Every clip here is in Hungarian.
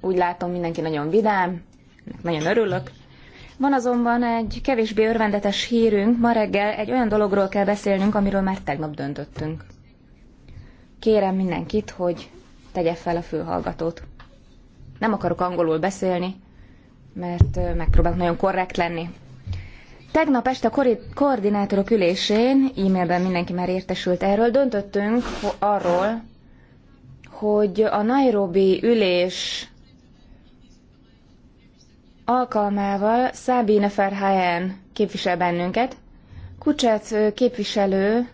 Úgy látom, mindenki nagyon vidám, nagyon örülök. Van azonban egy kevésbé örvendetes hírünk, ma reggel egy olyan dologról kell beszélnünk, amiről már tegnap döntöttünk. Kérem mindenkit, hogy tegye fel a fülhallgatót. Nem akarok angolul beszélni, mert megpróbálok nagyon korrekt lenni. Tegnap este a koordinátorok ülésén, e-mailben mindenki már értesült erről, döntöttünk arról, hogy a Nairobi ülés alkalmával Sabine Ferhaen képvisel bennünket. Kucsec képviselő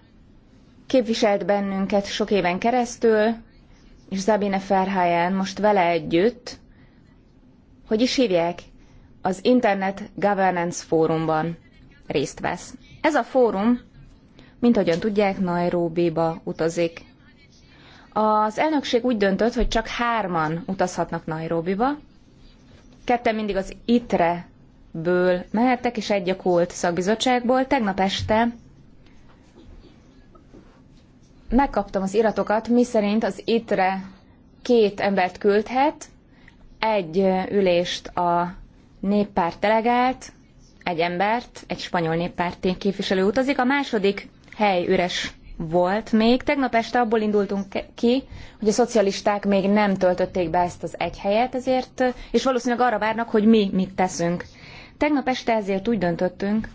képviselt bennünket sok éven keresztül, és Sabine Ferhaen most vele együtt, hogy is hívják, az Internet Governance Fórumban részt vesz. Ez a fórum, mint ahogyan tudják, Nairobiba utazik. Az elnökség úgy döntött, hogy csak hárman utazhatnak Nairobiba. Ketten mindig az ITRE-ből mehettek, és egy a kult szakbizottságból. Tegnap este megkaptam az iratokat, miszerint az ITRE két embert küldhet, egy ülést a néppárt delegált, egy embert, egy spanyol néppárti képviselő utazik, a második hely üres volt még. Tegnap este abból indultunk ki, hogy a szocialisták még nem töltötték be ezt az egy helyet, ezért, és valószínűleg arra várnak, hogy mi mit teszünk. Tegnap este ezért úgy döntöttünk,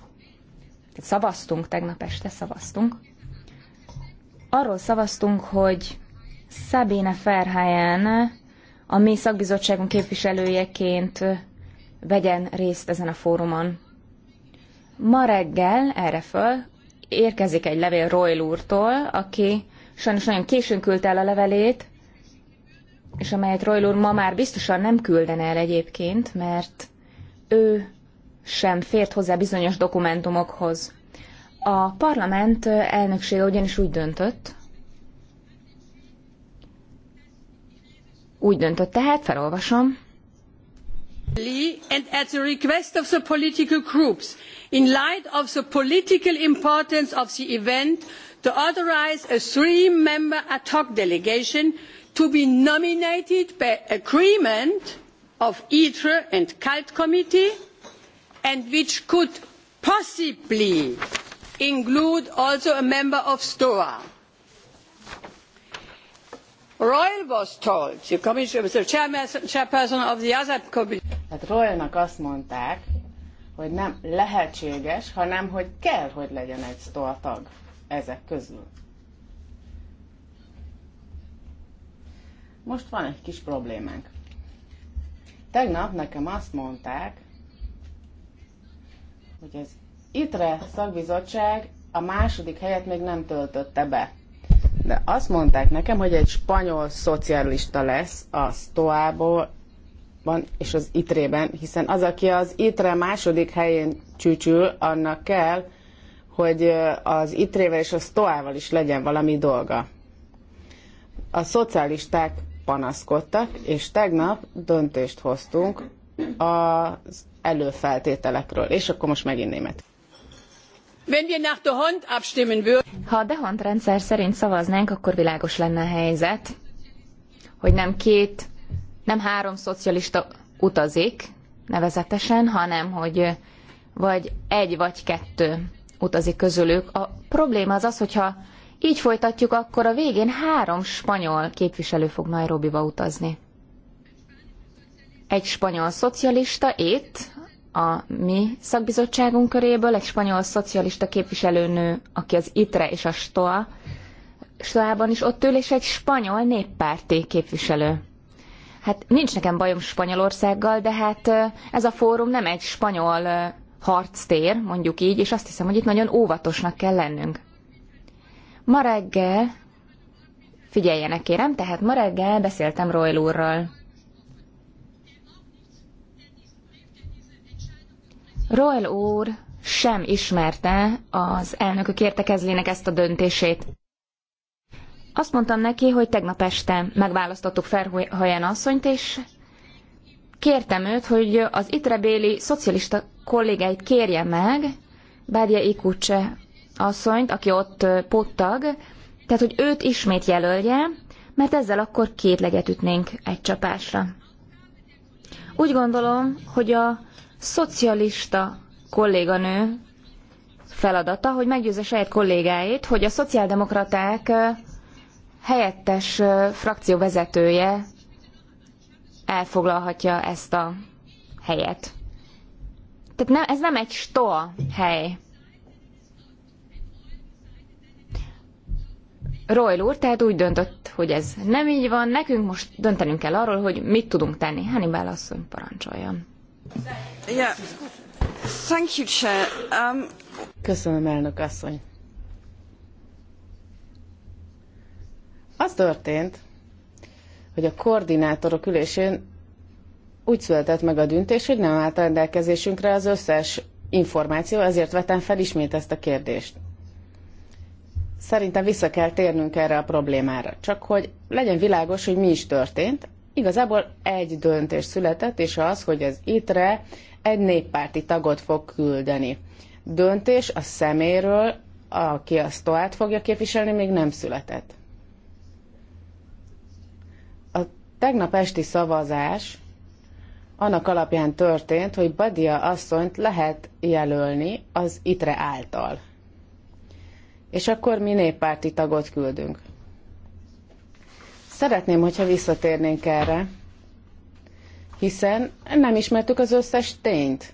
szavaztunk tegnap este, szavaztunk. Arról szavaztunk, hogy Szabéne Ferháján a mi szakbizottságunk képviselőjeként vegyen részt ezen a fórumon. Ma reggel erre föl érkezik egy levél Royal úrtól, aki sajnos nagyon későn küldte el a levelét, és amelyet Royal úr ma már biztosan nem küldene el egyébként, mert ő sem fért hozzá bizonyos dokumentumokhoz. A parlament elnöksége ugyanis úgy döntött, úgy döntött tehát, felolvasom. And at the request of the political groups in light of the political importance of the event to authorise a three member ad hoc delegation to be nominated by agreement of itre and cult committee and which could possibly include also a member of stoa. Royal was told, the, the chairperson of the other committee. Hát Royalnak azt mondták, hogy nem lehetséges, hanem hogy kell, hogy legyen egy sztor tag ezek közül. Most van egy kis problémánk. Tegnap nekem azt mondták, hogy az ITRE szakbizottság a második helyet még nem töltötte be. De azt mondták nekem, hogy egy spanyol szocialista lesz a stoa ban és az itrében, hiszen az, aki az ITRE második helyén csücsül, annak kell, hogy az itrével és a sztoával is legyen valami dolga. A szocialisták panaszkodtak, és tegnap döntést hoztunk az előfeltételekről. És akkor most megint német. Ha a Dehant rendszer szerint szavaznánk, akkor világos lenne a helyzet, hogy nem két nem három szocialista utazik nevezetesen, hanem hogy vagy egy vagy kettő utazik közülük. A probléma az az, hogyha így folytatjuk, akkor a végén három spanyol képviselő fog Nairobiba utazni. Egy spanyol szocialista itt, a mi szakbizottságunk köréből, egy spanyol szocialista képviselőnő, aki az ITRE és a STOA, STOA-ban is ott ül, és egy spanyol néppárti képviselő. Hát nincs nekem bajom Spanyolországgal, de hát ez a fórum nem egy spanyol harctér, mondjuk így, és azt hiszem, hogy itt nagyon óvatosnak kell lennünk. Ma reggel, figyeljenek kérem, tehát ma reggel beszéltem Royal úrral. Royal úr sem ismerte az elnökök értekezlének ezt a döntését. Azt mondtam neki, hogy tegnap este megválasztottuk Ferhajen asszonyt, és kértem őt, hogy az itrebéli szocialista kollégáit kérje meg, Bádja Ikucse asszonyt, aki ott pottag, tehát hogy őt ismét jelölje, mert ezzel akkor két legyet ütnénk egy csapásra. Úgy gondolom, hogy a szocialista kolléganő feladata, hogy meggyőzze saját kollégáit, hogy a szociáldemokraták helyettes frakció vezetője elfoglalhatja ezt a helyet. Tehát nem, ez nem egy stoa hely. Royal úr tehát úgy döntött, hogy ez nem így van, nekünk most döntenünk kell arról, hogy mit tudunk tenni. Hannibal asszony parancsoljon. Yeah. Thank you, Chair. Um... Köszönöm, elnök asszony. Az történt, hogy a koordinátorok ülésén úgy született meg a döntés, hogy nem állt rendelkezésünkre az összes információ, ezért vetem fel ismét ezt a kérdést. Szerintem vissza kell térnünk erre a problémára, csak hogy legyen világos, hogy mi is történt. Igazából egy döntés született, és az, hogy az ITRE egy néppárti tagot fog küldeni. Döntés a szeméről, aki a stoát fogja képviselni, még nem született. tegnap esti szavazás annak alapján történt, hogy Badia asszonyt lehet jelölni az ITRE által. És akkor mi néppárti tagot küldünk. Szeretném, hogyha visszatérnénk erre, hiszen nem ismertük az összes tényt.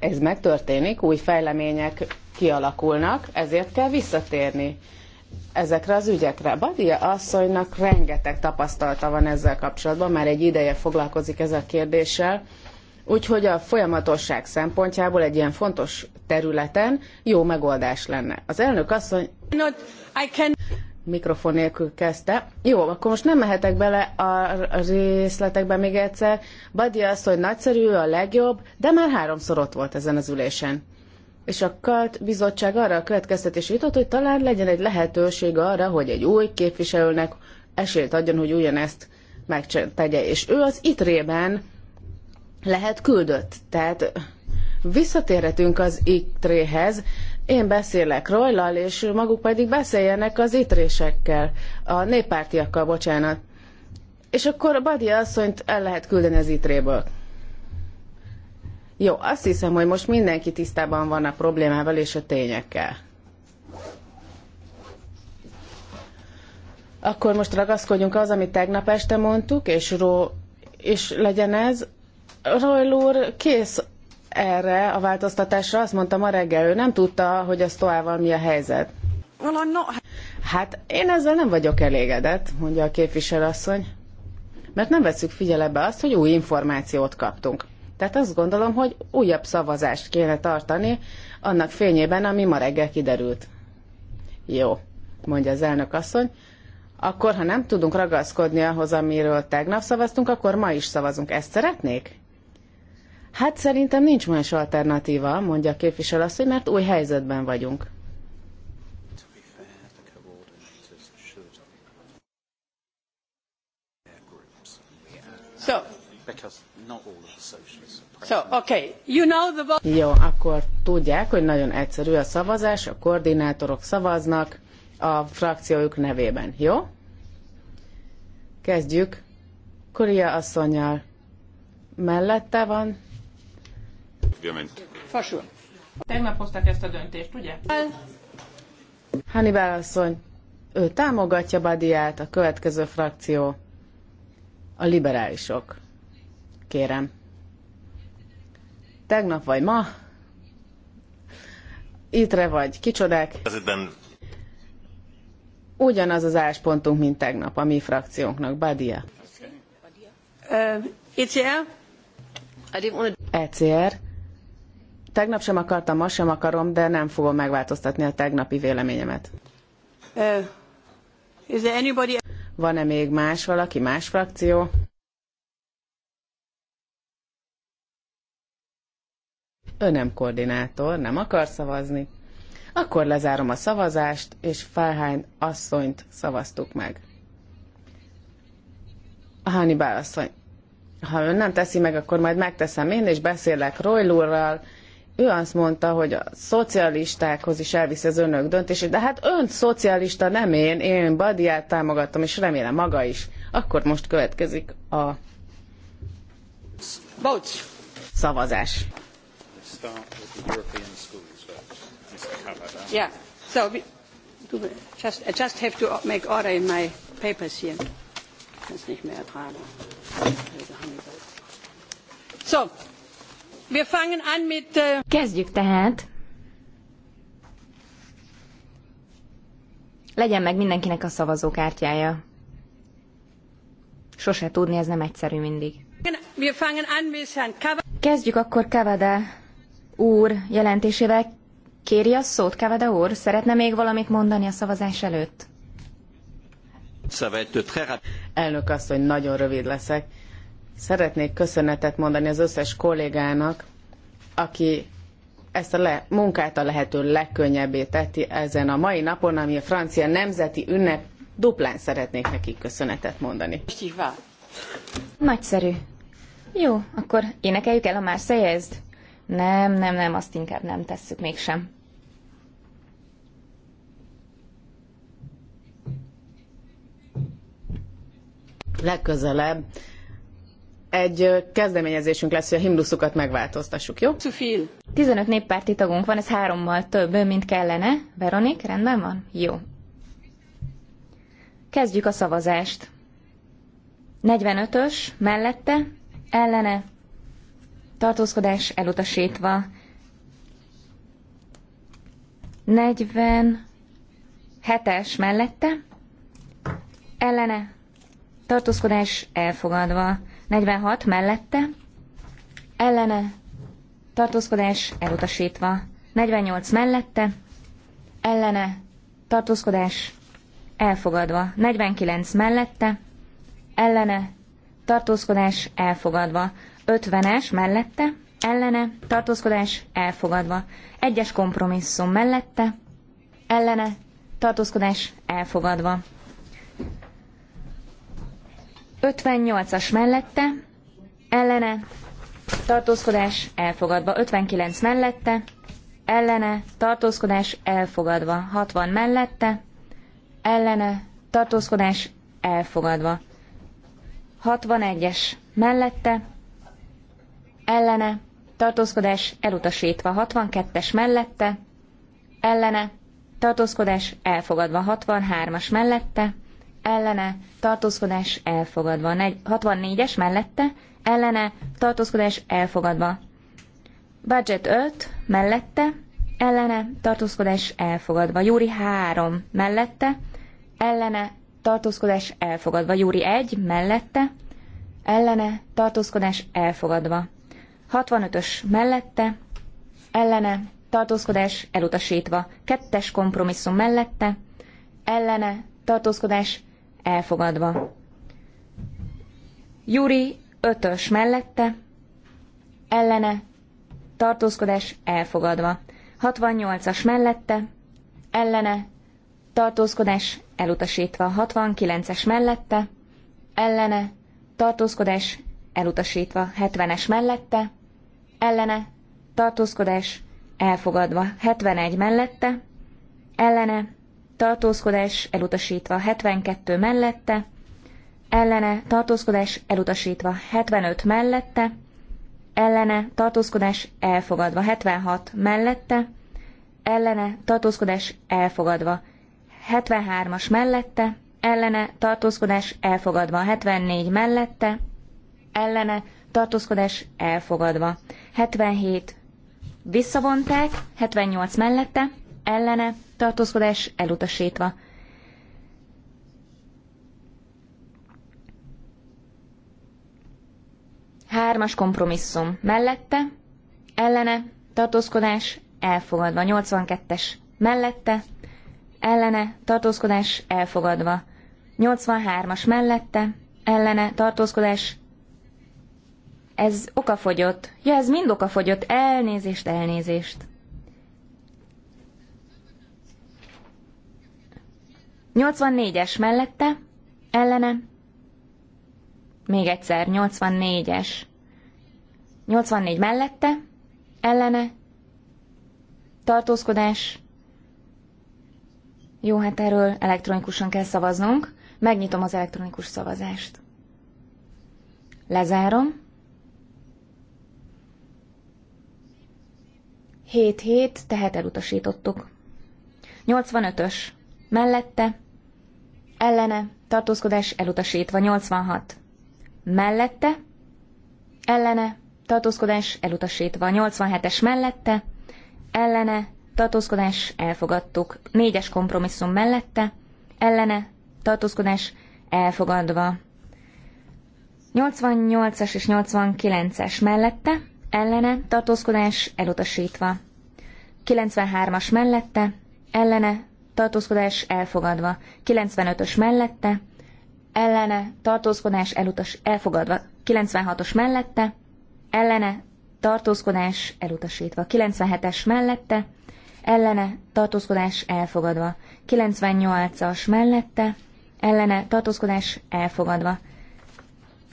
Ez megtörténik, új fejlemények kialakulnak, ezért kell visszatérni ezekre az ügyekre. Badia asszonynak rengeteg tapasztalata van ezzel kapcsolatban, már egy ideje foglalkozik ezzel a kérdéssel, úgyhogy a folyamatosság szempontjából egy ilyen fontos területen jó megoldás lenne. Az elnök asszony mikrofon nélkül kezdte. Jó, akkor most nem mehetek bele a részletekbe még egyszer. Badia asszony nagyszerű, a legjobb, de már háromszor ott volt ezen az ülésen és a KALT bizottság arra a következtetés jutott, hogy talán legyen egy lehetőség arra, hogy egy új képviselőnek esélyt adjon, hogy ugyanezt megtegye. És ő az ITRE-ben lehet küldött. Tehát visszatérhetünk az ITRE-hez, én beszélek rajlal, és maguk pedig beszéljenek az itrésekkel, a néppártiakkal, bocsánat. És akkor Badi asszonyt el lehet küldeni az ITRE-ből. Jó, azt hiszem, hogy most mindenki tisztában van a problémával és a tényekkel. Akkor most ragaszkodjunk az, amit tegnap este mondtuk, és, ró, és legyen ez. Royal úr kész erre a változtatásra, azt mondta ma reggel, ő nem tudta, hogy a sztoával mi a helyzet. Hát én ezzel nem vagyok elégedett, mondja a képviselőasszony, mert nem veszük figyelembe azt, hogy új információt kaptunk. Tehát azt gondolom, hogy újabb szavazást kéne tartani annak fényében, ami ma reggel kiderült. Jó, mondja az elnök asszony. Akkor, ha nem tudunk ragaszkodni ahhoz, amiről tegnap szavaztunk, akkor ma is szavazunk. Ezt szeretnék? Hát szerintem nincs más alternatíva, mondja a képviselő asszony, mert új helyzetben vagyunk. So, because not all So, okay. you know the... Jó, akkor tudják, hogy nagyon egyszerű a szavazás, a koordinátorok szavaznak a frakciójuk nevében, jó? Kezdjük. Korea asszonyal mellette van. Fasul. Tegnap hozták ezt a döntést, ugye? Hannibal asszony, ő támogatja Badiát, a következő frakció, a liberálisok. Kérem tegnap vagy ma, ittre vagy, kicsodák. Ugyanaz az álláspontunk, mint tegnap a mi frakciónknak. Badia. Uh, ECR? ECR. Tegnap sem akartam, ma sem akarom, de nem fogom megváltoztatni a tegnapi véleményemet. Uh, Van-e még más valaki, más frakció? Ő nem koordinátor, nem akar szavazni. Akkor lezárom a szavazást, és Fáhány asszonyt szavaztuk meg. A Hannibal asszony. Ha ön nem teszi meg, akkor majd megteszem én, és beszélek Roylurral. Ő azt mondta, hogy a szocialistákhoz is elviszi az önök döntését, de hát ön szocialista, nem én, én Badiát támogattam, és remélem maga is. Akkor most következik a Bocs. szavazás start with the European schools first, Mr. Yeah, so we do, just, I just have to make order in my papers here. So, wir fangen an mit... Uh... Kezdjük tehát. Legyen meg mindenkinek a szavazókártyája. Sose tudni, ez nem egyszerű mindig. Wir fangen an mit Kezdjük akkor Kavada úr jelentésével kéri a szót, Kavada úr? Szeretne még valamit mondani a szavazás előtt? Elnök asszony, nagyon rövid leszek. Szeretnék köszönetet mondani az összes kollégának, aki ezt a le, munkát a lehető legkönnyebbé teti ezen a mai napon, ami a francia nemzeti ünnep. Duplán szeretnék nekik köszönetet mondani. Nagyszerű. Jó, akkor énekeljük el a Marseillaise-t. Nem, nem, nem, azt inkább nem tesszük mégsem. Legközelebb egy kezdeményezésünk lesz, hogy a himnuszukat megváltoztassuk, jó? 15 néppárti tagunk van, ez hárommal több, mint kellene. Veronik, rendben van? Jó. Kezdjük a szavazást. 45-ös, mellette, ellene, tartózkodás elutasítva. 47-es mellette, ellene, tartózkodás elfogadva. 46 mellette, ellene, tartózkodás elutasítva. 48 mellette, ellene, tartózkodás elfogadva. 49 mellette, ellene, tartózkodás elfogadva. 50-es mellette, ellene, tartózkodás elfogadva. Egyes kompromisszum mellette, ellene, tartózkodás elfogadva. 58-as mellette, ellene, tartózkodás elfogadva. 59 mellette, ellene, tartózkodás elfogadva. 60 mellette, ellene, tartózkodás elfogadva. 61-es mellette, ellene, tartózkodás elutasítva 62-es mellette, ellene, tartózkodás elfogadva 63-as mellette, ellene, tartózkodás elfogadva 64-es mellette, ellene, tartózkodás elfogadva. Budget 5 mellette, ellene, tartózkodás elfogadva. Júri 3 mellette, ellene, tartózkodás elfogadva. Júri 1 mellette, ellene, tartózkodás elfogadva. 65-ös mellette, ellene, tartózkodás elutasítva. Kettes kompromisszum mellette, ellene, tartózkodás elfogadva. Juri 5-ös mellette, ellene, tartózkodás elfogadva. 68-as mellette, ellene, tartózkodás elutasítva. 69-es mellette, ellene, tartózkodás elutasítva, 70-es mellette, ellene, tartózkodás, elfogadva, 71 mellette, ellene, tartózkodás, elutasítva, 72 mellette, ellene, tartózkodás, elutasítva, 75 mellette, ellene, tartózkodás, elfogadva, 76 mellette, ellene, tartózkodás, elfogadva, 73-as mellette, ellene, tartózkodás, elfogadva, 74 mellette, ellene, tartózkodás elfogadva. 77 visszavonták, 78 mellette, ellene, tartózkodás elutasítva. Hármas kompromisszum mellette, ellene, tartózkodás elfogadva. 82-es mellette, ellene, tartózkodás elfogadva. 83-as mellette, ellene, tartózkodás ez okafogyott. Ja, ez mind okafogyott. Elnézést, elnézést. 84-es mellette, ellene. Még egyszer, 84-es. 84 mellette, ellene. Tartózkodás. Jó, hát erről elektronikusan kell szavaznunk. Megnyitom az elektronikus szavazást. Lezárom. Hét hét, tehát elutasítottuk. 85-ös. Mellette. Ellene. Tartózkodás elutasítva. 86. Mellette. Ellene. Tartózkodás elutasítva. 87-es mellette. Ellene. Tartózkodás elfogadtuk. 4-es kompromisszum mellette. Ellene. Tartózkodás elfogadva. 88-as és 89-es mellette ellene, tartózkodás elutasítva. 93-as mellette, ellene, tartózkodás elfogadva. 95-ös mellette, ellene, tartózkodás elutas, elfogadva. 96-os mellette, ellene, tartózkodás elutasítva. 97-es mellette, ellene, tartózkodás elfogadva. 98-as mellette, ellene, tartózkodás elfogadva.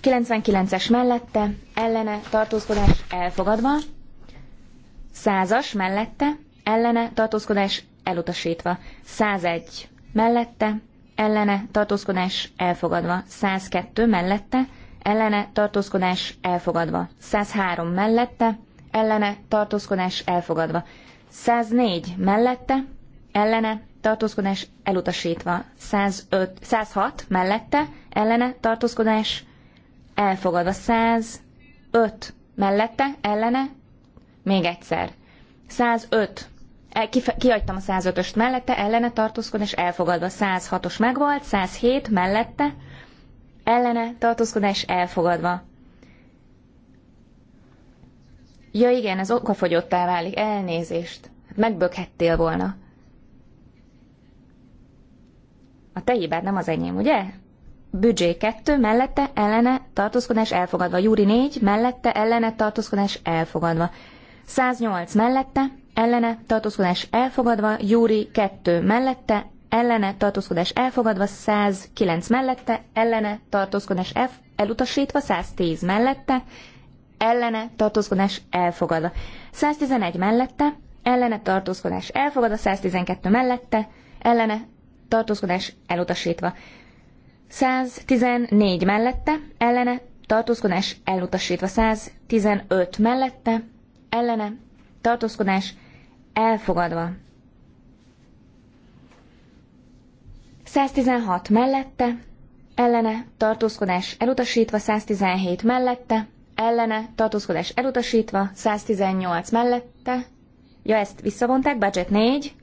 99-es mellette, ellene tartózkodás elfogadva, 100-as mellette, ellene tartózkodás elutasítva, 101 mellette, ellene tartózkodás elfogadva, 102 mellette, ellene tartózkodás elfogadva, 103 mellette, ellene tartózkodás elfogadva, 104 mellette, ellene tartózkodás elutasítva, 105, 106 mellette, ellene tartózkodás elfogadva 105 mellette, ellene, még egyszer. 105. E, kihagytam a 105-öst mellette, ellene és elfogadva. 106-os megvolt, 107 mellette, ellene tartózkodás elfogadva. Ja igen, ez okafogyottá válik, elnézést. Hát megbökhettél volna. A te hibád nem az enyém, ugye? Büdzsé 2 mellette ellene tartózkodás elfogadva. Júri 4 mellette ellene tartózkodás elfogadva. 108 mellette ellene tartózkodás elfogadva. Júri 2 mellette ellene tartózkodás elfogadva. 109 mellette ellene tartózkodás el, elutasítva. 110 mellette ellene tartózkodás elfogadva. 111 mellette ellene tartózkodás elfogadva. 112 mellette ellene tartózkodás elutasítva. 114 mellette, ellene, tartózkodás elutasítva. 115 mellette, ellene, tartózkodás elfogadva. 116 mellette, ellene, tartózkodás elutasítva, 117 mellette, ellene, tartózkodás elutasítva, 118 mellette, ja ezt visszavonták, budget 4,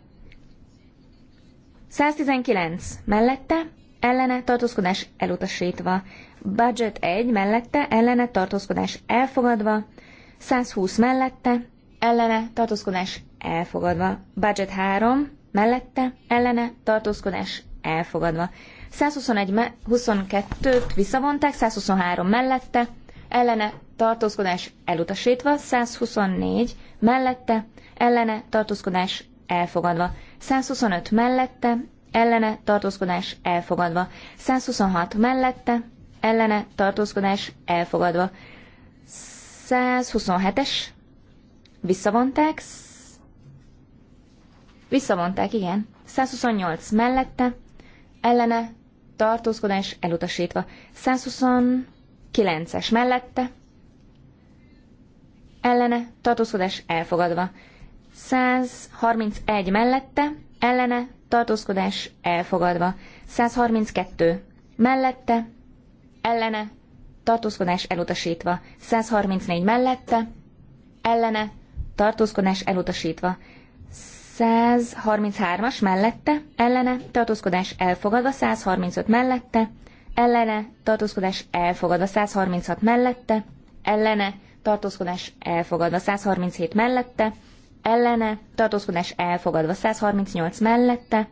119 mellette, ellene tartózkodás elutasítva. Budget 1 mellette ellene tartózkodás elfogadva. 120 mellette ellene tartózkodás elfogadva. Budget 3 mellette ellene tartózkodás elfogadva. 121 22-t visszavonták, 123 mellette ellene tartózkodás elutasítva, 124 mellette ellene tartózkodás elfogadva, 125 mellette ellene tartózkodás elfogadva. 126 mellette, ellene tartózkodás elfogadva. 127-es visszavonták, visszavonták, igen. 128 mellette, ellene tartózkodás elutasítva. 129-es mellette, ellene tartózkodás elfogadva. 131 mellette, ellene, tartózkodás elfogadva. 132 mellette, ellene, tartózkodás elutasítva. 134 mellette, ellene, tartózkodás elutasítva. 133-as mellette, ellene, tartózkodás elfogadva, 135 mellette, ellene, tartózkodás elfogadva, 136 mellette, ellene, tartózkodás elfogadva, 137 mellette, ellene, tartózkodás elfogadva 138 mellette,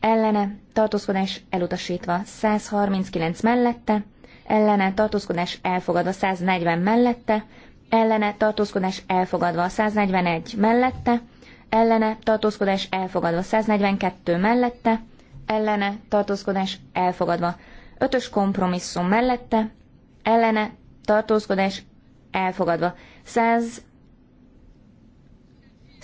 ellene, tartózkodás elutasítva 139 mellette, ellene, tartózkodás elfogadva 140 mellette, ellene, tartózkodás elfogadva 141 mellette, ellene, tartózkodás elfogadva 142 mellette, ellene, tartózkodás elfogadva ötös kompromisszum mellette, ellene, tartózkodás elfogadva 100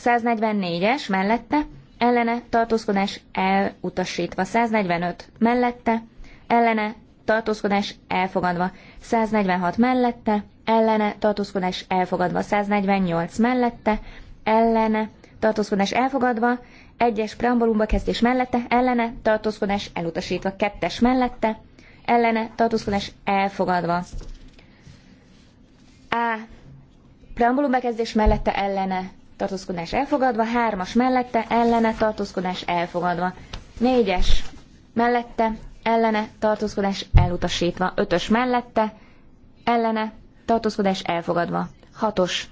144-es mellette, ellene tartózkodás elutasítva. 145 mellette, ellene tartózkodás elfogadva. 146 mellette, ellene tartózkodás elfogadva. 148 mellette, ellene tartózkodás elfogadva. Egyes preambulumba kezdés mellette, ellene tartózkodás elutasítva. Kettes mellette, ellene tartózkodás elfogadva. A. Preambulum bekezdés mellette ellene tartózkodás elfogadva, hármas mellette, ellene, tartózkodás elfogadva, négyes mellette, ellene, tartózkodás elutasítva, ötös mellette, ellene, tartózkodás elfogadva, hatos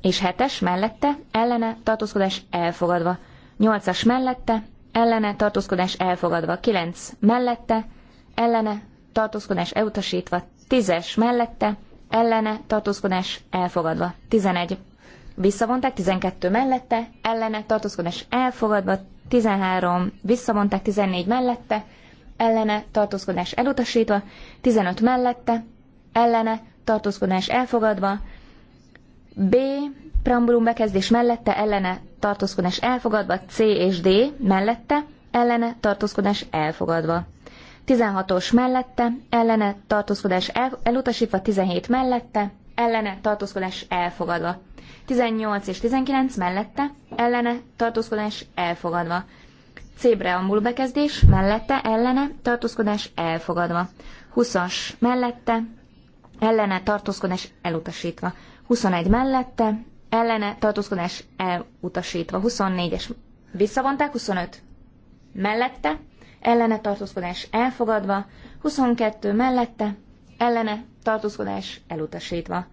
és hetes mellette, ellene, tartózkodás elfogadva, nyolcas mellette, ellene, tartózkodás elfogadva, kilenc mellette, ellene, tartózkodás elutasítva, tízes mellette, ellene, tartózkodás elfogadva, tizenegy visszavonták, 12 mellette, ellene, tartózkodás elfogadva, 13 visszavonták, 14 mellette, ellene, tartózkodás elutasítva, 15 mellette, ellene, tartózkodás elfogadva, B. Preambulum bekezdés mellette, ellene, tartózkodás elfogadva, C és D mellette, ellene, tartózkodás elfogadva. 16-os mellette, ellene, tartózkodás el, elutasítva, 17 mellette, ellene, tartózkodás elfogadva. 18 és 19 mellette, ellene, tartózkodás elfogadva. C preambul bekezdés, mellette, ellene, tartózkodás elfogadva. 20-as mellette, ellene, tartózkodás elutasítva. 21 mellette, ellene, tartózkodás elutasítva. 24-es visszavonták, 25 mellette, ellene, tartózkodás elfogadva. 22 mellette, ellene, tartózkodás elutasítva.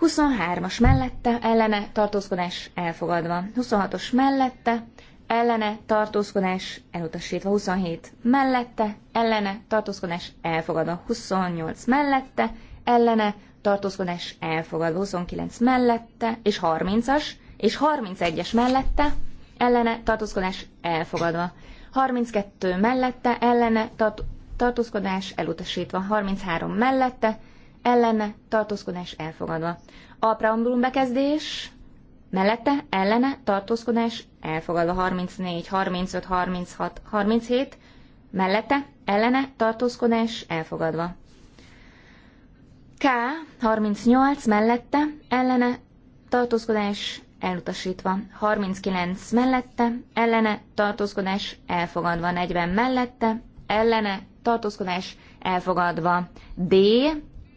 23-as mellette, ellene, tartózkodás elfogadva. 26-os mellette, ellene, tartózkodás elutasítva. 27 mellette, ellene, tartózkodás elfogadva. 28 mellette, ellene, tartózkodás elfogadva. 29 mellette, és 30-as, és 31-es mellette, ellene, tartózkodás elfogadva. 32 mellette, ellene, tart- tartózkodás elutasítva. 33 mellette, ellene, tartózkodás elfogadva. A preambulum bekezdés mellette, ellene, tartózkodás elfogadva. 34, 35, 36, 37 mellette, ellene, tartózkodás elfogadva. K. 38 mellette, ellene, tartózkodás elutasítva. 39 mellette, ellene, tartózkodás elfogadva. 40 mellette, ellene, tartózkodás elfogadva. D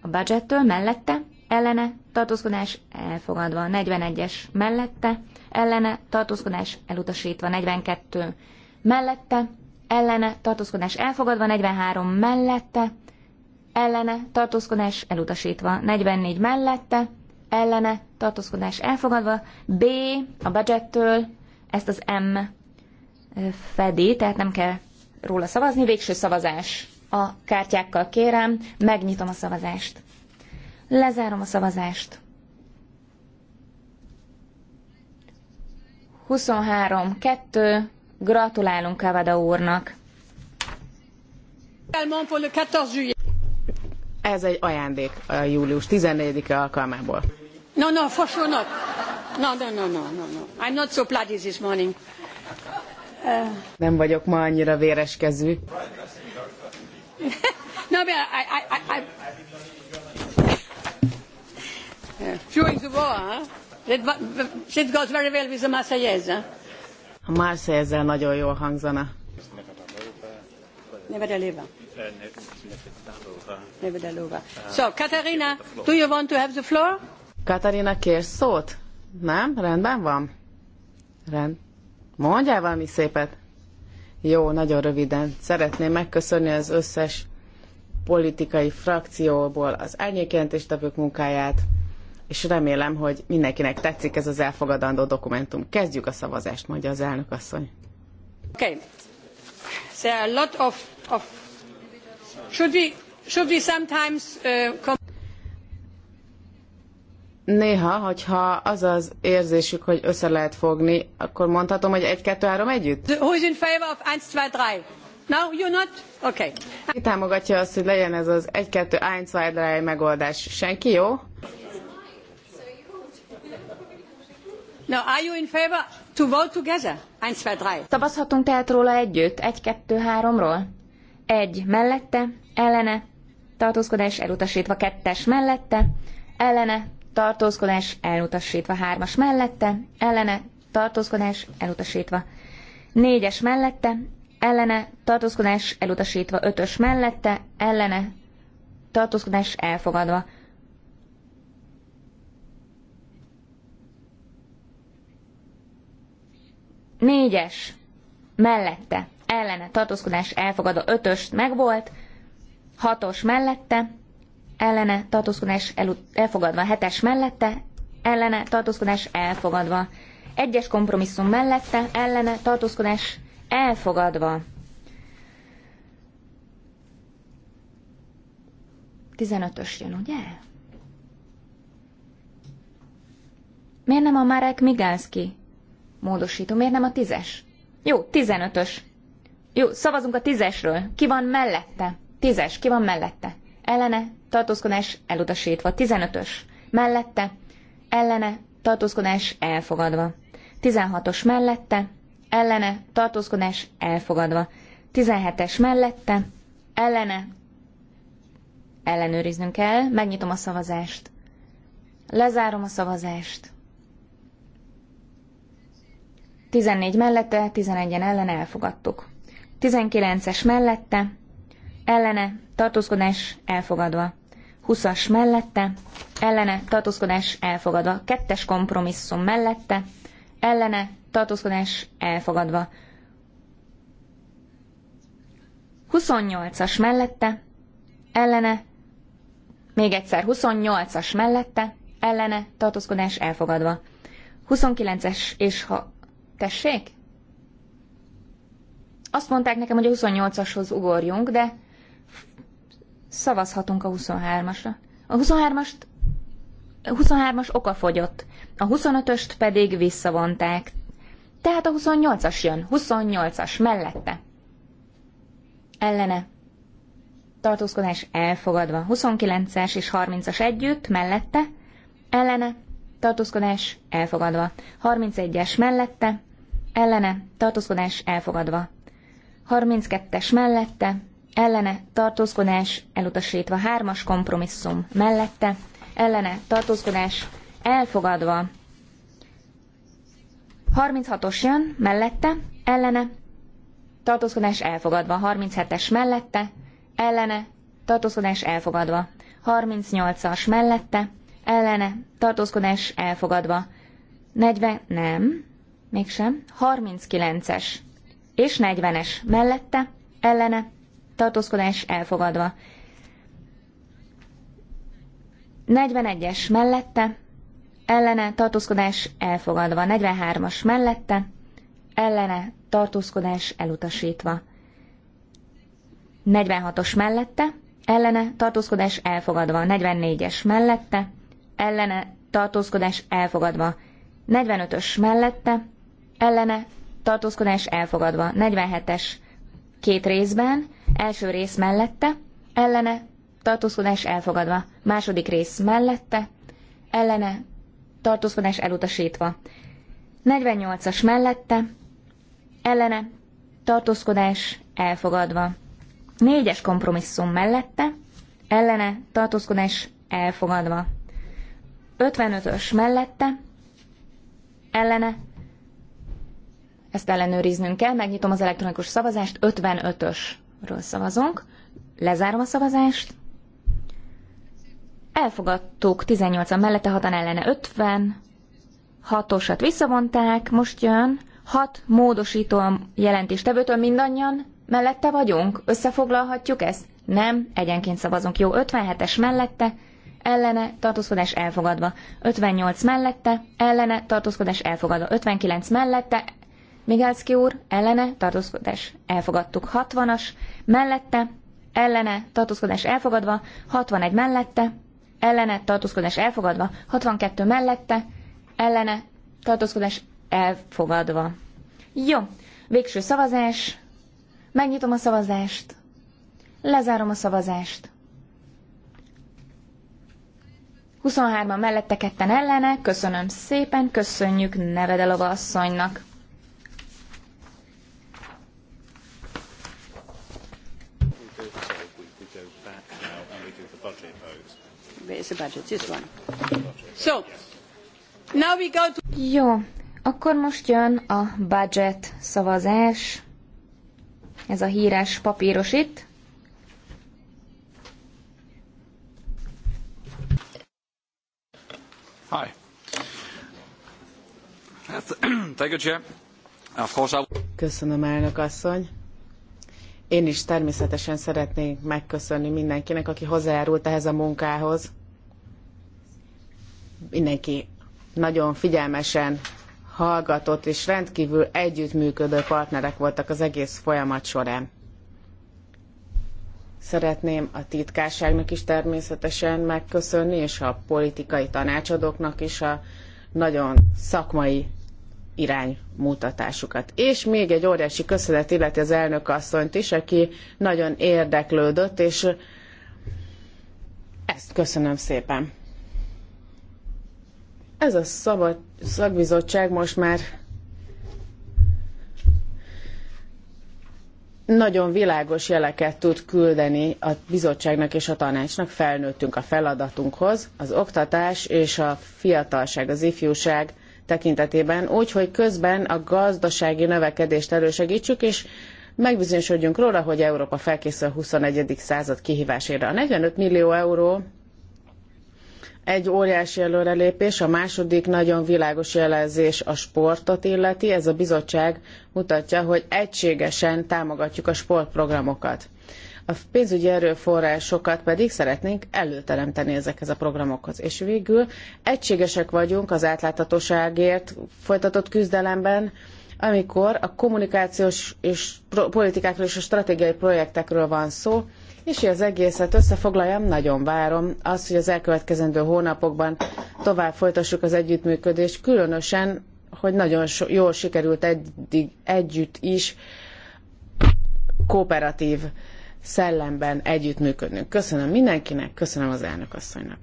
a budgettől, mellette, ellene, tartózkodás elfogadva, 41-es mellette, ellene, tartózkodás elutasítva, 42 mellette, ellene, tartózkodás elfogadva, 43 mellette, ellene, tartózkodás elutasítva, 44 mellette, ellene, tartózkodás elfogadva, B, a budgettől, ezt az M eh, fedi, tehát nem kell róla szavazni, végső szavazás a kártyákkal kérem, megnyitom a szavazást. Lezárom a szavazást. 23-2, gratulálunk Kavada úrnak. Ez egy ajándék a július 14-e alkalmából. No, no, for sure not. No, no, no, no, no, no. I'm not so bloody this morning. Uh... Nem vagyok ma annyira véreskezű no, I mean, I, I, I, I... During the war, huh? That, goes very well with the Marseillaise. Huh? A Marseillaise nagyon jól hangzana. Never deliver. Never deliver. So, Katarina, do you want to have the floor? Katarina, kér szót? Nem? Rendben van? Rend. Mondjál valami szépet. Jó, nagyon röviden. Szeretném megköszönni az összes politikai frakcióból az árnyékjelentéstevők munkáját, és remélem, hogy mindenkinek tetszik ez az elfogadandó dokumentum. Kezdjük a szavazást, mondja az elnök asszony. Okay. So a lot of, of... Should we, should we sometimes, uh néha, hogyha az az érzésük, hogy össze lehet fogni, akkor mondhatom, hogy egy, kettő, három együtt? Who is in favor of 1, 2, 3? No, you're not? Okay. Ki támogatja azt, hogy legyen ez az 1, 2, 1, 2, 3 megoldás? Senki, jó? No, are you in favor to vote together? 1, 2, 3. Szavazhatunk tehát róla együtt? 1, 2, 3-ról? Egy mellette, ellene, tartózkodás elutasítva kettes mellette, ellene, tartózkodás elutasítva. Hármas mellette, ellene, tartózkodás elutasítva. Négyes mellette, ellene, tartózkodás elutasítva. Ötös mellette, ellene, tartózkodás elfogadva. Négyes mellette, ellene, tartózkodás elfogadva. Ötös megvolt, hatos mellette, ellene tartózkodás elfogadva, hetes mellette, ellene tartózkodás elfogadva, egyes kompromisszum mellette, ellene tartózkodás elfogadva. 15-ös jön, ugye? Miért nem a Marek Migánszki? Módosító, miért nem a tízes? Jó, tizenötös. Jó, szavazunk a tízesről. Ki van mellette? Tízes, ki van mellette? ellene tartózkodás elutasítva. 15-ös mellette ellene tartózkodás elfogadva. 16-os mellette ellene tartózkodás elfogadva. 17-es mellette ellene ellenőriznünk kell. Megnyitom a szavazást. Lezárom a szavazást. 14 mellette, 11-en ellen elfogadtuk. 19-es mellette, ellene, tartózkodás elfogadva. 20-as mellette, ellene, tartózkodás elfogadva. Kettes kompromisszum mellette, ellene, tartózkodás elfogadva. 28-as mellette, ellene, még egyszer 28-as mellette, ellene, tartózkodás elfogadva. 29-es, és ha... Tessék? Azt mondták nekem, hogy a 28-ashoz ugorjunk, de Szavazhatunk a 23-asra. A 23-ast 23-as okafogyott, a 25-öst pedig visszavonták. Tehát a 28-as jön, 28-as, mellette. Ellene. Tartózkodás elfogadva. 29-es és 30-as együtt, mellette. Ellene. Tartózkodás elfogadva. 31-es mellette. Ellene. Tartózkodás elfogadva. 32-es mellette ellene tartózkodás elutasítva, hármas kompromisszum mellette, ellene tartózkodás elfogadva. 36-os jön, mellette, ellene, tartózkodás elfogadva. 37-es mellette, ellene, tartózkodás elfogadva. 38-as mellette, ellene, tartózkodás elfogadva. 40, nem, mégsem, 39-es és 40-es mellette, ellene, tartózkodás elfogadva. 41-es mellette, ellene tartózkodás elfogadva. 43-as mellette, ellene tartózkodás elutasítva. 46-os mellette, ellene tartózkodás elfogadva. 44-es mellette, ellene tartózkodás elfogadva. 45-ös mellette, ellene tartózkodás elfogadva. 47-es két részben, első rész mellette, ellene, tartózkodás elfogadva, második rész mellette, ellene, tartózkodás elutasítva, 48-as mellette, ellene, tartózkodás elfogadva, négyes kompromisszum mellette, ellene, tartózkodás elfogadva, 55-ös mellette, ellene, ezt ellenőriznünk kell. Megnyitom az elektronikus szavazást. 55-ösről szavazunk. Lezárom a szavazást. Elfogadtuk 18-an mellette, 6 ellene 50. 6-osat visszavonták. Most jön 6 módosító jelentéstevőtől mindannyian. Mellette vagyunk? Összefoglalhatjuk ezt? Nem, egyenként szavazunk. Jó, 57-es mellette, ellene, tartózkodás elfogadva. 58 mellette, ellene, tartózkodás elfogadva. 59 mellette, Migelszki úr, ellene, tartózkodás elfogadtuk. 60-as, mellette, ellene, tartózkodás elfogadva, 61 mellette, ellene, tartózkodás elfogadva, 62 mellette, ellene, tartózkodás elfogadva. Jó, végső szavazás, megnyitom a szavazást, lezárom a szavazást. 23-an mellette ketten ellene, köszönöm szépen, köszönjük Nevedelova asszonynak. back now and we do the budget It's a budget, this one. So, now we go to... Jó, akkor most jön a budget szavazás. Ez a híres papíros itt. Hi. Hát, Köszönöm, elnök asszony. Én is természetesen szeretnék megköszönni mindenkinek, aki hozzájárult ehhez a munkához. Mindenki nagyon figyelmesen hallgatott, és rendkívül együttműködő partnerek voltak az egész folyamat során. Szeretném a titkárságnak is természetesen megköszönni, és a politikai tanácsadóknak is a nagyon szakmai iránymutatásukat. És még egy óriási köszönet illeti az elnök asszonyt is, aki nagyon érdeklődött, és ezt köszönöm szépen. Ez a szabad szakbizottság most már nagyon világos jeleket tud küldeni a bizottságnak és a tanácsnak. Felnőttünk a feladatunkhoz, az oktatás és a fiatalság, az ifjúság tekintetében, úgy, hogy közben a gazdasági növekedést elősegítsük, és megbizonyosodjunk róla, hogy Európa felkészül a 21. század kihívására. A 45 millió euró egy óriási előrelépés, a második nagyon világos jelezés a sportot illeti. Ez a bizottság mutatja, hogy egységesen támogatjuk a sportprogramokat. A pénzügyi erőforrásokat pedig szeretnénk előteremteni ezekhez a programokhoz. És végül egységesek vagyunk az átláthatóságért folytatott küzdelemben, amikor a kommunikációs és politikákról és a stratégiai projektekről van szó, és hogy az egészet összefoglaljam, nagyon várom azt, hogy az elkövetkezendő hónapokban tovább folytassuk az együttműködést, különösen, hogy nagyon jól sikerült eddig együtt is kooperatív szellemben együttműködnünk. Köszönöm mindenkinek, köszönöm az elnökasszonynak.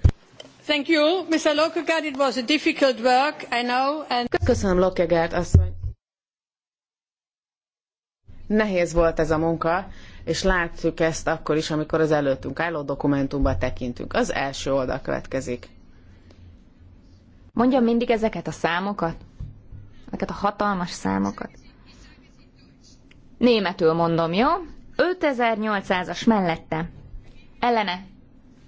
Thank you, Mr. Lockegaard. It was a difficult work, I know. And... Köszönöm, Lockegaard asszony. Nehéz volt ez a munka, és látjuk ezt akkor is, amikor az előttünk álló dokumentumba tekintünk. Az első oldal következik. Mondjam mindig ezeket a számokat? Ezeket a hatalmas számokat? Németül mondom, jó? 5800-as mellette. Ellene.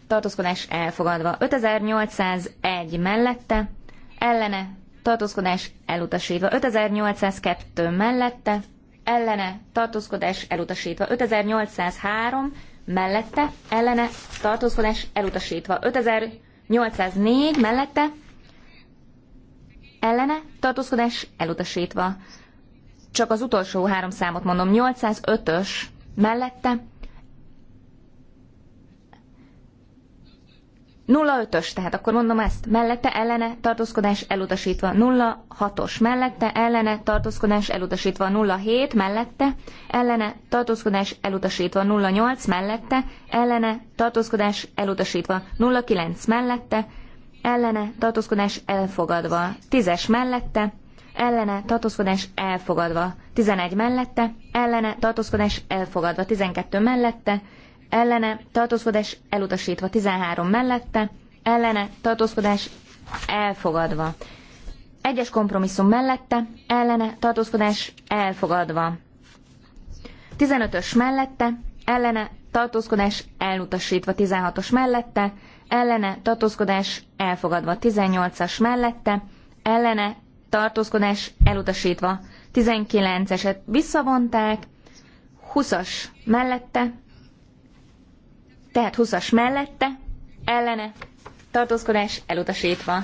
Tartózkodás elfogadva. 5801 mellette. Ellene. Tartózkodás elutasítva. 5802 mellette. Ellene. Tartózkodás elutasítva. 5803 mellette. Ellene. Tartózkodás elutasítva. 5804 mellette. Ellene. Tartózkodás elutasítva. Csak az utolsó három számot mondom. 805-ös mellette. 0,5-ös, tehát akkor mondom ezt, mellette ellene tartózkodás elutasítva 0,6-os, mellette ellene tartózkodás elutasítva 0,7, mellette ellene tartózkodás elutasítva 0,8, mellette ellene tartózkodás elutasítva 0,9, mellette ellene tartózkodás elfogadva 10-es mellette, ellene tartózkodás elfogadva, 11 mellette, ellene tartózkodás elfogadva, 12 mellette, ellene tartózkodás elutasítva, 13 mellette, ellene tartózkodás elfogadva. Egyes kompromisszum mellette, ellene tartózkodás elfogadva. 15-ös mellette, ellene tartózkodás elutasítva, 16-os mellette, ellene tartózkodás elfogadva, 18-as mellette, ellene tartózkodás elutasítva. 19-eset visszavonták, 20-as mellette, tehát 20-as mellette, ellene, tartózkodás elutasítva.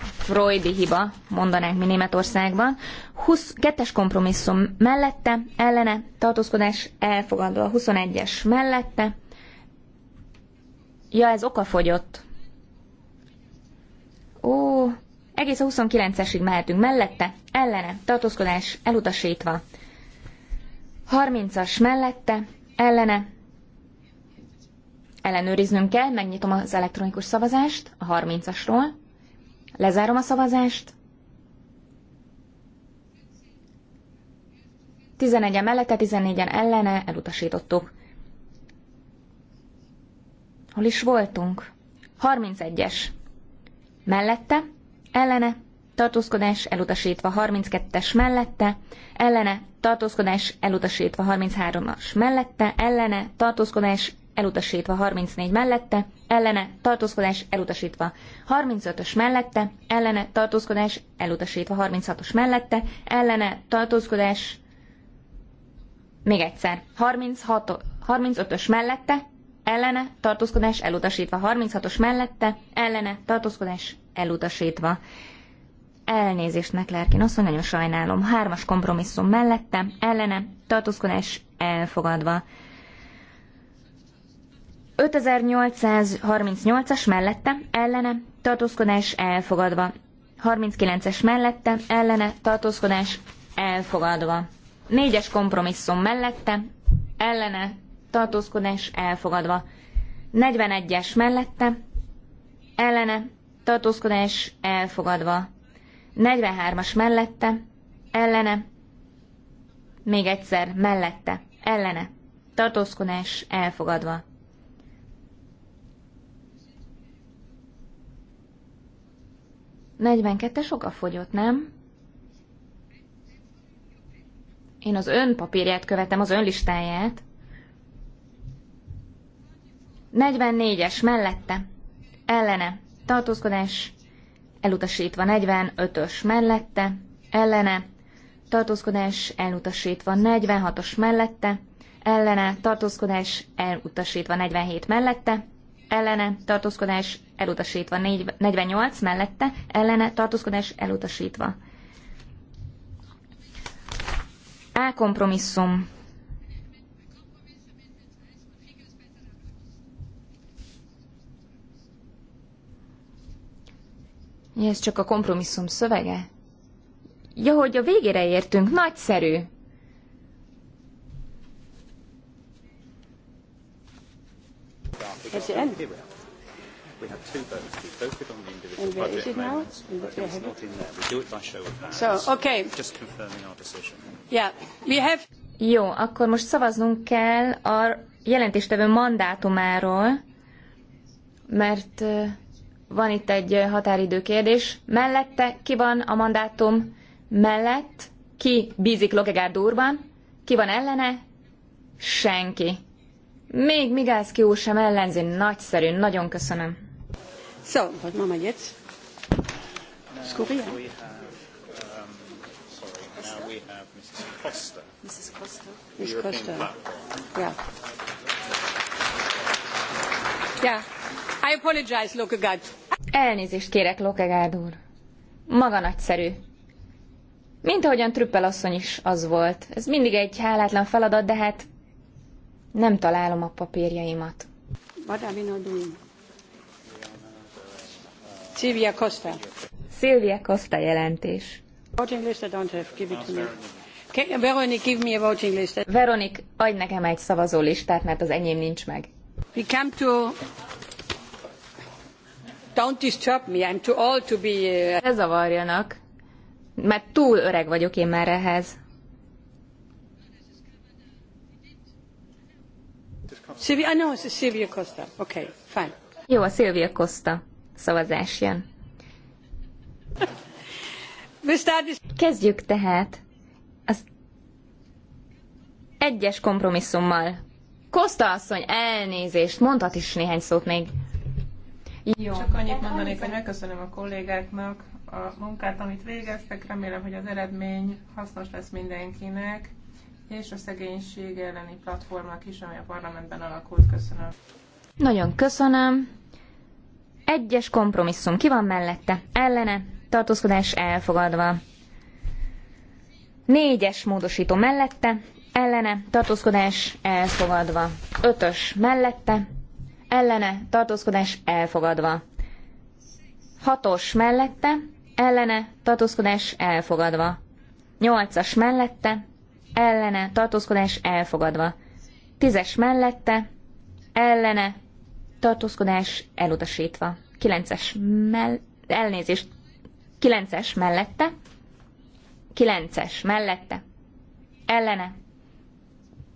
Freudi hiba, mondanánk mi Németországban. 22-es kompromisszum mellette, ellene, tartózkodás elfogadva. 21-es mellette. Ja, ez okafogyott. Ó, egész a 29-esig mehetünk mellette, ellene, tartózkodás elutasítva. 30-as mellette, ellene, ellenőriznünk kell, megnyitom az elektronikus szavazást a 30-asról, lezárom a szavazást, 11-en mellette, 14-en ellene, elutasítottuk. Hol is voltunk? 31-es. Mellette, ellene, tartózkodás elutasítva 32-es mellette, ellene, tartózkodás elutasítva 33-as mellette, ellene, tartózkodás elutasítva 34 mellette, ellene, tartózkodás elutasítva 35-ös mellette, ellene, tartózkodás elutasítva 36-os mellette, ellene, tartózkodás még egyszer, 36, 35-ös mellette, ellene, tartózkodás elutasítva 36-os mellette, ellene, tartózkodás elutasítva. Elnézést, azt mondja, nagyon sajnálom. Hármas kompromisszum mellette, ellene, tartózkodás elfogadva. 5838-as mellette, ellene, tartózkodás elfogadva. 39-es mellette, ellene, tartózkodás elfogadva. 4-es kompromisszum mellette, ellene, tartózkodás elfogadva. 41-es mellette, ellene, tartózkodás elfogadva. 43-as mellette, ellene, még egyszer mellette, ellene, tartózkodás elfogadva. Negyvenkettes oka fogyott, nem? Én az ön papírját követem, az ön listáját. 44-es mellette. Ellene tartózkodás elutasítva 45-ös mellette, ellene, tartózkodás elutasítva 46-os mellette, ellene, tartózkodás elutasítva 47 mellette, ellene, tartózkodás elutasítva 48 mellette, ellene, tartózkodás elutasítva. A kompromisszum Ez csak a kompromisszum szövege? Ja, hogy a végére értünk, nagyszerű! Jó, akkor most szavaznunk kell a jelentéstevő mandátumáról, mert van itt egy határidő kérdés. Mellette ki van a mandátum mellett? Ki bízik Lokegárd úrban? Ki van ellene? Senki. Még Migászki úr sem ellenzi. Nagyszerű. Nagyon köszönöm. So, hogy ma megy jetzt? Costa. Um, Mrs. Costa. Mrs. Costa. Yeah. Yeah. I apologize, Lokegard. Elnézést kérek, Lokegard úr. Maga nagyszerű. Mint ahogyan Trüppel asszony is az volt. Ez mindig egy hálátlan feladat, de hát nem találom a papírjaimat. Silvia Costa. Silvia Costa jelentés. Voting list I don't have. Give it to me. Can Veronique give me a voting list? Veronik, adj nekem egy szavazólistát, mert az enyém nincs meg. We come to Don't disturb me, I'm too old to be... Uh, ne zavarjanak, mert túl öreg vagyok én már ehhez. Silvia, no it's Silvia Costa. Okay, fine. Jó, a Silvia Costa szavazás jön. Kezdjük tehát az egyes kompromisszummal. Costa asszony, elnézést, mondhat is néhány szót még. Jó. Csak annyit mondanék, hogy megköszönöm a kollégáknak a munkát, amit végeztek. Remélem, hogy az eredmény hasznos lesz mindenkinek, és a szegénység elleni platformnak is, ami a parlamentben alakult. Köszönöm. Nagyon köszönöm. Egyes kompromisszum. Ki van mellette? Ellene. Tartózkodás elfogadva. Négyes módosító mellette. Ellene. Tartózkodás elfogadva. Ötös mellette ellene tartózkodás elfogadva. Hatos mellette, ellene tartózkodás elfogadva. Nyolcas mellette, ellene tartózkodás elfogadva. Tízes mellette, ellene tartózkodás elutasítva. Kilences mell... elnézést. Kilences mellette, kilences mellette, ellene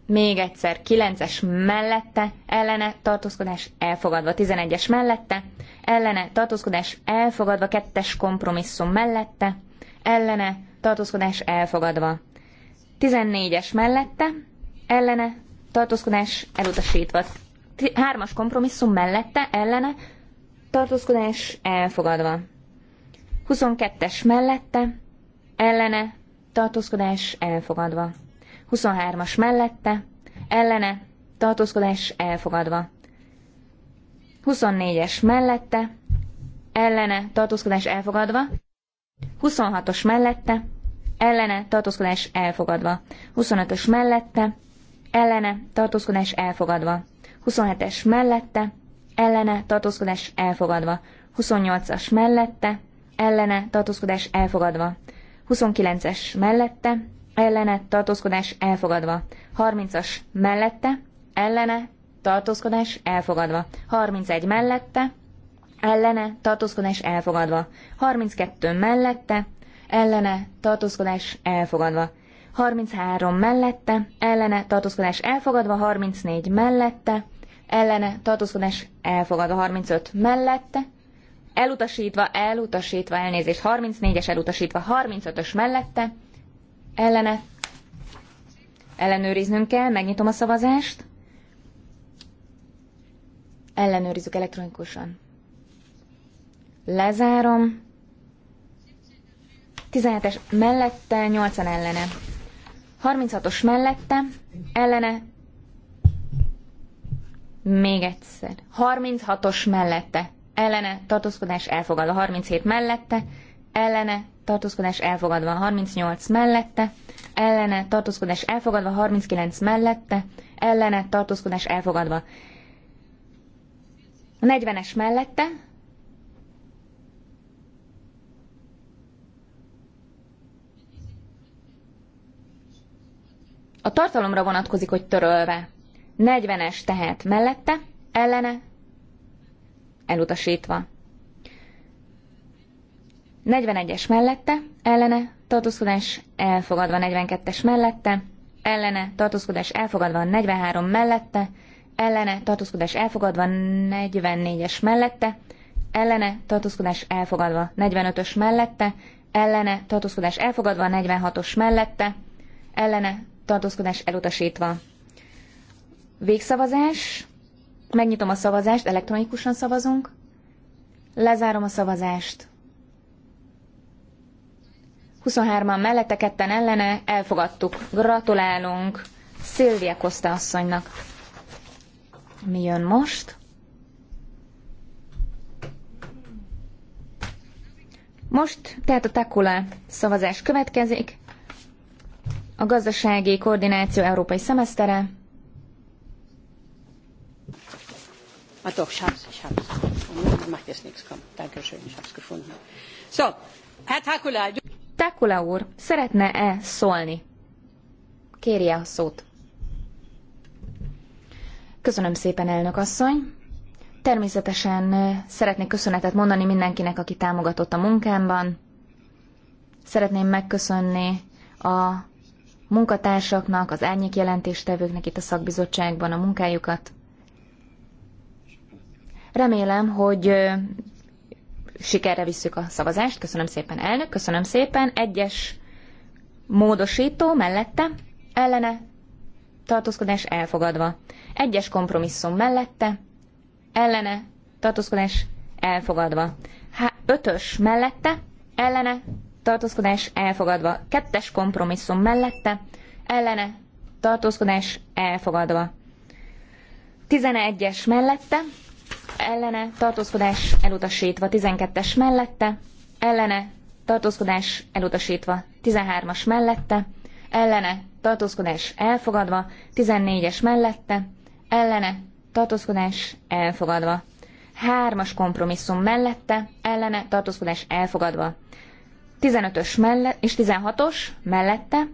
még egyszer 9-es mellette, ellene tartózkodás elfogadva, 11-es mellette, ellene tartózkodás elfogadva, 2-es kompromisszum mellette, ellene tartózkodás elfogadva. 14-es mellette, ellene tartózkodás elutasítva. 3-as kompromisszum mellette, ellene tartózkodás elfogadva. 22-es mellette, ellene tartózkodás elfogadva. 23-as mellette, ellene, tartózkodás elfogadva. 24-es mellette, ellene, tartózkodás elfogadva. 26-os mellette, ellene, tartózkodás elfogadva. 25-ös mellette, ellene, tartózkodás elfogadva. 27-es mellette, ellene, tartózkodás elfogadva. 28-as mellette, ellene, tartózkodás elfogadva. 29-es mellette, ellene tartózkodás elfogadva. 30-as mellette, ellene tartózkodás elfogadva. 31 mellette, ellene tartózkodás elfogadva. 32 mellette, ellene tartózkodás elfogadva. 33 mellette, ellene tartózkodás elfogadva, 34 mellette, ellene tartózkodás elfogadva, 35 mellette, elutasítva, elutasítva, elnézést, 34-es elutasítva, 35-ös mellette, ellene. Ellenőriznünk kell, megnyitom a szavazást. Ellenőrizzük elektronikusan. Lezárom. 17-es mellette, 80 ellene. 36-os mellette, ellene. Még egyszer. 36-os mellette, ellene. Tartózkodás elfogadva. 37 mellette, ellene, tartózkodás elfogadva 38 mellette, ellene, tartózkodás elfogadva 39 mellette, ellene, tartózkodás elfogadva. A 40-es mellette, A tartalomra vonatkozik, hogy törölve. 40-es tehát mellette, ellene, elutasítva. 41-es mellette, ellene, tartózkodás elfogadva 42-es mellette, ellene, tartózkodás elfogadva 43 mellette, ellene, tartózkodás elfogadva 44-es mellette, ellene, tartózkodás elfogadva 45-ös mellette, ellene, tartózkodás elfogadva 46-os mellette, ellene, tartózkodás elutasítva. Végszavazás. Megnyitom a szavazást, elektronikusan szavazunk. Lezárom a szavazást. 23-an mellette, ketten ellene, elfogadtuk. Gratulálunk Szilvia Koszta asszonynak. Mi jön most? Most tehát a Takula szavazás következik, a gazdasági koordináció európai szemesztere. Doch, ich hab's, ich hab's. Macht jetzt nichts, komm. Dankeschön, ich hab's gefunden. So, Herr hát Takula, du... Takula úr, szeretne-e szólni? Kérje a szót. Köszönöm szépen, elnök asszony. Természetesen szeretnék köszönetet mondani mindenkinek, aki támogatott a munkámban. Szeretném megköszönni a munkatársaknak, az árnyék jelentéstevőknek itt a szakbizottságban a munkájukat. Remélem, hogy sikerre visszük a szavazást. Köszönöm szépen, elnök, köszönöm szépen. Egyes módosító mellette, ellene, tartózkodás elfogadva. Egyes kompromisszum mellette, ellene, tartózkodás elfogadva. Há, ötös mellette, ellene, tartózkodás elfogadva. Kettes kompromisszum mellette, ellene, tartózkodás elfogadva. Tizenegyes mellette, ellene tartózkodás elutasítva 12-es mellette, ellene tartózkodás elutasítva 13-as mellette, ellene tartózkodás elfogadva 14-es mellette, ellene tartózkodás elfogadva. Hármas kompromisszum mellette, ellene tartózkodás elfogadva. 15-ös mellett és 16-os mellette,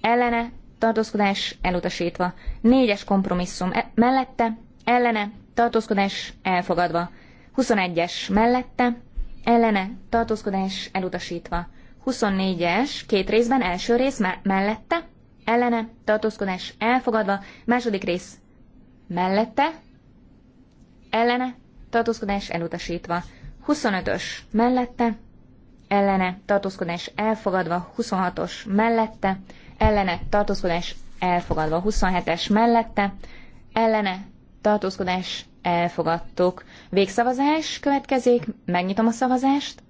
ellene tartózkodás elutasítva. 4-es kompromisszum e- mellette, ellene tartózkodás elfogadva. 21-es mellette, ellene, tartózkodás elutasítva. 24-es, két részben, első rész me- mellette, ellene, tartózkodás elfogadva, második rész mellette, ellene, tartózkodás elutasítva. 25-ös mellette, ellene, tartózkodás elfogadva, 26-os mellette, ellene, tartózkodás elfogadva, 27-es mellette, ellene, tartózkodás elfogadtuk. Végszavazás következik, megnyitom a szavazást,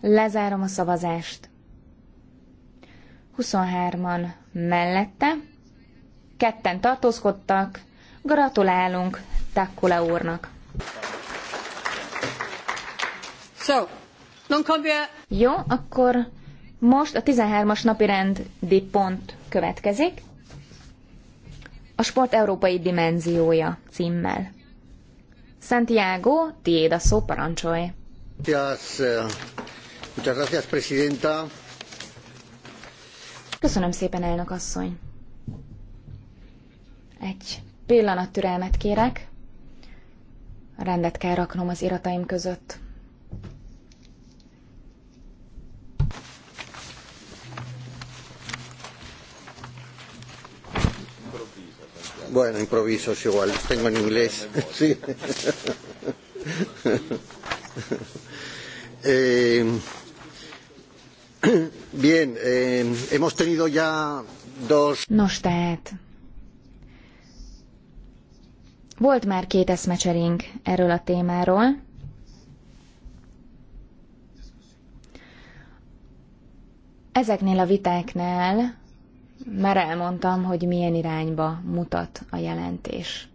lezárom a szavazást. 23-an mellette, ketten tartózkodtak, gratulálunk Takkula úrnak. So, non Jó, akkor most a 13-as napi rendi pont következik. A sport európai dimenziója címmel. Santiago, tiéd a szó, parancsolj! Eh, Köszönöm szépen, elnök asszony! Egy pillanat türelmet kérek. Rendet kell raknom az irataim között. Bueno, improviso improvisos igual, tengo en inglés. Sí. eh, bien, eh, hemos tenido ya dos... Nos tehát. Volt már két eszmecserénk erről a témáról. Ezeknél a vitáknál már elmondtam, hogy milyen irányba mutat a jelentés.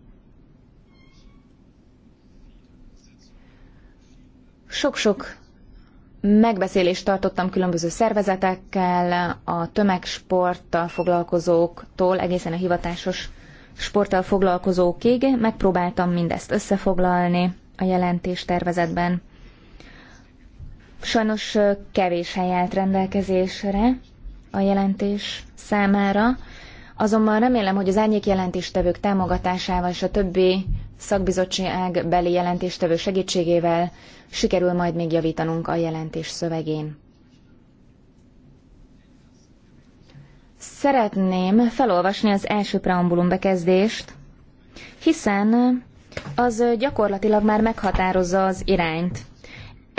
Sok-sok megbeszélést tartottam különböző szervezetekkel, a tömegsporttal foglalkozóktól egészen a hivatásos sporttal foglalkozókig. Megpróbáltam mindezt összefoglalni a jelentés tervezetben. Sajnos kevés hely állt rendelkezésre, a jelentés számára, azonban remélem, hogy az árnyék jelentéstevők támogatásával és a többi szakbizottság beli jelentéstevő segítségével sikerül majd még javítanunk a jelentés szövegén. Szeretném felolvasni az első preambulum bekezdést, hiszen az gyakorlatilag már meghatározza az irányt.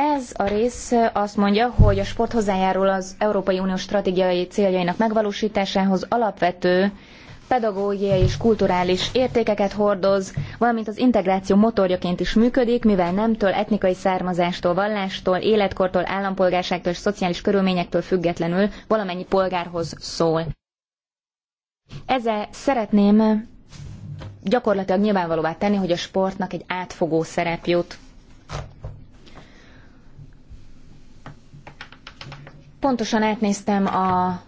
Ez a rész azt mondja, hogy a sport hozzájárul az Európai Unió stratégiai céljainak megvalósításához alapvető pedagógiai és kulturális értékeket hordoz, valamint az integráció motorjaként is működik, mivel nemtől, etnikai származástól, vallástól, életkortól, állampolgárságtól és szociális körülményektől függetlenül valamennyi polgárhoz szól. Ezzel szeretném gyakorlatilag nyilvánvalóvá tenni, hogy a sportnak egy átfogó szerep jut Pontosan átnéztem a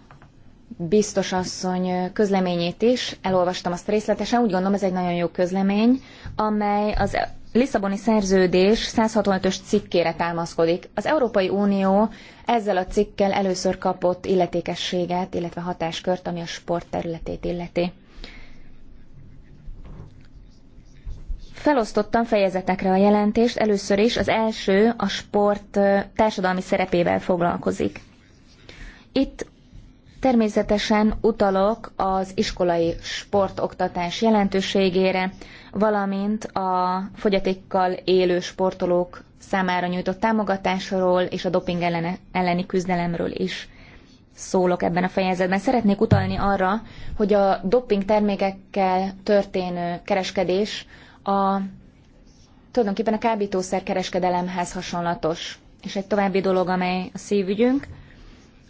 biztos asszony közleményét is, elolvastam azt részletesen, úgy gondolom ez egy nagyon jó közlemény, amely az Lisszaboni szerződés 165-ös cikkére támaszkodik. Az Európai Unió ezzel a cikkkel először kapott illetékességet, illetve hatáskört, ami a sport területét illeti. Felosztottam fejezetekre a jelentést, először is az első a sport társadalmi szerepével foglalkozik. Itt természetesen utalok az iskolai sportoktatás jelentőségére, valamint a fogyatékkal élő sportolók számára nyújtott támogatásról és a doping ellene, elleni küzdelemről is szólok ebben a fejezetben. Szeretnék utalni arra, hogy a doping termékekkel történő kereskedés a tulajdonképpen a kábítószer kereskedelemhez hasonlatos. És egy további dolog, amely a szívügyünk,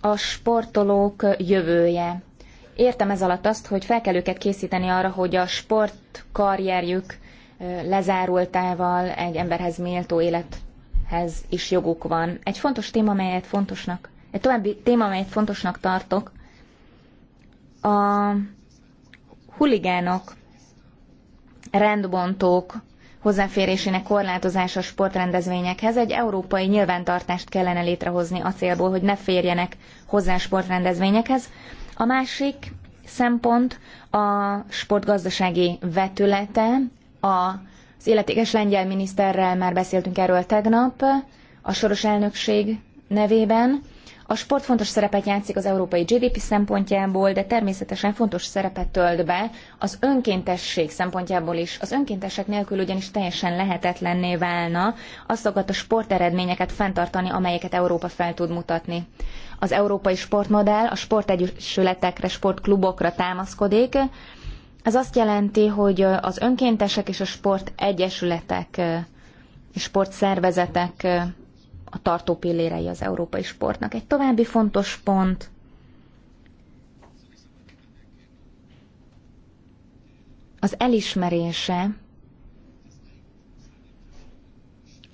a sportolók jövője. Értem ez alatt azt, hogy fel kell őket készíteni arra, hogy a sportkarrierjük lezárultával egy emberhez méltó élethez is joguk van. Egy fontos téma, melyet fontosnak, egy további téma, melyet fontosnak tartok, a huligánok, rendbontók, hozzáférésének korlátozása a sportrendezvényekhez. Egy európai nyilvántartást kellene létrehozni a célból, hogy ne férjenek hozzá sportrendezvényekhez. A másik szempont a sportgazdasági vetülete. Az illetékes lengyel miniszterrel már beszéltünk erről tegnap a soros elnökség nevében. A sport fontos szerepet játszik az európai GDP szempontjából, de természetesen fontos szerepet tölt be az önkéntesség szempontjából is. Az önkéntesek nélkül ugyanis teljesen lehetetlenné válna azokat a sporteredményeket fenntartani, amelyeket Európa fel tud mutatni. Az európai sportmodell a sportegyesületekre, sportklubokra támaszkodik. Ez azt jelenti, hogy az önkéntesek és a sportegyesületek és sportszervezetek a tartó pillérei az európai sportnak. Egy további fontos pont, az elismerése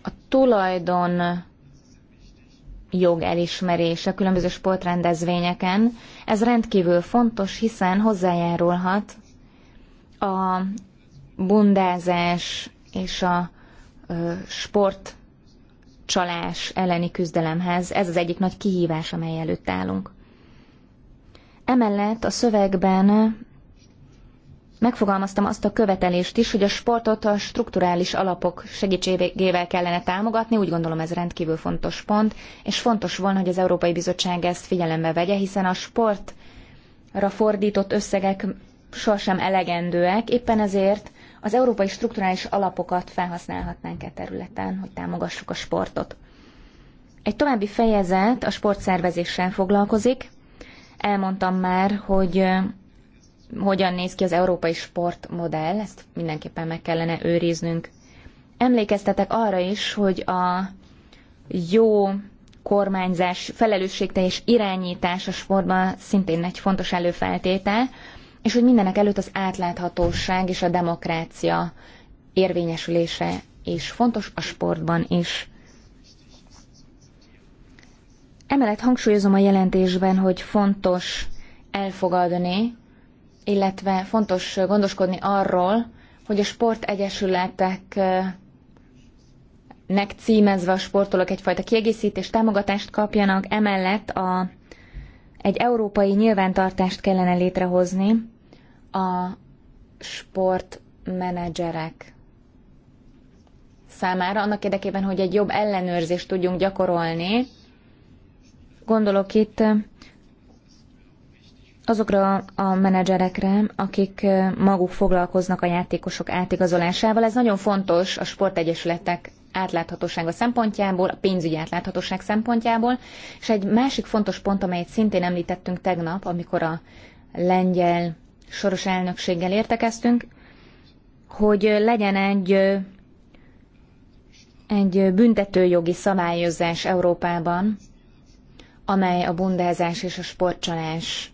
a tulajdon jog elismerése különböző sportrendezvényeken, ez rendkívül fontos, hiszen hozzájárulhat a bundázás és a sport csalás elleni küzdelemhez. Ez az egyik nagy kihívás, amely előtt állunk. Emellett a szövegben megfogalmaztam azt a követelést is, hogy a sportot a strukturális alapok segítségével kellene támogatni, úgy gondolom ez rendkívül fontos pont, és fontos volna, hogy az Európai Bizottság ezt figyelembe vegye, hiszen a sportra fordított összegek sohasem elegendőek, éppen ezért az európai strukturális alapokat felhasználhatnánk e területen, hogy támogassuk a sportot. Egy további fejezet a sportszervezéssel foglalkozik. Elmondtam már, hogy hogyan néz ki az európai sportmodell, ezt mindenképpen meg kellene őriznünk. Emlékeztetek arra is, hogy a jó kormányzás, felelősségteljes irányítás a sportban szintén egy fontos előfeltétel és hogy mindenek előtt az átláthatóság és a demokrácia érvényesülése is fontos a sportban is. Emellett hangsúlyozom a jelentésben, hogy fontos elfogadni, illetve fontos gondoskodni arról, hogy a sportegyesületeknek címezve a sportolók egyfajta kiegészítést, támogatást kapjanak, emellett a, egy európai nyilvántartást kellene létrehozni, a sportmenedzserek számára, annak érdekében, hogy egy jobb ellenőrzést tudjunk gyakorolni. Gondolok itt azokra a menedzserekre, akik maguk foglalkoznak a játékosok átigazolásával. Ez nagyon fontos a sportegyesületek átláthatósága szempontjából, a pénzügyi átláthatóság szempontjából, és egy másik fontos pont, amelyet szintén említettünk tegnap, amikor a lengyel soros elnökséggel értekeztünk, hogy legyen egy, egy büntetőjogi szabályozás Európában, amely a bundázás és a sportcsalásra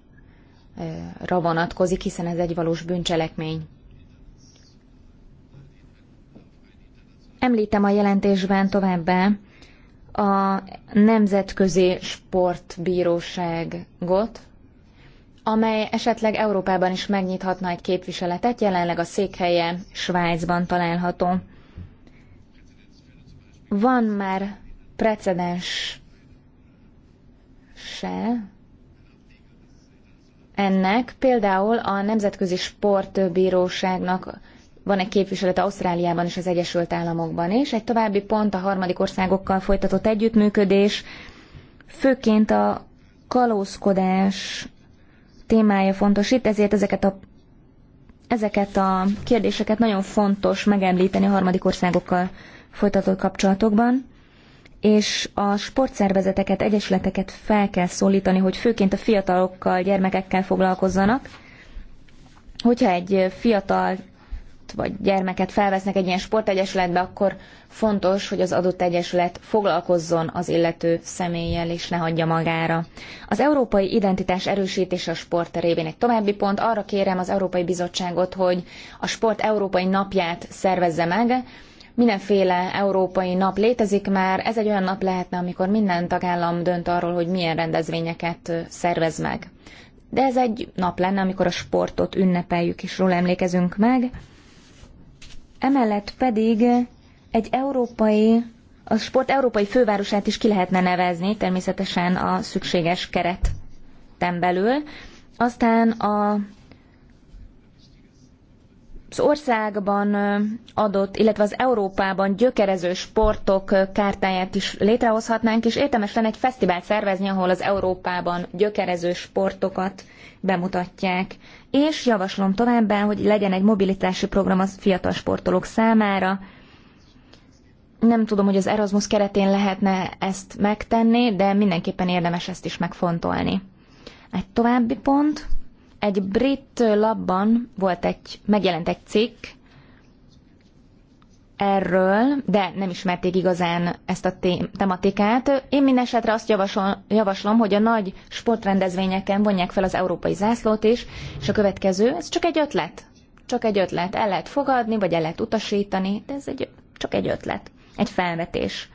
vonatkozik, hiszen ez egy valós bűncselekmény. Említem a jelentésben továbbá a Nemzetközi Sportbíróságot, amely esetleg Európában is megnyithatna egy képviseletet, jelenleg a székhelye Svájcban található. Van már precedens se ennek, például a Nemzetközi Sportbíróságnak van egy képviselete Ausztráliában és az Egyesült Államokban is. Egy további pont a harmadik országokkal folytatott együttműködés, főként a kalózkodás témája fontos itt, ezért ezeket a, ezeket a kérdéseket nagyon fontos megemlíteni a harmadik országokkal folytatott kapcsolatokban, és a sportszervezeteket, egyesületeket fel kell szólítani, hogy főként a fiatalokkal, gyermekekkel foglalkozzanak. Hogyha egy fiatal vagy gyermeket felvesznek egy ilyen sportegyesületbe, akkor fontos, hogy az adott egyesület foglalkozzon az illető személlyel, és ne hagyja magára. Az európai identitás erősítése a sport terében egy további pont. Arra kérem az Európai Bizottságot, hogy a sport európai napját szervezze meg, Mindenféle európai nap létezik már, ez egy olyan nap lehetne, amikor minden tagállam dönt arról, hogy milyen rendezvényeket szervez meg. De ez egy nap lenne, amikor a sportot ünnepeljük és róla emlékezünk meg. Emellett pedig egy európai, a sport európai fővárosát is ki lehetne nevezni, természetesen a szükséges keret belül. Aztán a az országban adott, illetve az Európában gyökerező sportok kártáját is létrehozhatnánk, és értemes lenne egy fesztivált szervezni, ahol az Európában gyökerező sportokat bemutatják és javaslom továbbá, hogy legyen egy mobilitási program a fiatal sportolók számára. Nem tudom, hogy az Erasmus keretén lehetne ezt megtenni, de mindenképpen érdemes ezt is megfontolni. Egy további pont. Egy brit labban volt egy, megjelent egy cikk, erről, de nem ismerték igazán ezt a tematikát. Én minden esetre azt javasol, javaslom, hogy a nagy sportrendezvényeken vonják fel az európai zászlót is, és a következő, ez csak egy ötlet. Csak egy ötlet. El lehet fogadni, vagy el lehet utasítani, de ez egy, csak egy ötlet. Egy felvetés.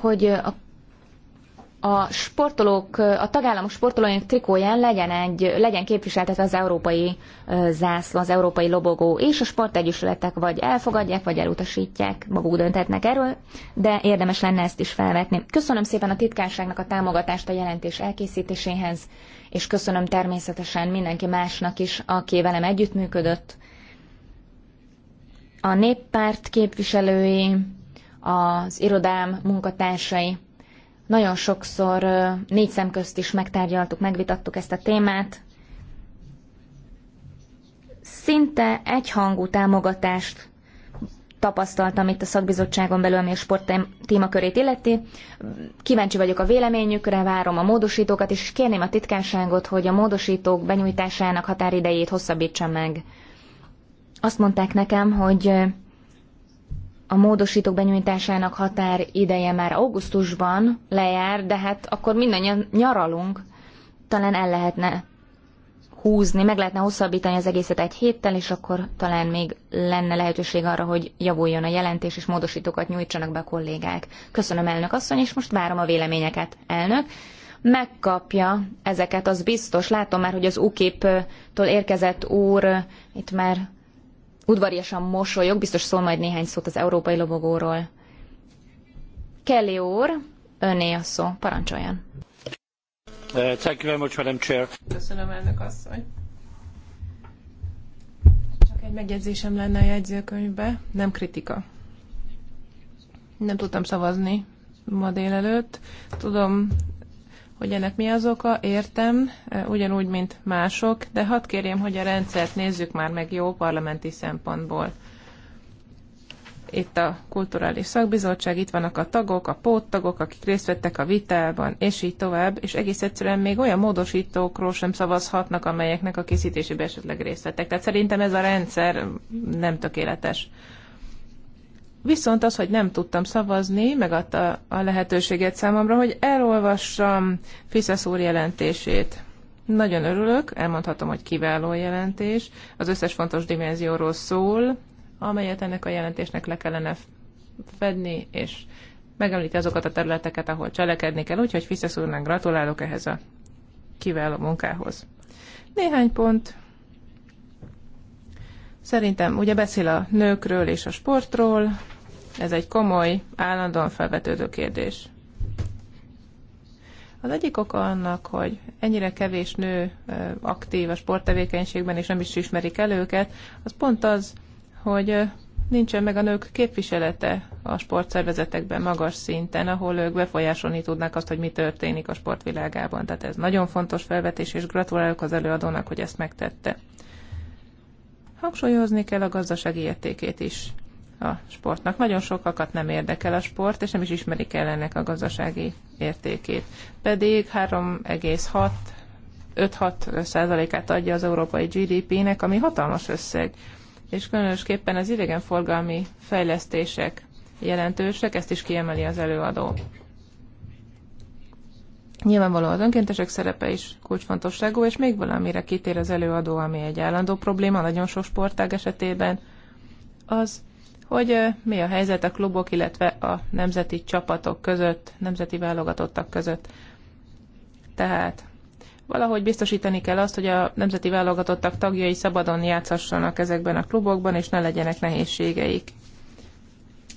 Hogy a a sportolók, a tagállamok sportolóink trikóján legyen egy, legyen képviseltetve az európai zászló, az európai lobogó, és a sportegyesületek vagy elfogadják, vagy elutasítják, maguk döntetnek erről, de érdemes lenne ezt is felvetni. Köszönöm szépen a titkárságnak a támogatást a jelentés elkészítéséhez, és köszönöm természetesen mindenki másnak is, aki velem együttműködött. A néppárt képviselői, az irodám munkatársai, nagyon sokszor négy szem közt is megtárgyaltuk, megvitattuk ezt a témát. Szinte egyhangú támogatást tapasztaltam itt a szakbizottságon belül, ami a sport témakörét illeti. Kíváncsi vagyok a véleményükre, várom a módosítókat, és kérném a titkárságot, hogy a módosítók benyújtásának határidejét hosszabbítsa meg. Azt mondták nekem, hogy a módosítók benyújtásának határ ideje már augusztusban lejár, de hát akkor mindannyian nyaralunk. Talán el lehetne húzni, meg lehetne hosszabbítani az egészet egy héttel, és akkor talán még lenne lehetőség arra, hogy javuljon a jelentés, és módosítókat nyújtsanak be a kollégák. Köszönöm, elnök asszony, és most várom a véleményeket, elnök. Megkapja ezeket, az biztos. Látom már, hogy az UKIP-től érkezett úr itt már udvariasan mosolyog, biztos szól majd néhány szót az európai lobogóról. Kelly úr, öné a szó, parancsoljon. Uh, thank you very much, Madam Chair. Köszönöm, elnök asszony. Csak egy megjegyzésem lenne a jegyzőkönyvbe, nem kritika. Nem tudtam szavazni ma délelőtt. Tudom, hogy ennek mi az oka, értem, e, ugyanúgy, mint mások, de hadd kérjem, hogy a rendszert nézzük már meg jó parlamenti szempontból. Itt a Kulturális Szakbizottság, itt vannak a tagok, a póttagok, akik részt vettek a vitában, és így tovább, és egész egyszerűen még olyan módosítókról sem szavazhatnak, amelyeknek a készítésében esetleg részt vettek. Tehát szerintem ez a rendszer nem tökéletes. Viszont az, hogy nem tudtam szavazni, megadta a lehetőséget számomra, hogy elolvassam Fiszesz úr jelentését. Nagyon örülök, elmondhatom, hogy kiváló jelentés. Az összes fontos dimenzióról szól, amelyet ennek a jelentésnek le kellene fedni, és megemlíti azokat a területeket, ahol cselekedni kell, úgyhogy Fiszesz úrnak gratulálok ehhez a kiváló munkához. Néhány pont. Szerintem ugye beszél a nőkről és a sportról, ez egy komoly, állandóan felvetődő kérdés. Az egyik oka annak, hogy ennyire kevés nő aktív a sporttevékenységben, és nem is ismerik el őket, az pont az, hogy nincsen meg a nők képviselete a sportszervezetekben magas szinten, ahol ők befolyásolni tudnak azt, hogy mi történik a sportvilágában. Tehát ez nagyon fontos felvetés, és gratulálok az előadónak, hogy ezt megtette. Hangsúlyozni kell a gazdasági értékét is a sportnak. Nagyon sokakat nem érdekel a sport, és nem is ismerik el ennek a gazdasági értékét. Pedig 3,6 5-6 százalékát adja az európai GDP-nek, ami hatalmas összeg. És különösképpen az idegenforgalmi fejlesztések jelentősek, ezt is kiemeli az előadó. Nyilvánvalóan az önkéntesek szerepe is kulcsfontosságú, és még valamire kitér az előadó, ami egy állandó probléma nagyon sok sportág esetében, az hogy mi a helyzet a klubok, illetve a nemzeti csapatok között, nemzeti válogatottak között. Tehát valahogy biztosítani kell azt, hogy a nemzeti válogatottak tagjai szabadon játszhassanak ezekben a klubokban, és ne legyenek nehézségeik.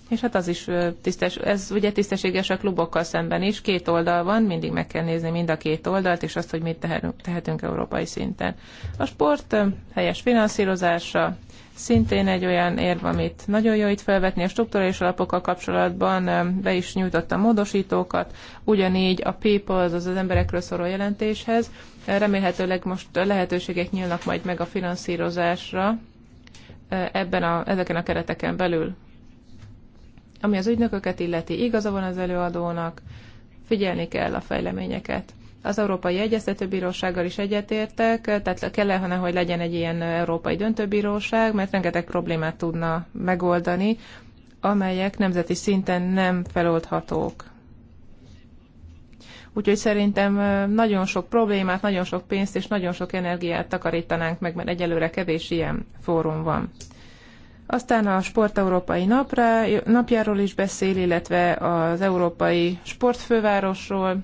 És hát az is tisztes, ez ugye tisztességes a klubokkal szemben is, két oldal van, mindig meg kell nézni mind a két oldalt, és azt, hogy mit tehetünk, tehetünk európai szinten. A sport helyes finanszírozása, szintén egy olyan érv, amit nagyon jó itt felvetni. A struktúrális alapokkal kapcsolatban be is a módosítókat, ugyanígy a People, az az emberekről szóló jelentéshez. Remélhetőleg most lehetőségek nyílnak majd meg a finanszírozásra ebben a, ezeken a kereteken belül. Ami az ügynököket illeti, igaza van az előadónak, figyelni kell a fejleményeket. Az Európai Egyeztetőbírósággal is egyetértek, tehát kellene, hogy legyen egy ilyen európai döntőbíróság, mert rengeteg problémát tudna megoldani, amelyek nemzeti szinten nem feloldhatók. Úgyhogy szerintem nagyon sok problémát, nagyon sok pénzt és nagyon sok energiát takarítanánk meg, mert egyelőre kevés ilyen fórum van. Aztán a Sport Európai napra, napjáról is beszél, illetve az Európai Sportfővárosról.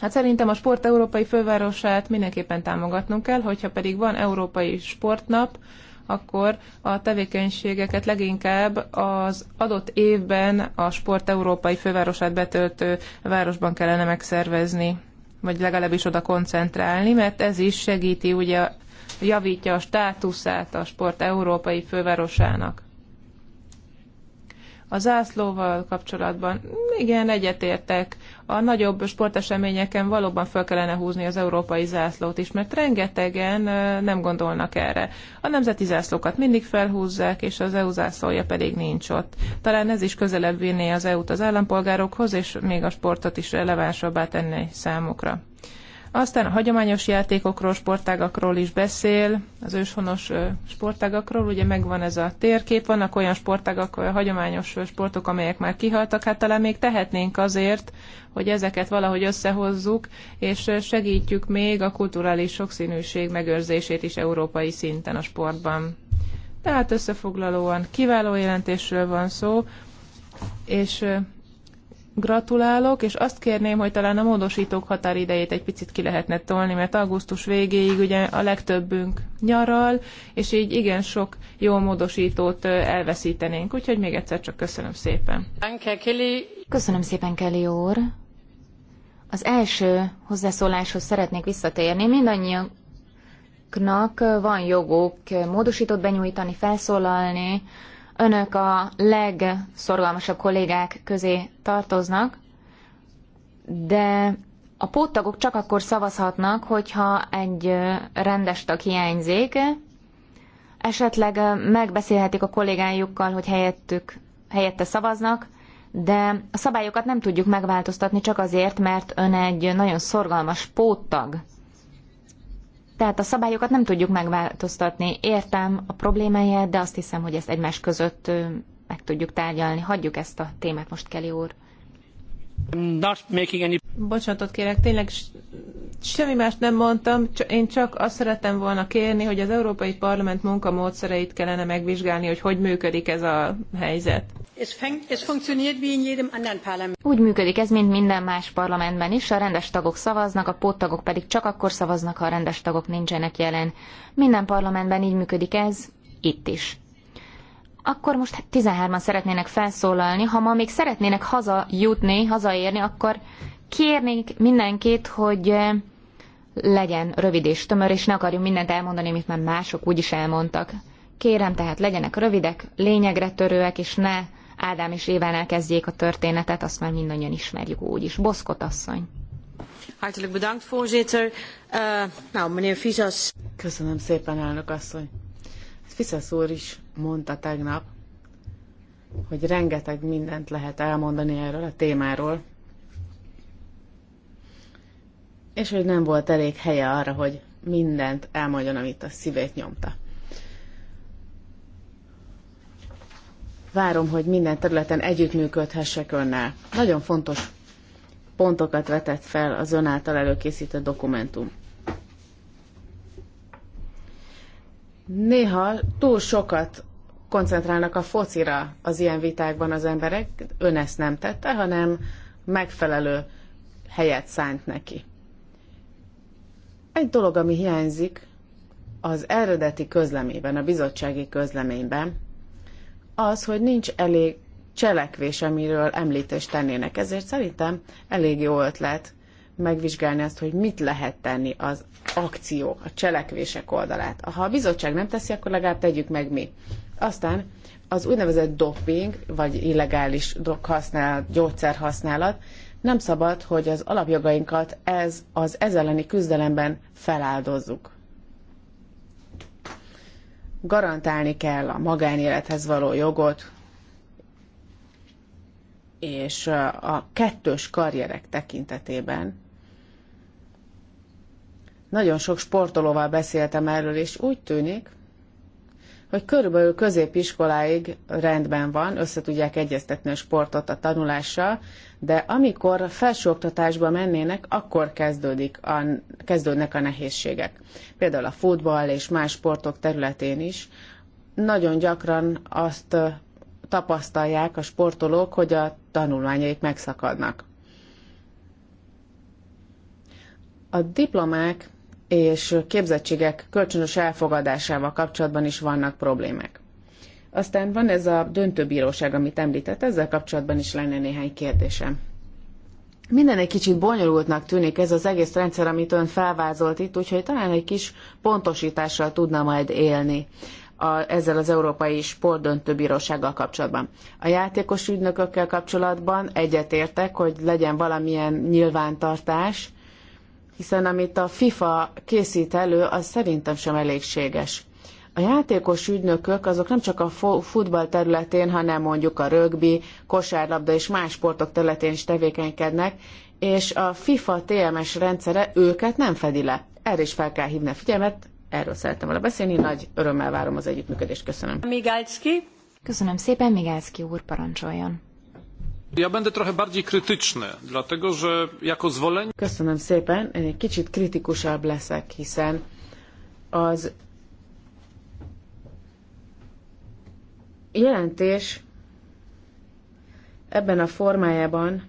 Hát szerintem a Sport Európai Fővárosát mindenképpen támogatnunk kell, hogyha pedig van Európai Sportnap, akkor a tevékenységeket leginkább az adott évben a Sport Európai Fővárosát betöltő városban kellene megszervezni vagy legalábbis oda koncentrálni, mert ez is segíti ugye javítja a státuszát a sport európai fővárosának. A zászlóval kapcsolatban igen, egyetértek. A nagyobb sporteseményeken valóban fel kellene húzni az európai zászlót is, mert rengetegen nem gondolnak erre. A nemzeti zászlókat mindig felhúzzák, és az EU zászlója pedig nincs ott. Talán ez is közelebb vinné az EU-t az állampolgárokhoz, és még a sportot is relevánsabbá tenné számukra. Aztán a hagyományos játékokról, sportágakról is beszél, az őshonos sportágakról, ugye megvan ez a térkép, vannak olyan sportágak, hagyományos sportok, amelyek már kihaltak, hát talán még tehetnénk azért, hogy ezeket valahogy összehozzuk, és segítjük még a kulturális sokszínűség megőrzését is európai szinten a sportban. Tehát összefoglalóan kiváló jelentésről van szó, és Gratulálok, és azt kérném, hogy talán a módosítók határidejét egy picit ki lehetne tolni, mert augusztus végéig ugye a legtöbbünk nyaral, és így igen sok jó módosítót elveszítenénk. Úgyhogy még egyszer csak köszönöm szépen. Köszönöm szépen, Kelly úr. Az első hozzászóláshoz szeretnék visszatérni. Mindannyiunknak van joguk módosítót benyújtani, felszólalni, Önök a legszorgalmasabb kollégák közé tartoznak, de a póttagok csak akkor szavazhatnak, hogyha egy rendes tag hiányzik, esetleg megbeszélhetik a kollégájukkal, hogy helyettük, helyette szavaznak, de a szabályokat nem tudjuk megváltoztatni csak azért, mert ön egy nagyon szorgalmas póttag. Tehát a szabályokat nem tudjuk megváltoztatni. Értem a problémáját, de azt hiszem, hogy ezt egymás között meg tudjuk tárgyalni. Hagyjuk ezt a témát most, Keli úr. Bocsánatot kérek, tényleg semmi más nem mondtam, én csak azt szerettem volna kérni, hogy az Európai Parlament munkamódszereit kellene megvizsgálni, hogy hogy működik ez a helyzet. Úgy működik ez, mint minden más parlamentben is, a rendes tagok szavaznak, a póttagok pedig csak akkor szavaznak, ha a rendes tagok nincsenek jelen. Minden parlamentben így működik ez, itt is akkor most 13-an szeretnének felszólalni, ha ma még szeretnének hazajutni, hazaérni, akkor kérnék mindenkit, hogy eh, legyen rövid és tömör, és ne akarjunk mindent elmondani, amit már mások is elmondtak. Kérem tehát, legyenek rövidek, lényegre törőek, és ne Ádám és Éván elkezdjék a történetet, azt már mindannyian ismerjük úgyis. Boszkot asszony. Hartelijk bedankt, voorzitter. Uh, nou, meneer Fisas. Köszönöm szépen, elnök asszony. Fisas úr is mondta tegnap, hogy rengeteg mindent lehet elmondani erről a témáról, és hogy nem volt elég helye arra, hogy mindent elmondjon, amit a szívét nyomta. Várom, hogy minden területen együttműködhessek önnel. Nagyon fontos pontokat vetett fel az ön által előkészített dokumentum. Néha túl sokat koncentrálnak a focira az ilyen vitákban az emberek, ön ezt nem tette, hanem megfelelő helyet szánt neki. Egy dolog, ami hiányzik az eredeti közleményben, a bizottsági közleményben, az, hogy nincs elég cselekvés, amiről említést tennének. Ezért szerintem elég jó ötlet megvizsgálni azt, hogy mit lehet tenni az akciók, a cselekvések oldalát. Ha a bizottság nem teszi, akkor legalább tegyük meg mi. Aztán az úgynevezett doping, vagy illegális droghasználat, gyógyszerhasználat nem szabad, hogy az alapjogainkat ez az ez elleni küzdelemben feláldozzuk. Garantálni kell a magánélethez való jogot, és a kettős karrierek tekintetében nagyon sok sportolóval beszéltem erről, és úgy tűnik, hogy körülbelül középiskoláig rendben van, össze tudják egyeztetni a sportot a tanulással, de amikor felsőoktatásba mennének, akkor kezdődik a, kezdődnek a nehézségek. Például a futball és más sportok területén is nagyon gyakran azt tapasztalják a sportolók, hogy a tanulmányaik megszakadnak. A diplomák és képzettségek kölcsönös elfogadásával kapcsolatban is vannak problémák. Aztán van ez a döntőbíróság, amit említett, ezzel kapcsolatban is lenne néhány kérdésem. Minden egy kicsit bonyolultnak tűnik ez az egész rendszer, amit ön felvázolt itt, úgyhogy talán egy kis pontosítással tudna majd élni a, ezzel az Európai Sportdöntőbírósággal kapcsolatban. A játékos ügynökökkel kapcsolatban egyetértek, hogy legyen valamilyen nyilvántartás, hiszen amit a FIFA készít elő, az szerintem sem elégséges. A játékos ügynökök azok nem csak a futball területén, hanem mondjuk a rögbi, kosárlabda és más sportok területén is tevékenykednek, és a FIFA TMS rendszere őket nem fedi le. Erre is fel kell hívni a figyelmet, erről szeretem volna beszélni, nagy örömmel várom az együttműködést, köszönöm. Migalski. Köszönöm szépen, Migalski úr parancsoljon. Ja będę trochę bardziej krytyczny, dlatego że jako zwolennik... Köszönöm szépen, én egy kicsit kritikusabb leszek, hiszen az jelentés ebben a formájában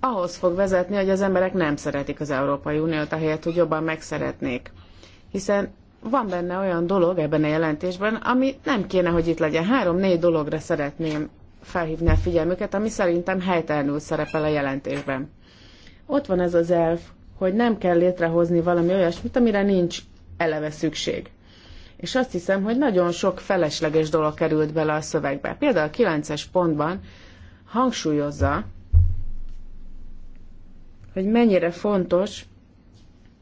ahhoz fog vezetni, hogy az emberek nem szeretik az Európai Uniót, ahelyett, hogy jobban megszeretnék. Hiszen van benne olyan dolog ebben a jelentésben, ami nem kéne, hogy itt legyen. Három-négy dologra szeretném a figyelmüket, ami szerintem helytelenül szerepel a jelentésben. Ott van ez az elf, hogy nem kell létrehozni valami olyasmit, amire nincs eleve szükség. És azt hiszem, hogy nagyon sok felesleges dolog került bele a szövegbe. Például a 9-es pontban hangsúlyozza, hogy mennyire fontos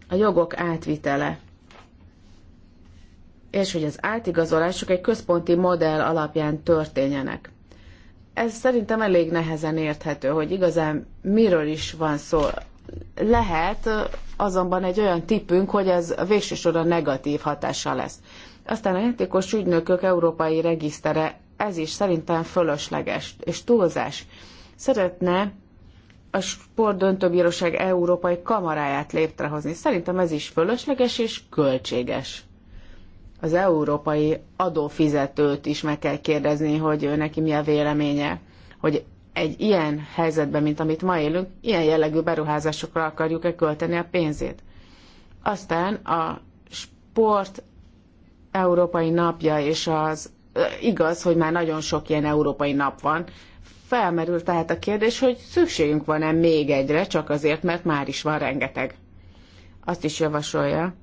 a jogok átvitele és hogy az átigazolások egy központi modell alapján történjenek ez szerintem elég nehezen érthető, hogy igazán miről is van szó. Lehet azonban egy olyan tipünk, hogy ez végső soron negatív hatása lesz. Aztán a játékos ügynökök európai regisztere, ez is szerintem fölösleges és túlzás. Szeretne a Sportdöntőbíróság Európai Kamaráját létrehozni. Szerintem ez is fölösleges és költséges az európai adófizetőt is meg kell kérdezni, hogy ő neki mi a véleménye, hogy egy ilyen helyzetben, mint amit ma élünk, ilyen jellegű beruházásokra akarjuk-e költeni a pénzét. Aztán a sport európai napja, és az igaz, hogy már nagyon sok ilyen európai nap van, felmerül tehát a kérdés, hogy szükségünk van-e még egyre, csak azért, mert már is van rengeteg. Azt is javasolja,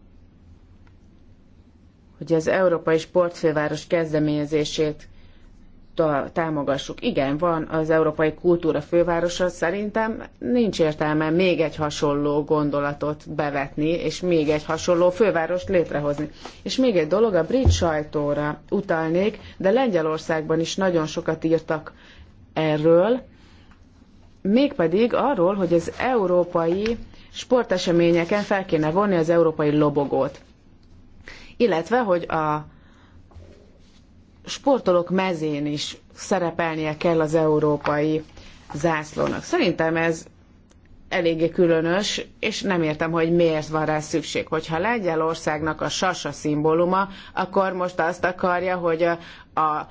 hogy az Európai Sportfőváros kezdeményezését támogassuk. Igen, van az Európai Kultúra Fővárosa, szerintem nincs értelme még egy hasonló gondolatot bevetni, és még egy hasonló fővárost létrehozni. És még egy dolog, a brit sajtóra utalnék, de Lengyelországban is nagyon sokat írtak erről, mégpedig arról, hogy az európai sporteseményeken fel kéne vonni az európai lobogót illetve hogy a sportolók mezén is szerepelnie kell az európai zászlónak. Szerintem ez eléggé különös, és nem értem, hogy miért van rá szükség. Hogyha Lengyelországnak a sasa szimbóluma, akkor most azt akarja, hogy a, a,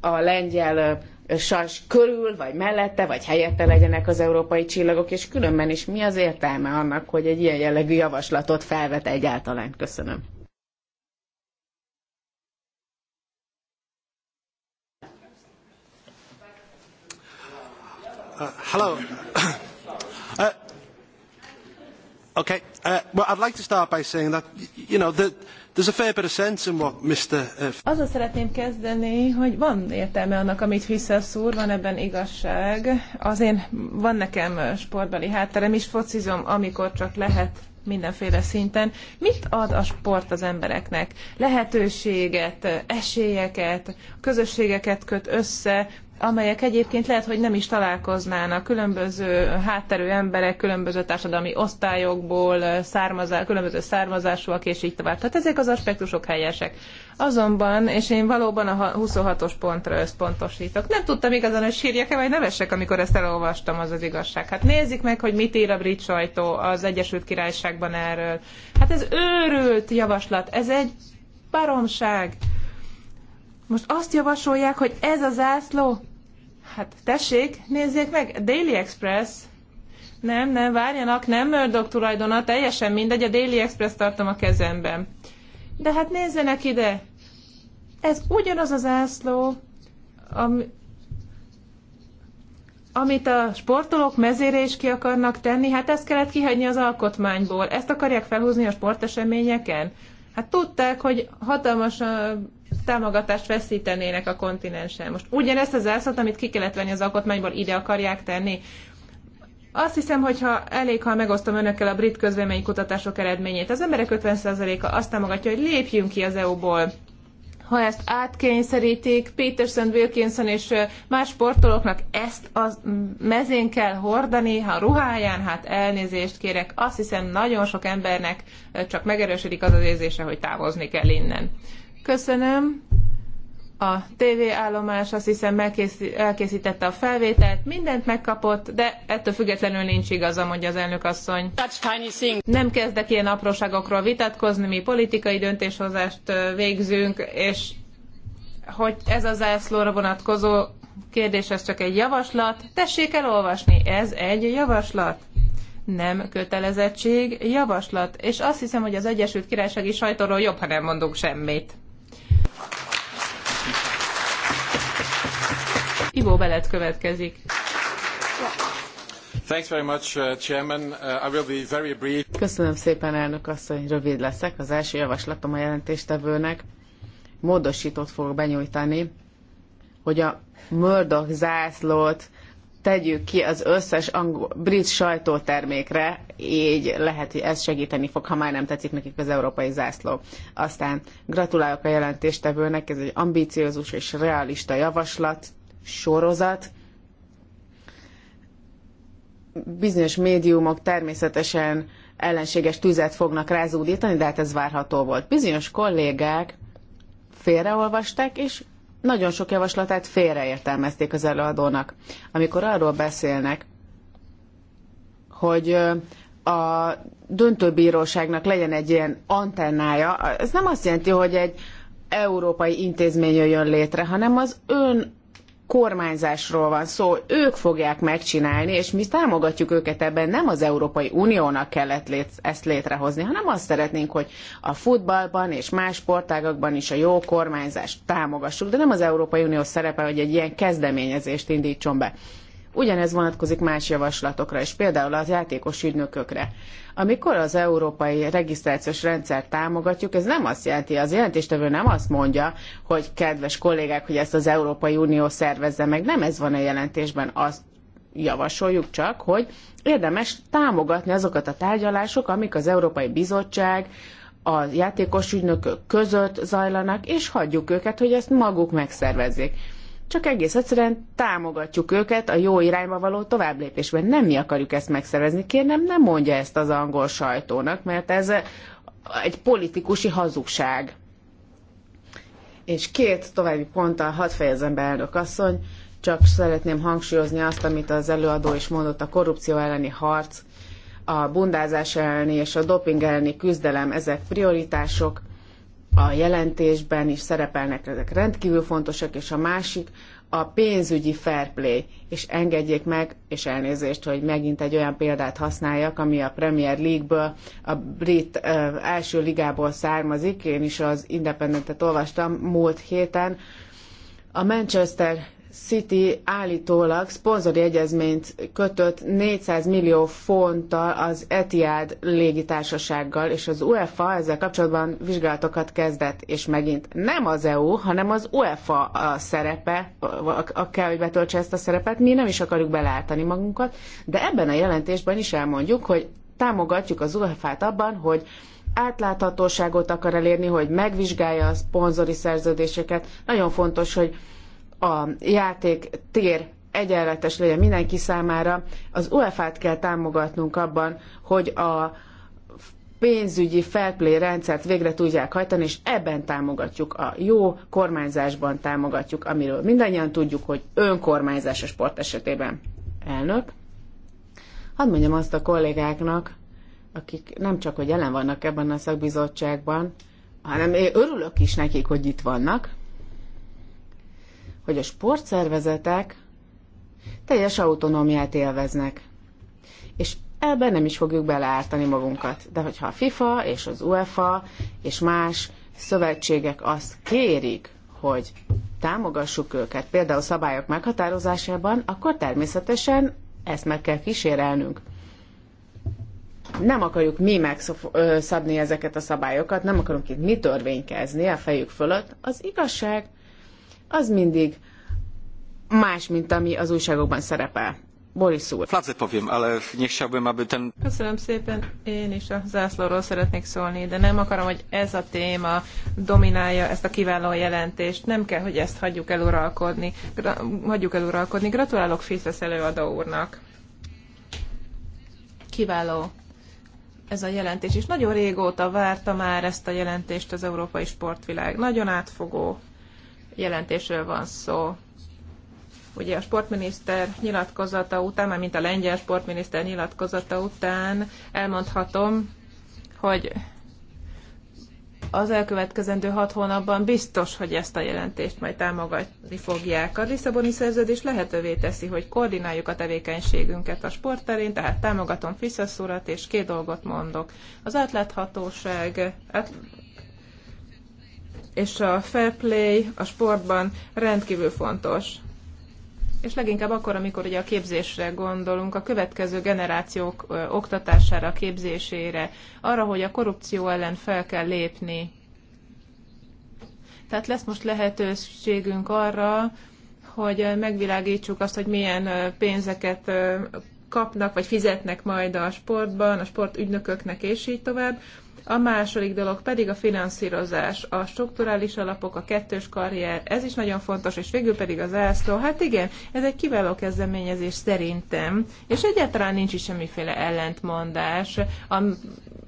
a lengyel sas körül, vagy mellette, vagy helyette legyenek az európai csillagok, és különben is mi az értelme annak, hogy egy ilyen jellegű javaslatot felvet egyáltalán? Köszönöm. Uh, hello. uh, okay. Uh, well, I'd like to start by saying that, you know, that there's a fair bit of sense in what Mr. Uh, Azzal szeretném kezdeni, hogy van értelme annak, amit visszaszúr, van ebben igazság. Az én, van nekem sportbeli hátterem is, focizom, amikor csak lehet mindenféle szinten. Mit ad a sport az embereknek? Lehetőséget, esélyeket, közösségeket köt össze, amelyek egyébként lehet, hogy nem is találkoznának. Különböző hátterű emberek, különböző társadalmi osztályokból, származá, különböző származásúak, és így tovább. Tehát ezek az aspektusok helyesek. Azonban, és én valóban a 26-os pontra összpontosítok. Nem tudtam igazán, hogy sírjak-e vagy nevessek, amikor ezt elolvastam, az az igazság. Hát nézzük meg, hogy mit ír a brit sajtó az Egyesült Királyságban erről. Hát ez őrült javaslat, ez egy baromság. Most azt javasolják, hogy ez a zászló Hát tessék, nézzék meg, Daily Express. Nem, nem, várjanak, nem Murdoch tulajdona, teljesen mindegy, a Daily Express tartom a kezemben. De hát nézzenek ide! Ez ugyanaz az ászló, am, amit a sportolók mezére is ki akarnak tenni, hát ezt kellett kihagyni az alkotmányból. Ezt akarják felhúzni a sporteseményeken? Hát tudták, hogy hatalmas támogatást veszítenének a kontinensen. Most ugyanezt az elszót, amit ki kellett venni az alkotmányból, ide akarják tenni. Azt hiszem, hogy ha elég, ha megosztom önökkel a brit közvélemény kutatások eredményét, az emberek 50%-a azt támogatja, hogy lépjünk ki az EU-ból. Ha ezt átkényszerítik, Peterson, Wilkinson és más sportolóknak ezt a mezén kell hordani, ha ruháján, hát elnézést kérek. Azt hiszem, nagyon sok embernek csak megerősödik az az érzése, hogy távozni kell innen. Köszönöm. A állomás azt hiszem elkészítette a felvételt, mindent megkapott, de ettől függetlenül nincs igaza, mondja az elnök asszony. Nem kezdek ilyen apróságokról vitatkozni, mi politikai döntéshozást végzünk, és hogy ez a zászlóra vonatkozó kérdés, ez csak egy javaslat. Tessék elolvasni, ez egy javaslat nem kötelezettség, javaslat, és azt hiszem, hogy az Egyesült Királysági sajtóról jobb, ha nem mondunk semmit. Ivo Belet következik. Thanks very much, uh, Chairman. Uh, I will be very brief. Köszönöm szépen, elnök asszony, rövid leszek. Az első javaslatom a jelentéstevőnek. Módosítót fogok benyújtani, hogy a Murdoch zászlót tegyük ki az összes angol, brit sajtótermékre, így lehet, hogy ez segíteni fog, ha már nem tetszik nekik az európai zászló. Aztán gratulálok a jelentéstevőnek, ez egy ambíciózus és realista javaslat, sorozat. Bizonyos médiumok természetesen ellenséges tüzet fognak rázúdítani, de hát ez várható volt. Bizonyos kollégák félreolvasták, és nagyon sok javaslatát félreértelmezték az előadónak. Amikor arról beszélnek, hogy a döntőbíróságnak legyen egy ilyen antennája, ez nem azt jelenti, hogy egy európai intézmény jön létre, hanem az ön kormányzásról van szó, ők fogják megcsinálni, és mi támogatjuk őket ebben, nem az Európai Uniónak kellett lét, ezt létrehozni, hanem azt szeretnénk, hogy a futballban és más sportágakban is a jó kormányzást támogassuk, de nem az Európai Unió szerepe, hogy egy ilyen kezdeményezést indítson be. Ugyanez vonatkozik más javaslatokra is, például az játékos ügynökökre. Amikor az európai regisztrációs rendszert támogatjuk, ez nem azt jelenti, az jelentéstevő nem azt mondja, hogy kedves kollégák, hogy ezt az Európai Unió szervezze meg. Nem ez van a jelentésben. Azt javasoljuk csak, hogy érdemes támogatni azokat a tárgyalások, amik az Európai Bizottság, a játékos ügynökök között zajlanak, és hagyjuk őket, hogy ezt maguk megszervezzék csak egész egyszerűen támogatjuk őket a jó irányba való továbblépésben. Nem mi akarjuk ezt megszervezni, kérem, nem mondja ezt az angol sajtónak, mert ez egy politikusi hazugság. És két további ponttal hadd fejezem be, elnök asszony, csak szeretném hangsúlyozni azt, amit az előadó is mondott, a korrupció elleni harc, a bundázás elleni és a doping elleni küzdelem, ezek prioritások, a jelentésben is szerepelnek, ezek rendkívül fontosak, és a másik a pénzügyi fair play, és engedjék meg, és elnézést, hogy megint egy olyan példát használjak, ami a Premier League-ből, a brit ö, első ligából származik, én is az Independentet olvastam múlt héten, a Manchester City állítólag szponzori egyezményt kötött 400 millió fonttal az Etihad légitársasággal, és az UEFA ezzel kapcsolatban vizsgálatokat kezdett, és megint nem az EU, hanem az UEFA a szerepe, a, a, a kell, hogy betöltse ezt a szerepet, mi nem is akarjuk beleártani magunkat, de ebben a jelentésben is elmondjuk, hogy támogatjuk az UEFA-t abban, hogy átláthatóságot akar elérni, hogy megvizsgálja a szponzori szerződéseket. Nagyon fontos, hogy a játék tér egyenletes legyen mindenki számára. Az UEFA-t kell támogatnunk abban, hogy a pénzügyi fair play rendszert végre tudják hajtani, és ebben támogatjuk, a jó kormányzásban támogatjuk, amiről mindannyian tudjuk, hogy önkormányzás a sport esetében. Elnök, hadd mondjam azt a kollégáknak, akik nem csak, hogy jelen vannak ebben a szakbizottságban, hanem én örülök is nekik, hogy itt vannak, hogy a sportszervezetek teljes autonómiát élveznek. És ebben nem is fogjuk beleártani magunkat. De hogyha a FIFA és az UEFA és más szövetségek azt kérik, hogy támogassuk őket, például szabályok meghatározásában, akkor természetesen ezt meg kell kísérelnünk. Nem akarjuk mi megszabni ezeket a szabályokat, nem akarunk itt mi törvénykezni a fejük fölött. Az igazság az mindig más, mint ami az újságokban szerepel. Boris úr. Köszönöm szépen, én is a zászlóról szeretnék szólni, de nem akarom, hogy ez a téma dominálja ezt a kiváló jelentést. Nem kell, hogy ezt hagyjuk eluralkodni. Gra- hagyjuk eluralkodni. Gratulálok Fitesz előadó úrnak. Kiváló ez a jelentés, és nagyon régóta várta már ezt a jelentést az európai sportvilág. Nagyon átfogó, jelentésről van szó. Ugye a sportminiszter nyilatkozata után, már mint a lengyel sportminiszter nyilatkozata után elmondhatom, hogy az elkövetkezendő hat hónapban biztos, hogy ezt a jelentést majd támogatni fogják. A Lisszaboni szerződés lehetővé teszi, hogy koordináljuk a tevékenységünket a sportterén, tehát támogatom Fiszaszurat, és két dolgot mondok. Az átláthatóság, át, és a fair play a sportban rendkívül fontos. És leginkább akkor, amikor ugye a képzésre gondolunk, a következő generációk ö, oktatására, képzésére, arra, hogy a korrupció ellen fel kell lépni. Tehát lesz most lehetőségünk arra, hogy megvilágítsuk azt, hogy milyen pénzeket kapnak, vagy fizetnek majd a sportban, a sportügynököknek, és így tovább. A második dolog pedig a finanszírozás, a strukturális alapok, a kettős karrier, ez is nagyon fontos, és végül pedig az ászló. Hát igen, ez egy kiváló kezdeményezés szerintem, és egyáltalán nincs is semmiféle ellentmondás a,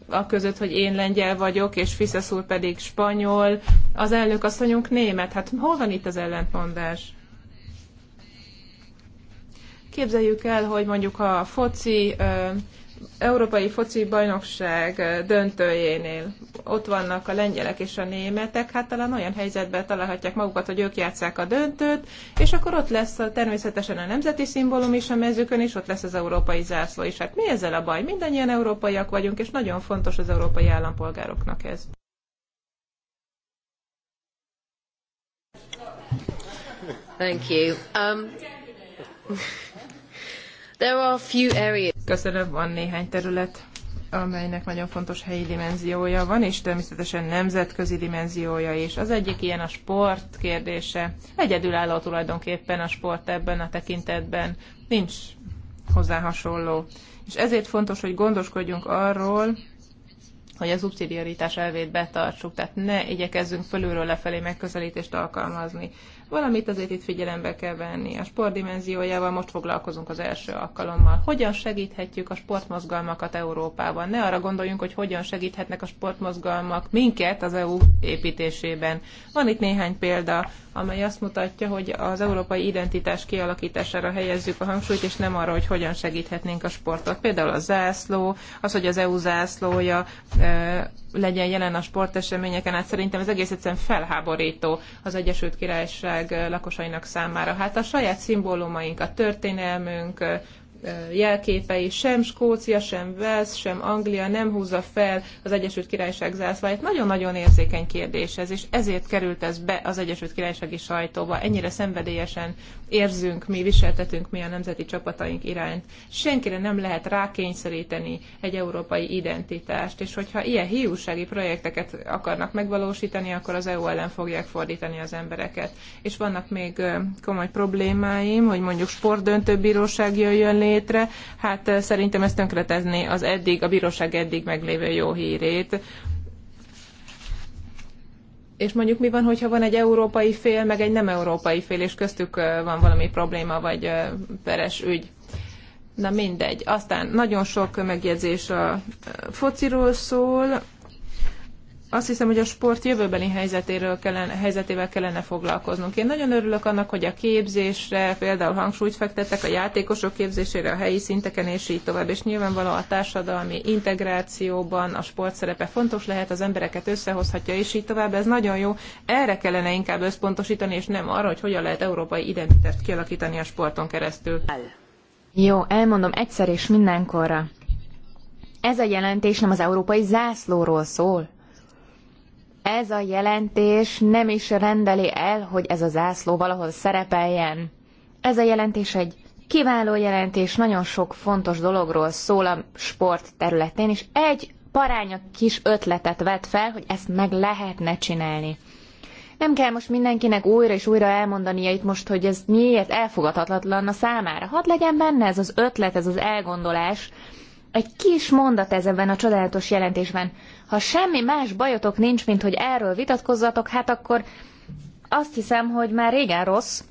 a között, hogy én lengyel vagyok, és Fiszesz úr pedig spanyol, az elnök asszonyunk német. Hát hol van itt az ellentmondás? Képzeljük el, hogy mondjuk a foci Európai Foci Bajnokság döntőjénél ott vannak a lengyelek és a németek, hát talán olyan helyzetben találhatják magukat, hogy ők játszák a döntőt, és akkor ott lesz a, természetesen a nemzeti szimbólum is a mezőkön, és ott lesz az európai zászló is. Hát mi ezzel a baj? Mindannyian európaiak vagyunk, és nagyon fontos az európai állampolgároknak ez. Thank you. Um... There are few areas. Köszönöm, van néhány terület, amelynek nagyon fontos helyi dimenziója van, és természetesen nemzetközi dimenziója is. Az egyik ilyen a sport kérdése. Egyedülálló tulajdonképpen a sport ebben a tekintetben. Nincs hozzá hasonló. És ezért fontos, hogy gondoskodjunk arról, hogy a szubszidiaritás elvét betartsuk, tehát ne igyekezzünk fölülről lefelé megközelítést alkalmazni. Valamit azért itt figyelembe kell venni. A sport dimenziójával most foglalkozunk az első alkalommal. Hogyan segíthetjük a sportmozgalmakat Európában? Ne arra gondoljunk, hogy hogyan segíthetnek a sportmozgalmak minket az EU építésében. Van itt néhány példa, amely azt mutatja, hogy az európai identitás kialakítására helyezzük a hangsúlyt, és nem arra, hogy hogyan segíthetnénk a sportot. Például a zászló, az, hogy az EU zászlója legyen jelen a sporteseményeken, hát szerintem ez egész egyszerűen felháborító az Egyesült Királyság lakosainak számára. Hát a saját szimbólumaink, a történelmünk, jelképei, sem Skócia, sem Wales, sem Anglia nem húzza fel az Egyesült Királyság zászlóját. Nagyon-nagyon érzékeny kérdés ez, és ezért került ez be az Egyesült Királysági sajtóba. Ennyire szenvedélyesen érzünk mi, viseltetünk mi a nemzeti csapataink irányt. Senkire nem lehet rákényszeríteni egy európai identitást, és hogyha ilyen hiúsági projekteket akarnak megvalósítani, akkor az EU ellen fogják fordítani az embereket. És vannak még komoly problémáim, hogy mondjuk sportdöntőbíróság jöjjön létre, létre, hát eh, szerintem ez tönkretezné az eddig, a bíróság eddig meglévő jó hírét. És mondjuk mi van, hogyha van egy európai fél, meg egy nem európai fél, és köztük eh, van valami probléma, vagy eh, peres ügy. Na mindegy. Aztán nagyon sok megjegyzés a fociról szól, azt hiszem, hogy a sport jövőbeni helyzetéről kellene, helyzetével kellene foglalkoznunk. Én nagyon örülök annak, hogy a képzésre például hangsúlyt fektettek, a játékosok képzésére, a helyi szinteken és így tovább. És nyilvánvalóan a társadalmi integrációban a sport szerepe fontos lehet, az embereket összehozhatja, és így tovább. Ez nagyon jó. Erre kellene inkább összpontosítani, és nem arra, hogy hogyan lehet európai identitást kialakítani a sporton keresztül. Jó, elmondom egyszer és mindenkorra. Ez a jelentés nem az európai zászlóról szól, ez a jelentés nem is rendeli el, hogy ez a zászló valahol szerepeljen. Ez a jelentés egy kiváló jelentés, nagyon sok fontos dologról szól a sport területén, és egy paránya kis ötletet vett fel, hogy ezt meg lehetne csinálni. Nem kell most mindenkinek újra és újra elmondania itt most, hogy ez miért elfogadhatatlan a számára. Hadd legyen benne ez az ötlet, ez az elgondolás, egy kis mondat ezenben a csodálatos jelentésben. Ha semmi más bajotok nincs, mint hogy erről vitatkozzatok, hát akkor azt hiszem, hogy már régen rossz.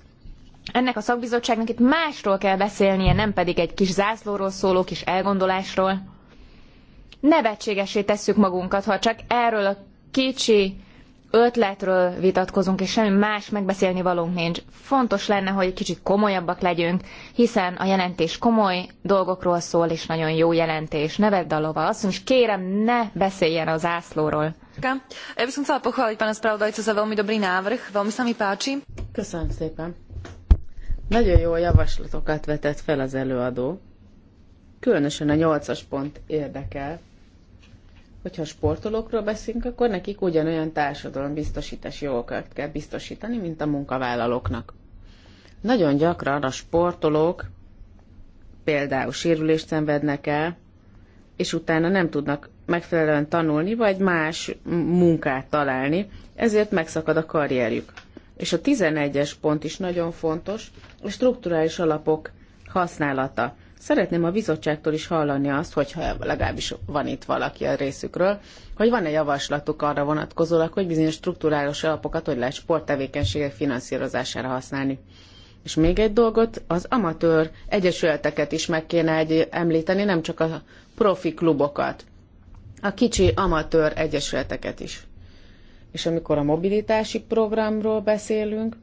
Ennek a szakbizottságnak itt másról kell beszélnie, nem pedig egy kis zászlóról szóló kis elgondolásról. Nevetségesé tesszük magunkat, ha csak erről a kicsi ötletről vitatkozunk, és semmi más megbeszélni valónk nincs. Fontos lenne, hogy kicsit komolyabbak legyünk, hiszen a jelentés komoly dolgokról szól, és nagyon jó jelentés. Ne vedd a lova. Azt mondja, kérem, ne beszéljen az ászlóról. Ja by som chcela pochváliť pána spravodajcu za veľmi dobrý návrh, veľmi sa mi páči. Köszönöm szépen. Nagyon jó javaslatokat vetett fel az előadó. Különösen a nyolcas pont érdekel, hogyha sportolókról beszélünk, akkor nekik ugyanolyan biztosítás jogokat kell biztosítani, mint a munkavállalóknak. Nagyon gyakran a sportolók például sérülést szenvednek el, és utána nem tudnak megfelelően tanulni, vagy más munkát találni, ezért megszakad a karrierjük. És a 11-es pont is nagyon fontos, a strukturális alapok használata. Szeretném a bizottságtól is hallani azt, hogyha legalábbis van itt valaki a részükről, hogy van-e javaslatuk arra vonatkozólag, hogy bizonyos strukturális alapokat hogy lehet sporttevékenységek finanszírozására használni. És még egy dolgot, az amatőr egyesületeket is meg kéne egy említeni, nem csak a profi klubokat, a kicsi amatőr egyesületeket is. És amikor a mobilitási programról beszélünk,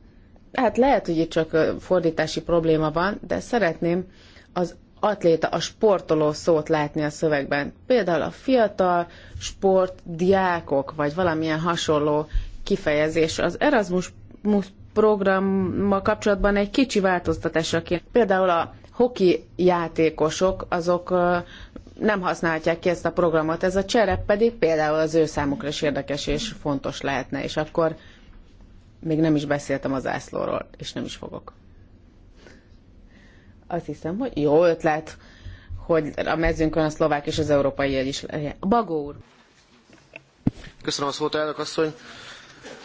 hát lehet, hogy itt csak fordítási probléma van, de szeretném az atléta, a sportoló szót látni a szövegben. Például a fiatal sportdiákok, vagy valamilyen hasonló kifejezés. Az Erasmus programmal kapcsolatban egy kicsi változtatásra kéne. Például a hoki játékosok, azok nem használhatják ki ezt a programot, ez a cserep pedig például az ő számukra is érdekes és fontos lehetne, és akkor még nem is beszéltem az ászlóról, és nem is fogok. Azt hiszem, hogy jó ötlet, hogy a mezőnkön a szlovák és az európai jel is legyen. Bagó úr! Köszönöm a szót, elnök asszony.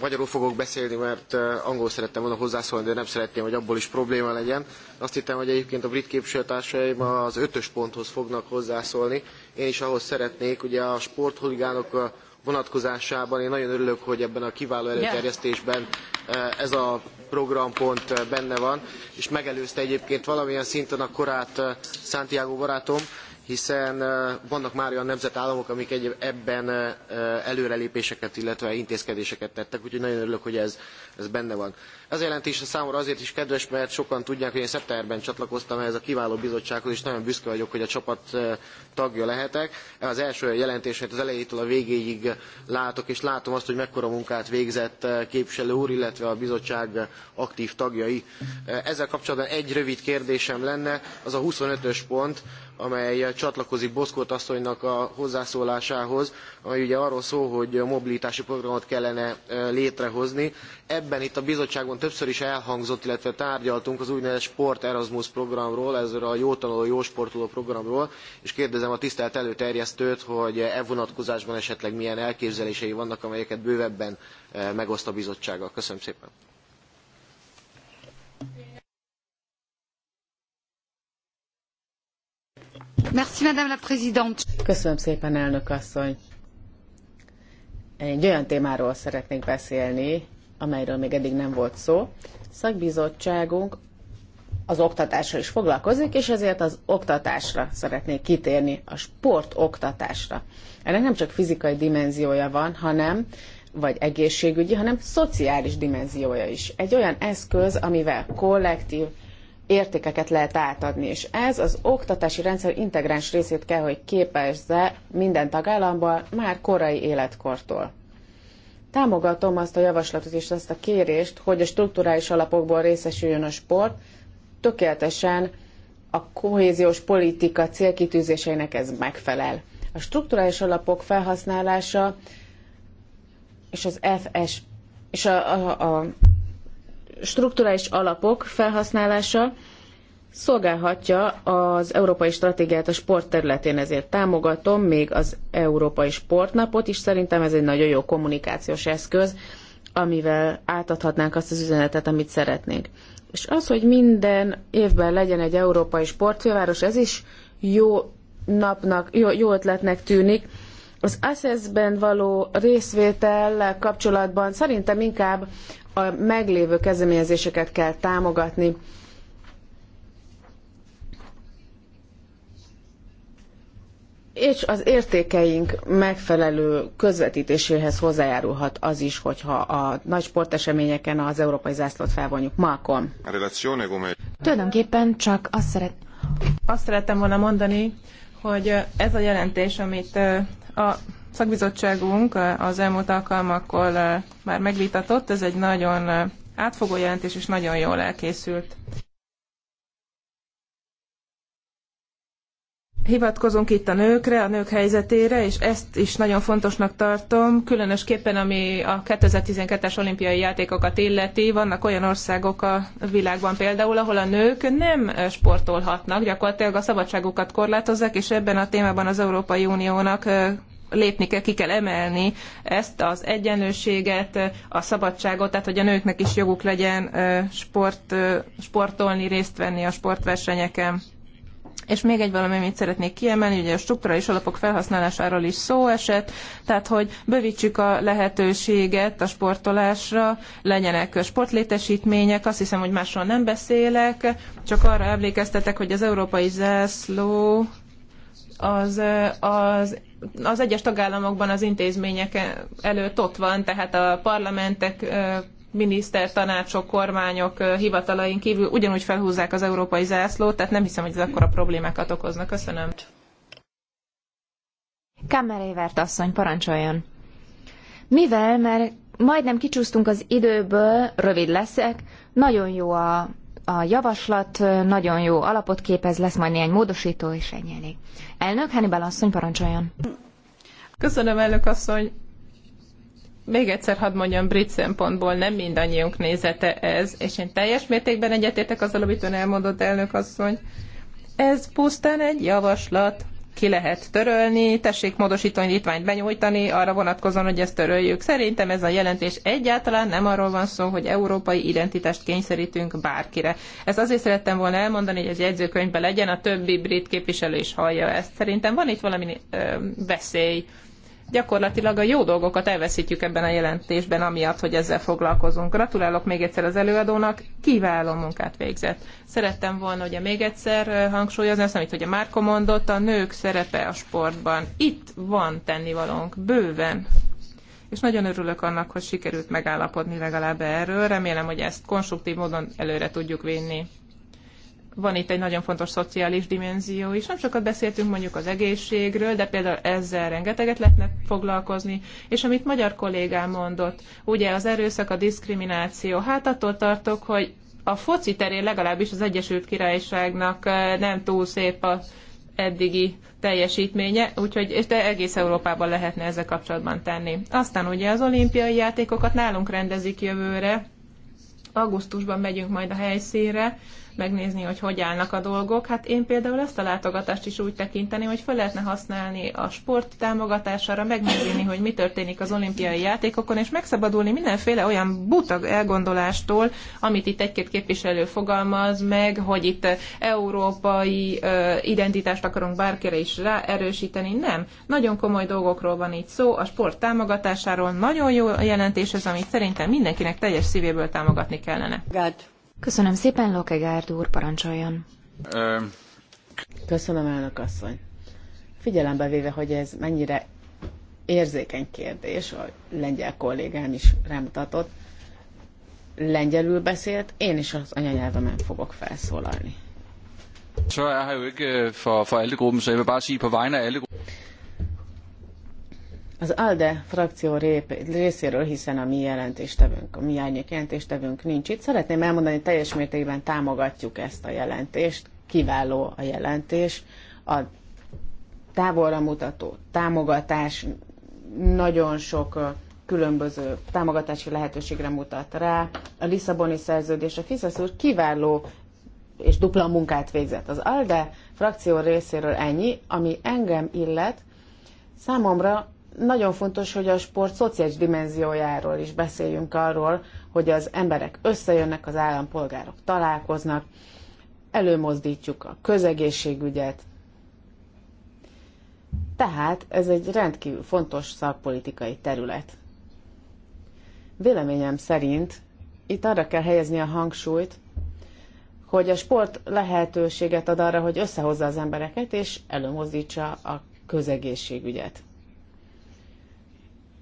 Magyarul fogok beszélni, mert eh, angol szerettem volna hozzászólni, de nem szeretném, hogy abból is probléma legyen. Azt hittem, hogy egyébként a brit képviselőtársaim az ötös ponthoz fognak hozzászólni. Én is ahhoz szeretnék, ugye a sporthuligánok eh, vonatkozásában én nagyon örülök, hogy ebben a kiváló előterjesztésben eh, ez a programpont eh, benne van, és megelőzte egyébként valamilyen szinten a korát eh, Santiago barátom, hiszen eh, vannak már olyan nemzetállamok, amik egy, ebben előrelépéseket, illetve intézkedéseket tettek, úgyhogy nagyon örülök, hogy ez ez benne van. Ez a jelentés a számomra azért is kedves, mert sokan tudják, hogy én szeptemberben csatlakoztam ehhez a kiváló bizottsághoz, és nagyon büszke vagyok, hogy a csapat eh, tagja lehetek. Ez az első olyan jelentés, amit az elejétől a végéig eh, látok, és látom azt, hogy mekkora munkát végzett eh, képviselő úr, illetve a bizottság aktív tagjai. Ezzel kapcsolatban egy rövid kérdésem lenne, az a 25-ös pont, amely csatlakozik Boszkort asszonynak a hozzászólásához, ami ugye arról szól, hogy mobilitási programot kellene létrehozni. Ebben ebben itt a bizottságban többször is elhangzott, illetve tárgyaltunk az úgynevezett Sport Erasmus programról, ezről a tanuló jó sportoló programról, és kérdezem a tisztelt előterjesztőt, hogy e vonatkozásban esetleg milyen elképzelései vannak, amelyeket bővebben e, megoszt a bizottsággal. Köszönöm szépen. Merci, Madame la Présidente. Köszönöm szépen, elnök asszony. Egy olyan témáról szeretnék beszélni, amelyről még eddig nem volt szó. Szakbizottságunk az oktatással is foglalkozik, és ezért az oktatásra szeretnék kitérni, a sport oktatásra. Ennek nem csak fizikai dimenziója van, hanem vagy egészségügyi, hanem szociális dimenziója is. Egy olyan eszköz, amivel kollektív értékeket lehet átadni, és ez az oktatási rendszer integráns részét kell, hogy képezze minden tagállamban már korai életkortól. Támogatom azt a javaslatot és azt a kérést, hogy a strukturális alapokból részesüljön a sport. Tökéletesen a kohéziós politika célkitűzéseinek ez megfelel. A strukturális alapok felhasználása és az FS és a, a, a strukturális alapok felhasználása szolgálhatja az európai stratégiát a sport területén, ezért támogatom még az Európai Sportnapot is. Szerintem ez egy nagyon jó kommunikációs eszköz, amivel átadhatnánk azt az üzenetet, amit szeretnénk. És az, hogy minden évben legyen egy európai sportfőváros, ez is jó napnak, jó, jó ötletnek tűnik. Az ASES-ben való részvétellel kapcsolatban szerintem inkább a meglévő kezdeményezéseket kell támogatni, és az értékeink megfelelő közvetítéséhez hozzájárulhat az is, hogyha a nagy sporteseményeken az európai zászlót felvonjuk. Malcolm. Tulajdonképpen csak azt szeret... Azt szerettem volna mondani, hogy ez a jelentés, amit a szakbizottságunk az elmúlt alkalmakkor már megvitatott, ez egy nagyon átfogó jelentés, és nagyon jól elkészült. hivatkozunk itt a nőkre, a nők helyzetére, és ezt is nagyon fontosnak tartom, különösképpen ami a 2012-es olimpiai játékokat illeti, vannak olyan országok a világban például, ahol a nők nem sportolhatnak, gyakorlatilag a szabadságukat korlátozzák, és ebben a témában az Európai Uniónak lépni kell, ki kell emelni ezt az egyenlőséget, a szabadságot, tehát hogy a nőknek is joguk legyen sport, sportolni, részt venni a sportversenyeken. És még egy valami, amit szeretnék kiemelni, ugye a strukturális alapok felhasználásáról is szó esett, tehát hogy bővítsük a lehetőséget a sportolásra, legyenek sportlétesítmények, azt hiszem, hogy másról nem beszélek, csak arra emlékeztetek, hogy az európai zászló az, az az egyes tagállamokban az intézmények előtt ott van, tehát a parlamentek miniszter, tanácsok, kormányok hivatalain kívül ugyanúgy felhúzzák az európai zászlót, tehát nem hiszem, hogy ez akkora problémákat okozna. Köszönöm. Kammerévert asszony, parancsoljon. Mivel már majdnem kicsúsztunk az időből, rövid leszek, nagyon jó a, a javaslat, nagyon jó alapot képez, lesz majd néhány módosító, és ennyi elég. Elnök Hannibal asszony, parancsoljon. Köszönöm, elnök asszony még egyszer hadd mondjam, brit szempontból nem mindannyiunk nézete ez, és én teljes mértékben egyetétek azzal, amit ön elmondott, elnök asszony. Ez pusztán egy javaslat, ki lehet törölni, tessék módosítani, indítványt benyújtani, arra vonatkozóan, hogy ezt töröljük. Szerintem ez a jelentés egyáltalán nem arról van szó, hogy európai identitást kényszerítünk bárkire. Ezt azért szerettem volna elmondani, hogy ez jegyzőkönyvben legyen, a többi brit képviselő is hallja ezt. Szerintem van itt valami ö, veszély gyakorlatilag a jó dolgokat elveszítjük ebben a jelentésben, amiatt, hogy ezzel foglalkozunk. Gratulálok még egyszer az előadónak, kiváló munkát végzett. Szerettem volna ugye még egyszer eh, hangsúlyozni azt, amit ugye Márko mondott, a nők szerepe a sportban. Itt van tennivalónk, bőven és nagyon örülök annak, hogy sikerült megállapodni legalább erről. Remélem, hogy ezt konstruktív módon előre tudjuk vinni van itt egy nagyon fontos szociális dimenzió is. Nem sokat beszéltünk mondjuk az egészségről, de például ezzel rengeteget lehetne foglalkozni. És amit magyar kollégám mondott, ugye az erőszak, a diszkrimináció, hát attól tartok, hogy a foci terén legalábbis az Egyesült Királyságnak nem túl szép a eddigi teljesítménye, úgyhogy és de egész Európában lehetne ezzel kapcsolatban tenni. Aztán ugye az olimpiai játékokat nálunk rendezik jövőre, augusztusban megyünk majd a helyszínre, megnézni, hogy hogy állnak a dolgok. Hát én például ezt a látogatást is úgy tekinteni, hogy fel lehetne használni a sport támogatására, megnézni, hogy mi történik az olimpiai játékokon, és megszabadulni mindenféle olyan buta elgondolástól, amit itt egy-két képviselő fogalmaz meg, hogy itt eh, európai ö, eh, identitást akarunk bárkire is ráerősíteni. Nem. Nagyon komoly dolgokról van itt szó, a sport támogatásáról. Nagyon jó jelentés ez, amit szerintem mindenkinek teljes szívéből támogatni kellene. God. Köszönöm szépen, Lokegárd úr, parancsoljon. Köszönöm, elnök asszony. Figyelembe véve, hogy ez mennyire érzékeny kérdés, a lengyel kollégám is rámutatott, lengyelül beszélt, én is az anyanyelvemen fogok felszólalni. Så er her jo ikke øh, for, for alle gruppen, så jeg vil bare sige på vegne af alle gruppen. Az ALDE frakció részéről, hiszen a mi jelentéstevünk, a mi árnyék jelentéstevünk nincs itt, szeretném elmondani, hogy teljes mértékben támogatjuk ezt a jelentést. Kiváló a jelentés. A távolra mutató támogatás nagyon sok különböző támogatási lehetőségre mutat rá. A Lisszaboni szerződés, a Fiszesz úr kiváló és dupla munkát végzett. Az ALDE frakció részéről ennyi, ami engem illet, számomra nagyon fontos, hogy a sport szociális dimenziójáról is beszéljünk arról, hogy az emberek összejönnek, az állampolgárok találkoznak, előmozdítjuk a közegészségügyet. Tehát ez egy rendkívül fontos szakpolitikai terület. Véleményem szerint itt arra kell helyezni a hangsúlyt, hogy a sport lehetőséget ad arra, hogy összehozza az embereket, és előmozdítsa a közegészségügyet.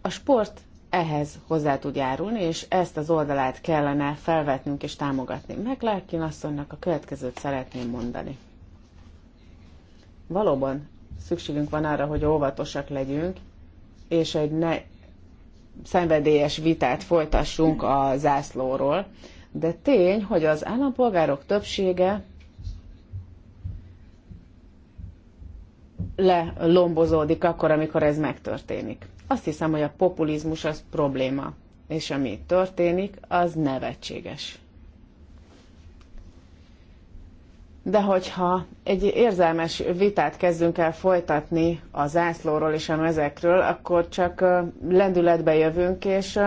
A sport ehhez hozzá tud járulni, és ezt az oldalát kellene felvetnünk és támogatni. Meg Lárkin asszonynak a következőt szeretném mondani. Valóban szükségünk van arra, hogy óvatosak legyünk, és egy ne szenvedélyes vitát folytassunk a zászlóról, de tény, hogy az állampolgárok többsége lelombozódik akkor, amikor ez megtörténik. Azt hiszem, hogy a populizmus az probléma, és ami történik, az nevetséges. De hogyha egy érzelmes vitát kezdünk el folytatni a zászlóról és a mezekről, akkor csak lendületbe jövünk, és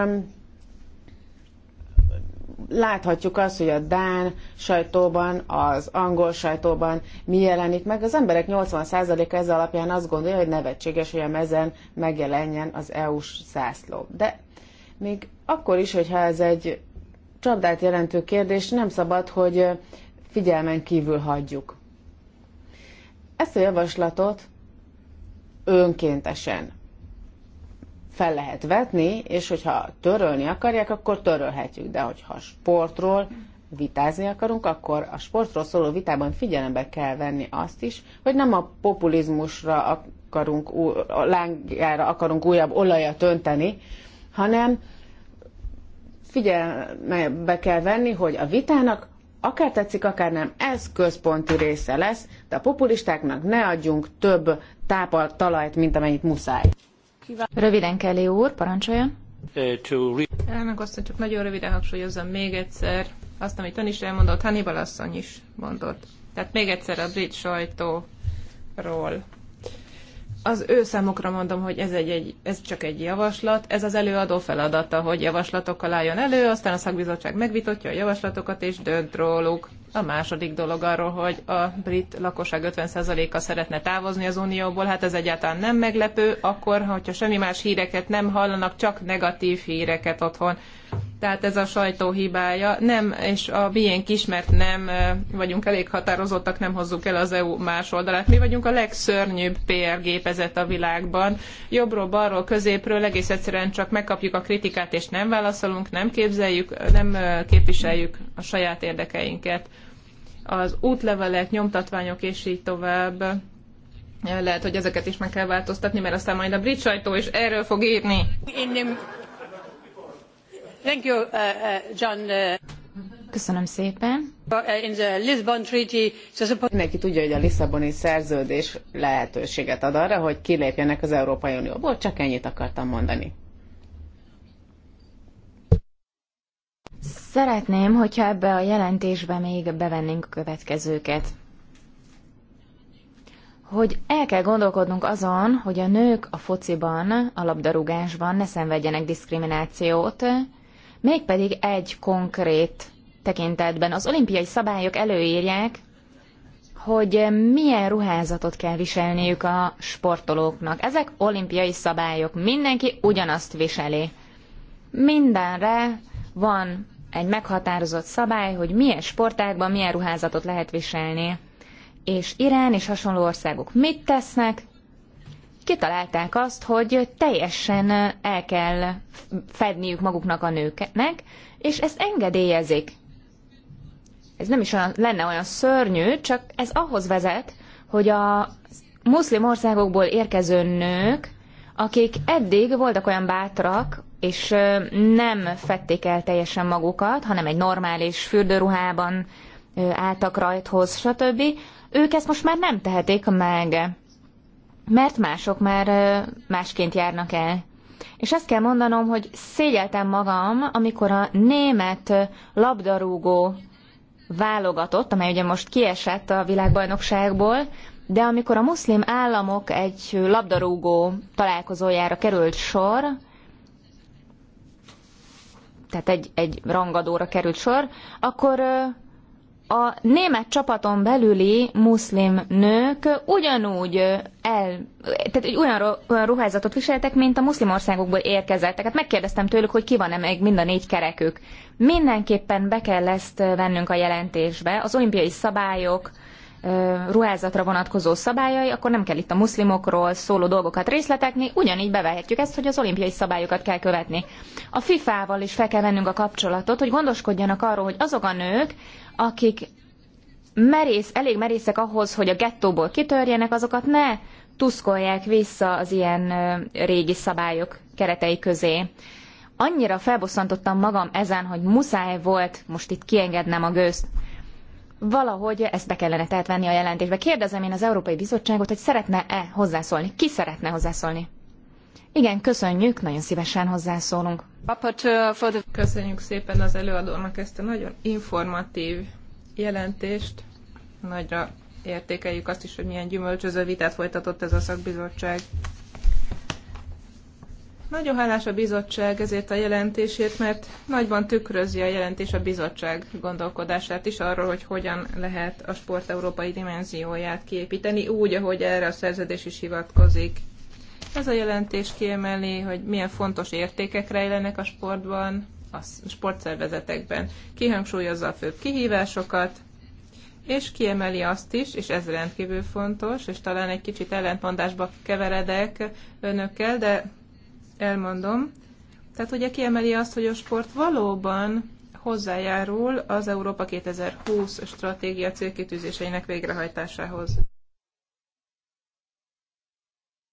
láthatjuk azt, hogy a Dán sajtóban, az angol sajtóban mi jelenik meg. Az emberek 80%-a ez alapján azt gondolja, hogy nevetséges, hogy a mezen megjelenjen az EU-s zászló. De még akkor is, hogyha ez egy csapdát jelentő kérdés, nem szabad, hogy figyelmen kívül hagyjuk. Ezt a javaslatot önkéntesen fel lehet vetni, és hogyha törölni akarják, akkor törölhetjük. De hogyha sportról vitázni akarunk, akkor a sportról szóló vitában figyelembe kell venni azt is, hogy nem a populizmusra akarunk, a lángjára akarunk újabb olajat önteni, hanem figyelembe kell venni, hogy a vitának akár tetszik, akár nem, ez központi része lesz, de a populistáknak ne adjunk több tápa talajt, mint amennyit muszáj. Röviden, Kelly úr, parancsoljon. Uh, Elnök azt, csak nagyon röviden hangsúlyozom még egyszer azt, amit ön is elmondott, Hannibal asszony is mondott. Tehát még egyszer a brit sajtóról. Az ő számokra mondom, hogy ez, egy, egy, ez csak egy javaslat, ez az előadó feladata, hogy javaslatokkal álljon elő, aztán a szakbizottság megvitatja a javaslatokat és dönt róluk. A második dolog arról, hogy a brit lakosság 50%-a szeretne távozni az Unióból, hát ez egyáltalán nem meglepő, akkor, hogyha semmi más híreket nem hallanak, csak negatív híreket otthon. Tehát ez a sajtó hibája. Nem, és a miénk is, mert nem vagyunk elég határozottak, nem hozzuk el az EU más oldalát. Mi vagyunk a legszörnyűbb PR gépezet a világban. Jobbról, balról, középről egész egyszerűen csak megkapjuk a kritikát, és nem válaszolunk, nem képzeljük, nem képviseljük a saját érdekeinket az útlevelek, nyomtatványok és így tovább. Lehet, hogy ezeket is meg kell változtatni, mert aztán majd a brit sajtó is erről fog írni. Thank you, uh, uh, John. Uh. Köszönöm szépen. In the Lisbon Treaty, Mindenki tudja, hogy a Lisszaboni szerződés lehetőséget ad arra, hogy kilépjenek az Európai Unióból. Csak ennyit akartam mondani. Szeretném, hogyha ebbe a jelentésbe még bevennénk a következőket. Hogy el kell gondolkodnunk azon, hogy a nők a fociban, a labdarúgásban ne szenvedjenek diszkriminációt, mégpedig egy konkrét tekintetben. Az olimpiai szabályok előírják, hogy milyen ruházatot kell viselniük a sportolóknak. Ezek olimpiai szabályok, mindenki ugyanazt viseli. Mindenre van egy meghatározott szabály, hogy milyen sportákban milyen ruházatot lehet viselni. És Irán és hasonló országok mit tesznek? Kitalálták azt, hogy teljesen el kell fedniük maguknak a nőknek, és ezt engedélyezik. Ez nem is olyan, lenne olyan szörnyű, csak ez ahhoz vezet, hogy a muszlim országokból érkező nők, akik eddig voltak olyan bátrak, és nem fették el teljesen magukat, hanem egy normális fürdőruhában álltak rajthoz, stb. Ők ezt most már nem tehetik meg, mert mások már másként járnak el. És azt kell mondanom, hogy szégyeltem magam, amikor a német labdarúgó válogatott, amely ugye most kiesett a világbajnokságból, de amikor a muszlim államok egy labdarúgó találkozójára került sor, tehát egy, egy rangadóra került sor, akkor a német csapaton belüli muszlim nők ugyanúgy el, tehát egy olyan ruházatot viseltek, mint a muszlim országokból érkezettek. Hát megkérdeztem tőlük, hogy ki van-e még mind a négy kerekük. Mindenképpen be kell ezt vennünk a jelentésbe. Az olimpiai szabályok, ruházatra vonatkozó szabályai, akkor nem kell itt a muszlimokról szóló dolgokat részletekni, ugyanígy bevehetjük ezt, hogy az olimpiai szabályokat kell követni. A FIFA-val is fel kell vennünk a kapcsolatot, hogy gondoskodjanak arról, hogy azok a nők, akik merész, elég merészek ahhoz, hogy a gettóból kitörjenek, azokat ne tuszkolják vissza az ilyen régi szabályok keretei közé. Annyira felbosszantottam magam ezen, hogy muszáj volt most itt kiengednem a gőzt valahogy ezt be kellene tehát venni a jelentésbe. Kérdezem én az Európai Bizottságot, hogy szeretne-e hozzászólni. Ki szeretne hozzászólni? Igen, köszönjük, nagyon szívesen hozzászólunk. Köszönjük szépen az előadónak ezt a nagyon informatív jelentést. Nagyra értékeljük azt is, hogy milyen gyümölcsöző vitát folytatott ez a szakbizottság. Nagyon hálás a bizottság ezért a jelentésért, mert nagyban tükrözi a jelentés a bizottság gondolkodását is arról, hogy hogyan lehet a sport európai dimenzióját kiépíteni, úgy, ahogy erre a szerződés is hivatkozik. Ez a jelentés kiemeli, hogy milyen fontos értékek rejlenek a sportban, a sportszervezetekben. Kihangsúlyozza a főbb kihívásokat, és kiemeli azt is, és ez rendkívül fontos, és talán egy kicsit ellentmondásba keveredek önökkel, de elmondom. Tehát ugye kiemeli azt, hogy a sport valóban hozzájárul az Európa 2020 stratégia célkitűzéseinek végrehajtásához.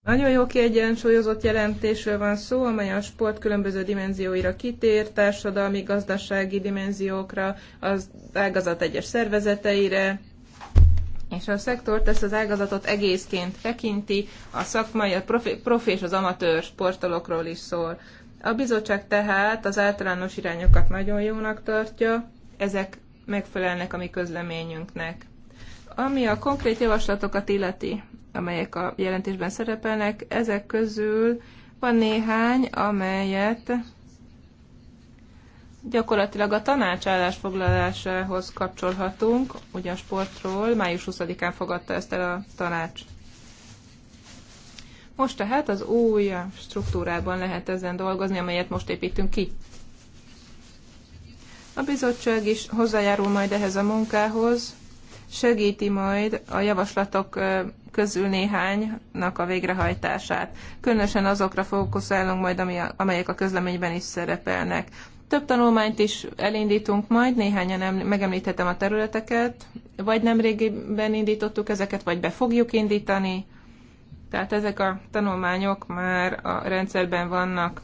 Nagyon jó kiegyensúlyozott jelentésről van szó, amely a sport különböző dimenzióira kitér, társadalmi, gazdasági dimenziókra, az ágazat egyes szervezeteire, és a szektort ezt az ágazatot egészként tekinti, a szakmai, a profi, profi és az amatőr sportolókról is szól. A bizottság tehát az általános irányokat nagyon jónak tartja, ezek megfelelnek a mi közleményünknek. Ami a konkrét javaslatokat illeti, amelyek a jelentésben szerepelnek, ezek közül van néhány, amelyet gyakorlatilag a tanács állásfoglalásához kapcsolhatunk, ugye a sportról május 20-án fogadta ezt el a tanács. Most tehát az új struktúrában lehet ezen dolgozni, amelyet most építünk ki. A bizottság is hozzájárul majd ehhez a munkához, segíti majd a javaslatok közül néhánynak a végrehajtását. Különösen azokra fókuszálunk majd, amelyek a közleményben is szerepelnek. Több tanulmányt is elindítunk majd, néhányan eml- megemlíthetem a területeket, vagy nem régiben indítottuk ezeket, vagy be fogjuk indítani. Tehát ezek a tanulmányok már a rendszerben vannak.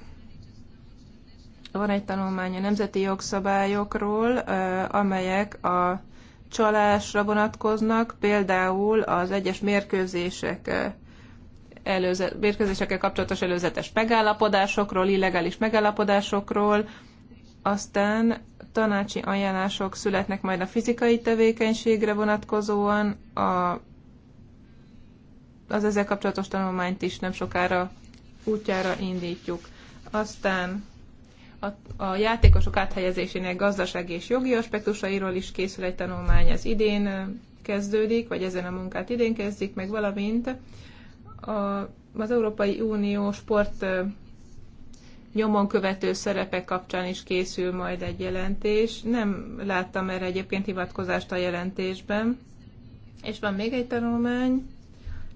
Van egy tanulmány a nemzeti jogszabályokról, amelyek a csalásra vonatkoznak, például az egyes mérkőzések előze, mérkőzésekkel kapcsolatos előzetes megállapodásokról, illegális megállapodásokról, aztán tanácsi ajánlások születnek majd a fizikai tevékenységre vonatkozóan, a, az ezzel kapcsolatos tanulmányt is nem sokára útjára indítjuk. Aztán a, a játékosok áthelyezésének gazdasági és jogi aspektusairól is készül egy tanulmány, ez idén kezdődik, vagy ezen a munkát idén kezdik, meg valamint a, az Európai Unió sport nyomon követő szerepek kapcsán is készül majd egy jelentés. Nem láttam erre egyébként hivatkozást a jelentésben. És van még egy tanulmány,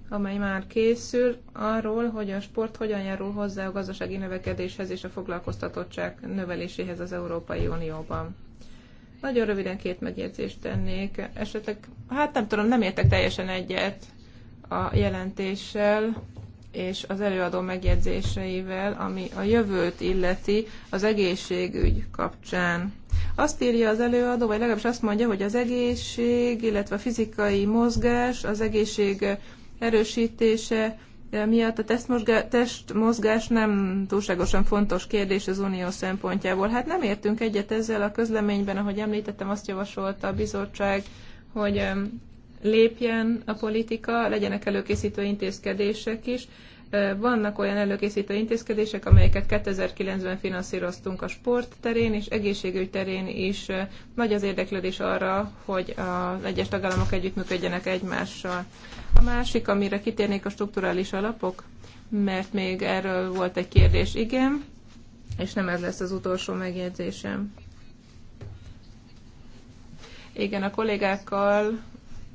amely már készül arról, hogy a sport hogyan járul hozzá a gazdasági növekedéshez és a foglalkoztatottság növeléséhez az Európai Unióban. Nagyon röviden két megjegyzést tennék. Esetleg, hát nem tudom, nem értek teljesen egyet a jelentéssel, és az előadó megjegyzéseivel, ami a jövőt illeti az egészségügy kapcsán. Azt írja az előadó, vagy legalábbis azt mondja, hogy az egészség, illetve a fizikai mozgás, az egészség erősítése miatt a testmozgás nem túlságosan fontos kérdés az unió szempontjából. Hát nem értünk egyet ezzel a közleményben, ahogy említettem, azt javasolta a bizottság, hogy lépjen a politika, legyenek előkészítő intézkedések is. Vannak olyan előkészítő intézkedések, amelyeket 2009-ben finanszíroztunk a sport terén és egészségügy terén is. Nagy az érdeklődés arra, hogy az egyes tagállamok együttműködjenek egymással. A másik, amire kitérnék a strukturális alapok, mert még erről volt egy kérdés, igen, és nem ez lesz az utolsó megjegyzésem. Igen, a kollégákkal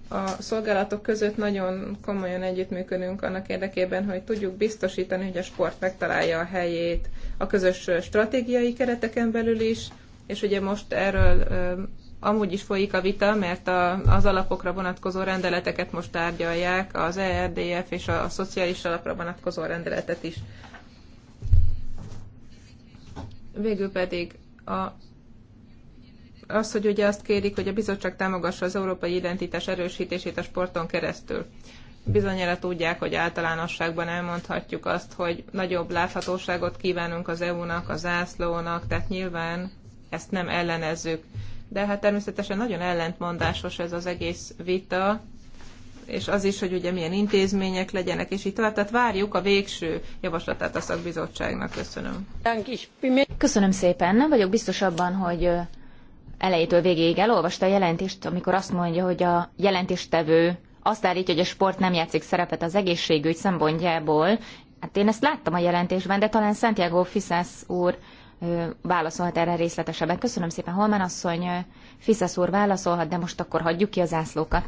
a szolgálatok között nagyon komolyan együttműködünk annak érdekében, hogy tudjuk biztosítani, hogy a sport megtalálja a helyét a közös stratégiai kereteken belül is, és ugye most erről amúgy is folyik a vita, mert a, az alapokra vonatkozó rendeleteket most tárgyalják, az ERDF és a, a szociális alapra vonatkozó rendeletet is. Végül pedig a az, hogy ugye azt kérik, hogy a bizottság támogassa az európai identitás erősítését a sporton keresztül. Bizonyára tudják, hogy általánosságban elmondhatjuk azt, hogy nagyobb láthatóságot kívánunk az EU-nak, az zászlónak, tehát nyilván ezt nem ellenezzük. De hát természetesen nagyon ellentmondásos ez az egész vita, és az is, hogy ugye milyen intézmények legyenek, és így tovább. Tehát várjuk a végső javaslatát a szakbizottságnak. Köszönöm. Köszönöm szépen. Nem vagyok biztos abban, hogy elejétől végéig elolvasta a jelentést, amikor azt mondja, hogy a jelentéstevő azt állítja, hogy a sport nem játszik szerepet az egészségügy szempontjából. Hát én ezt láttam a jelentésben, de talán Santiago Fiszász úr válaszolhat erre részletesebben. Köszönöm szépen, Holman asszony, Fiszász úr válaszolhat, de most akkor hagyjuk ki az zászlókat.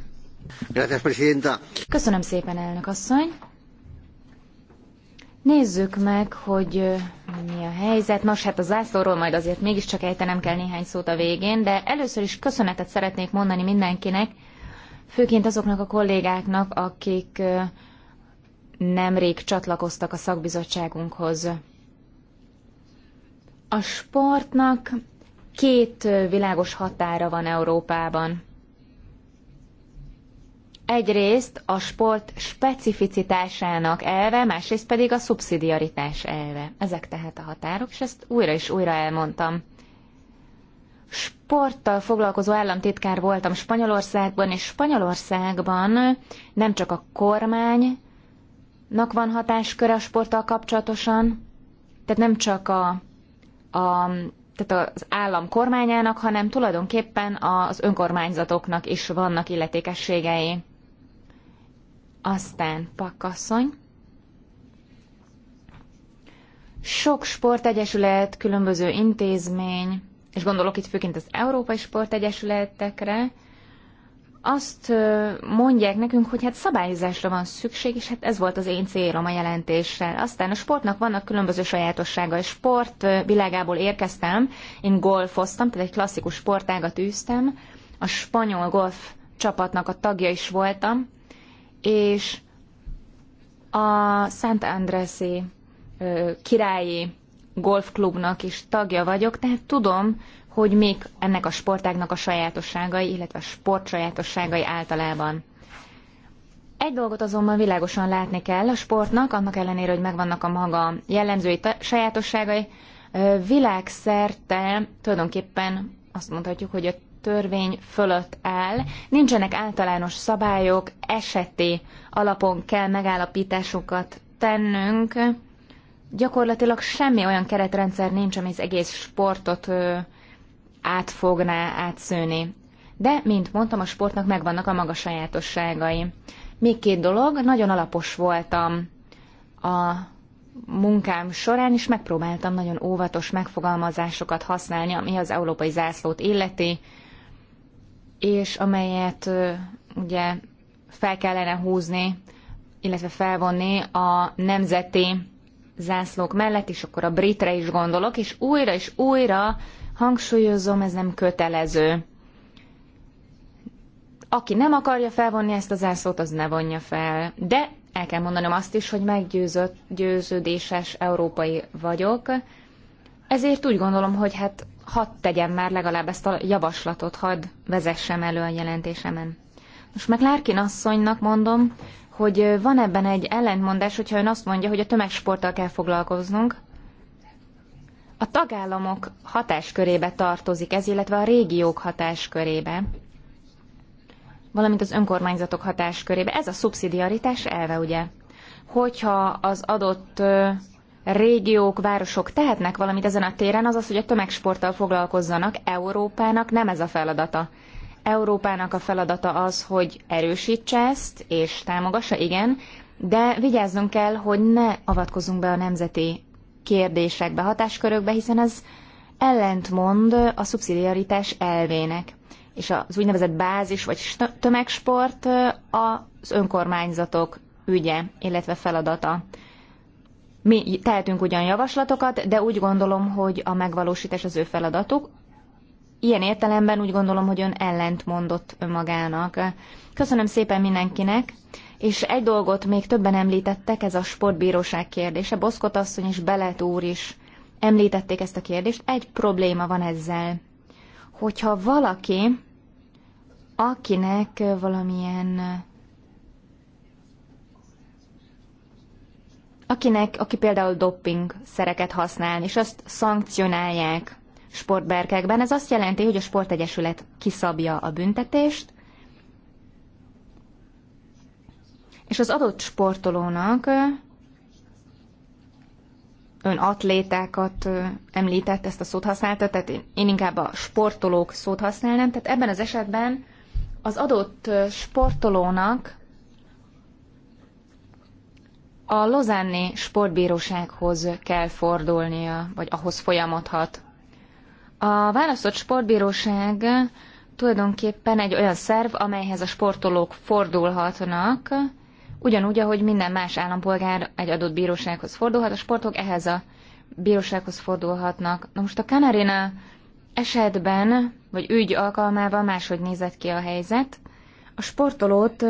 Köszönöm szépen, elnök asszony. Nézzük meg, hogy mi a helyzet. Nos, hát a zászlóról majd azért mégiscsak ejtenem kell néhány szót a végén, de először is köszönetet szeretnék mondani mindenkinek, főként azoknak a kollégáknak, akik nemrég csatlakoztak a szakbizottságunkhoz. A sportnak két világos határa van Európában egyrészt a sport specificitásának elve, másrészt pedig a szubszidiaritás elve. Ezek tehát a határok, és ezt újra és újra elmondtam. Sporttal foglalkozó államtitkár voltam Spanyolországban, és Spanyolországban nem csak a kormánynak van hatásköre a sporttal kapcsolatosan, tehát nem csak a, a tehát az állam kormányának, hanem tulajdonképpen az önkormányzatoknak is vannak illetékességei. Aztán pakasszony. Sok sportegyesület, különböző intézmény, és gondolok itt főként az Európai Sportegyesületekre, azt mondják nekünk, hogy hát szabályozásra van szükség, és hát ez volt az én célom a jelentéssel. Aztán a sportnak vannak különböző sajátossága. A Sport világából érkeztem, én golfoztam, tehát egy klasszikus sportágat űztem, a spanyol golf csapatnak a tagja is voltam, és a Szent Andrészi királyi golfklubnak is tagja vagyok, tehát tudom, hogy mik ennek a sportágnak a sajátosságai, illetve a sport sajátosságai általában. Egy dolgot azonban világosan látni kell a sportnak, annak ellenére, hogy megvannak a maga jellemzői sajátosságai, világszerte tulajdonképpen azt mondhatjuk, hogy a törvény fölött áll, nincsenek általános szabályok, eseti alapon kell megállapításokat tennünk. Gyakorlatilag semmi olyan keretrendszer nincs, ami az egész sportot átfogná, átszőni. De, mint mondtam, a sportnak megvannak a maga sajátosságai. Még két dolog, nagyon alapos voltam a munkám során is megpróbáltam nagyon óvatos megfogalmazásokat használni, ami az európai zászlót illeti, és amelyet ugye fel kellene húzni, illetve felvonni a nemzeti zászlók mellett, és akkor a britre is gondolok, és újra és újra hangsúlyozom, ez nem kötelező. Aki nem akarja felvonni ezt a zászlót, az ne vonja fel. De el kell mondanom azt is, hogy meggyőződéses európai vagyok, ezért úgy gondolom, hogy hát hadd tegyem már legalább ezt a javaslatot, hadd vezessem elő a jelentésemen. Most meg Lárkin asszonynak mondom, hogy van ebben egy ellentmondás, hogyha ön azt mondja, hogy a tömegsporttal kell foglalkoznunk. A tagállamok hatáskörébe tartozik ez, illetve a régiók hatáskörébe, valamint az önkormányzatok hatáskörébe. Ez a szubszidiaritás elve, ugye? Hogyha az adott régiók, városok tehetnek valamit ezen a téren, az az, hogy a tömegsporttal foglalkozzanak. Európának nem ez a feladata. Európának a feladata az, hogy erősítse ezt, és támogassa, igen, de vigyázzunk kell, hogy ne avatkozunk be a nemzeti kérdésekbe, hatáskörökbe, hiszen ez ellentmond a szubszidiaritás elvének. És az úgynevezett bázis vagy tömegsport az önkormányzatok ügye, illetve feladata. Mi tehetünk ugyan javaslatokat, de úgy gondolom, hogy a megvalósítás az ő feladatuk. Ilyen értelemben úgy gondolom, hogy ön ellent mondott magának. Köszönöm szépen mindenkinek, és egy dolgot még többen említettek, ez a sportbíróság kérdése. Boszkot asszony és Belet úr is említették ezt a kérdést. Egy probléma van ezzel, hogyha valaki, akinek valamilyen akinek, aki például dopping szereket használ, és azt szankcionálják sportberkekben. Ez azt jelenti, hogy a sportegyesület kiszabja a büntetést, és az adott sportolónak ön atlétákat említett, ezt a szót használta, tehát én inkább a sportolók szót használnám, tehát ebben az esetben az adott sportolónak a Lozánni sportbírósághoz kell fordulnia, vagy ahhoz folyamodhat. A választott sportbíróság tulajdonképpen egy olyan szerv, amelyhez a sportolók fordulhatnak, ugyanúgy, ahogy minden más állampolgár egy adott bírósághoz fordulhat, a sportok ehhez a bírósághoz fordulhatnak. Na most a Kanarina esetben, vagy ügy alkalmával máshogy nézett ki a helyzet. A sportolót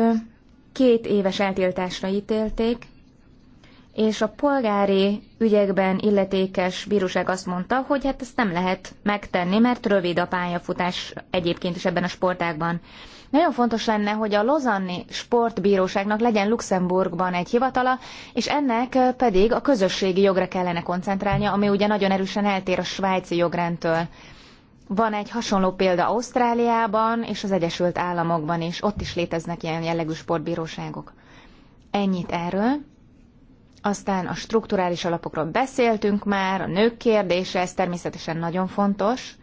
két éves eltiltásra ítélték, és a polgári ügyekben illetékes bíróság azt mondta, hogy hát ezt nem lehet megtenni, mert rövid a pályafutás egyébként is ebben a sportágban. Nagyon fontos lenne, hogy a Lozanni Sportbíróságnak legyen Luxemburgban egy hivatala, és ennek pedig a közösségi jogra kellene koncentrálnia, ami ugye nagyon erősen eltér a svájci jogrendtől. Van egy hasonló példa Ausztráliában és az Egyesült Államokban is. Ott is léteznek ilyen jellegű sportbíróságok. Ennyit erről. Aztán a strukturális alapokról beszéltünk már, a nők kérdése, ez természetesen nagyon fontos.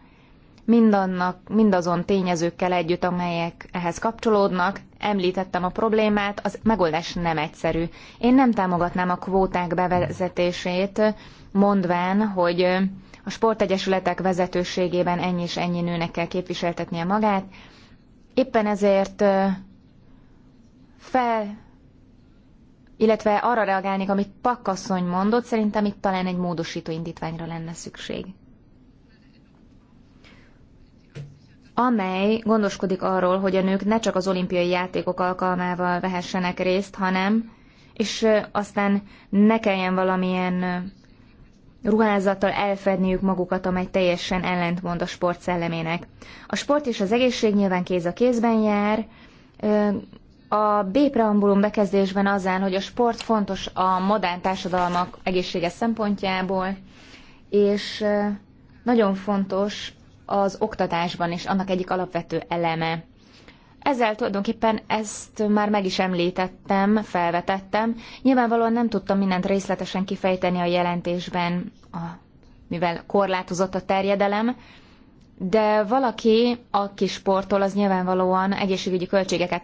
Mindannak, mindazon tényezőkkel együtt, amelyek ehhez kapcsolódnak, említettem a problémát, az megoldás nem egyszerű. Én nem támogatnám a kvóták bevezetését, mondván, hogy a sportegyesületek vezetőségében ennyi és ennyi nőnek kell képviseltetnie magát. Éppen ezért fel illetve arra reagálnék, amit pakasszony mondott, szerintem itt talán egy módosító indítványra lenne szükség. amely gondoskodik arról, hogy a nők ne csak az olimpiai játékok alkalmával vehessenek részt, hanem, és aztán ne kelljen valamilyen ruházattal elfedniük magukat, amely teljesen ellentmond a sport szellemének. A sport és az egészség nyilván kéz a kézben jár, a B preambulum bekezdésben az áll, hogy a sport fontos a modern társadalmak egészséges szempontjából, és nagyon fontos az oktatásban is annak egyik alapvető eleme. Ezzel tulajdonképpen ezt már meg is említettem, felvetettem. Nyilvánvalóan nem tudtam mindent részletesen kifejteni a jelentésben, a, mivel korlátozott a terjedelem, de valaki, aki sportol, az nyilvánvalóan egészségügyi költségeket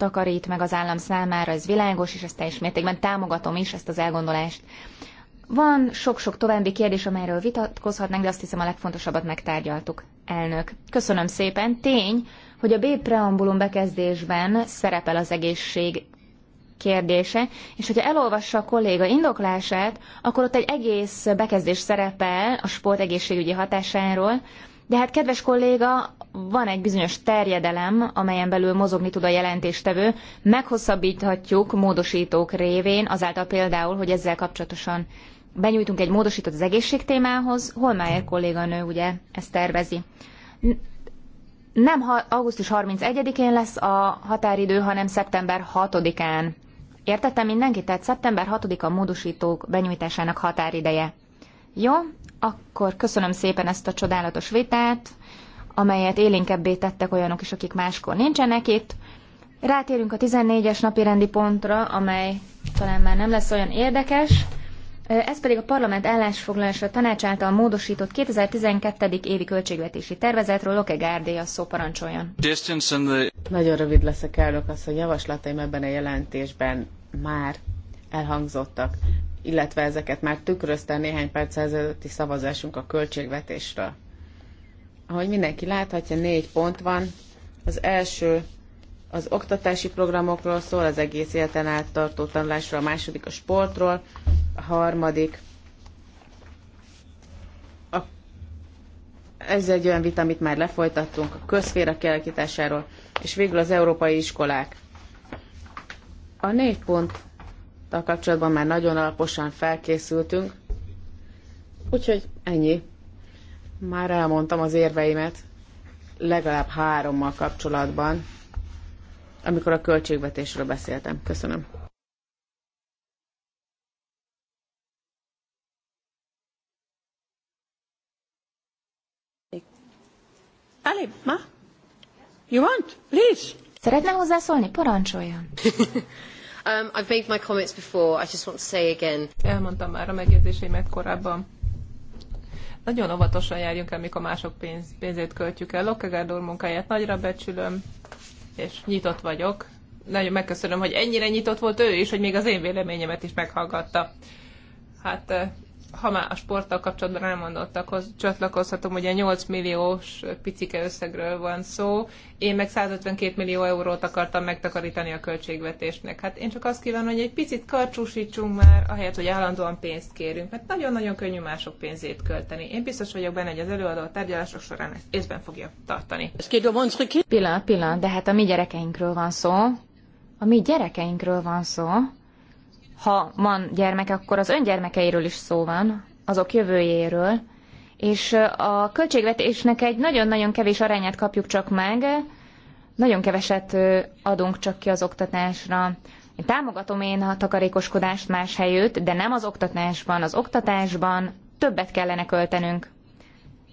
takarít meg az állam számára, ez világos, és ezt teljes mértékben támogatom is, ezt az elgondolást. Van sok-sok további kérdés, amelyről vitatkozhatnánk, de azt hiszem a legfontosabbat megtárgyaltuk, elnök. Köszönöm szépen. Tény, hogy a B preambulum bekezdésben szerepel az egészség kérdése, és hogyha elolvassa a kolléga indoklását, akkor ott egy egész bekezdés szerepel a sport egészségügyi hatásáról, de hát kedves kolléga, van egy bizonyos terjedelem, amelyen belül mozogni tud a jelentéstevő, meghosszabbíthatjuk módosítók révén, azáltal például, hogy ezzel kapcsolatosan benyújtunk egy módosítót az témához, Holmájer kolléganő ugye ezt tervezi. Nem ha augusztus 31-én lesz a határidő, hanem szeptember 6-án. Értettem mindenkit? Tehát szeptember 6-a módosítók benyújtásának határideje. Jó, akkor köszönöm szépen ezt a csodálatos vitát amelyet élénkebbé tettek olyanok is, akik máskor nincsenek itt. Rátérünk a 14-es napi rendi pontra, amely talán már nem lesz olyan érdekes. Ez pedig a parlament állásfoglalása tanács által módosított 2012. évi költségvetési tervezetről Loke Gárdé a szó parancsoljon. The... Nagyon rövid leszek elnök az, hogy javaslataim ebben a jelentésben már elhangzottak, illetve ezeket már tükrözte néhány perc ezelőtti szavazásunk a költségvetésről. Ahogy mindenki láthatja, négy pont van. Az első az oktatási programokról szól, az egész életen át tartó tanulásról, a második a sportról, a harmadik a, ez egy olyan vita, amit már lefolytattunk, a közféra kialakításáról, és végül az európai iskolák. A négy ponttal kapcsolatban már nagyon alaposan felkészültünk, úgyhogy ennyi. Már elmondtam az érveimet legalább hárommal kapcsolatban, amikor a költségvetésről beszéltem. Köszönöm. Ali, ma? You want? Please. Szeretne hozzászólni? Parancsoljon. um, I've made my comments before. I just want to say again. Elmondtam már a megjegyzéseimet korábban nagyon óvatosan járjunk el, mikor mások pénz, pénzét költjük el. Lokkegárdor munkáját nagyra becsülöm, és nyitott vagyok. Nagyon megköszönöm, hogy ennyire nyitott volt ő is, hogy még az én véleményemet is meghallgatta. Hát eh, ha már a sporttal kapcsolatban elmondottakhoz csatlakozhatom, a 8 milliós picike összegről van szó, én meg 152 millió eurót akartam megtakarítani a költségvetésnek. Hát én csak azt kívánom, hogy egy picit karcsúsítsunk már, ahelyett, hogy állandóan pénzt kérünk, mert hát nagyon-nagyon könnyű mások pénzét költeni. Én biztos vagyok benne, hogy az előadó a tárgyalások során ezt észben fogja tartani. Pillanat, pillanat, de hát a mi gyerekeinkről van szó. A mi gyerekeinkről van szó ha van gyermek, akkor az gyermekeiről is szó van, azok jövőjéről, és a költségvetésnek egy nagyon-nagyon kevés arányát kapjuk csak meg, nagyon keveset adunk csak ki az oktatásra. Én támogatom én a takarékoskodást más helyütt, de nem az oktatásban. Az oktatásban többet kellene költenünk.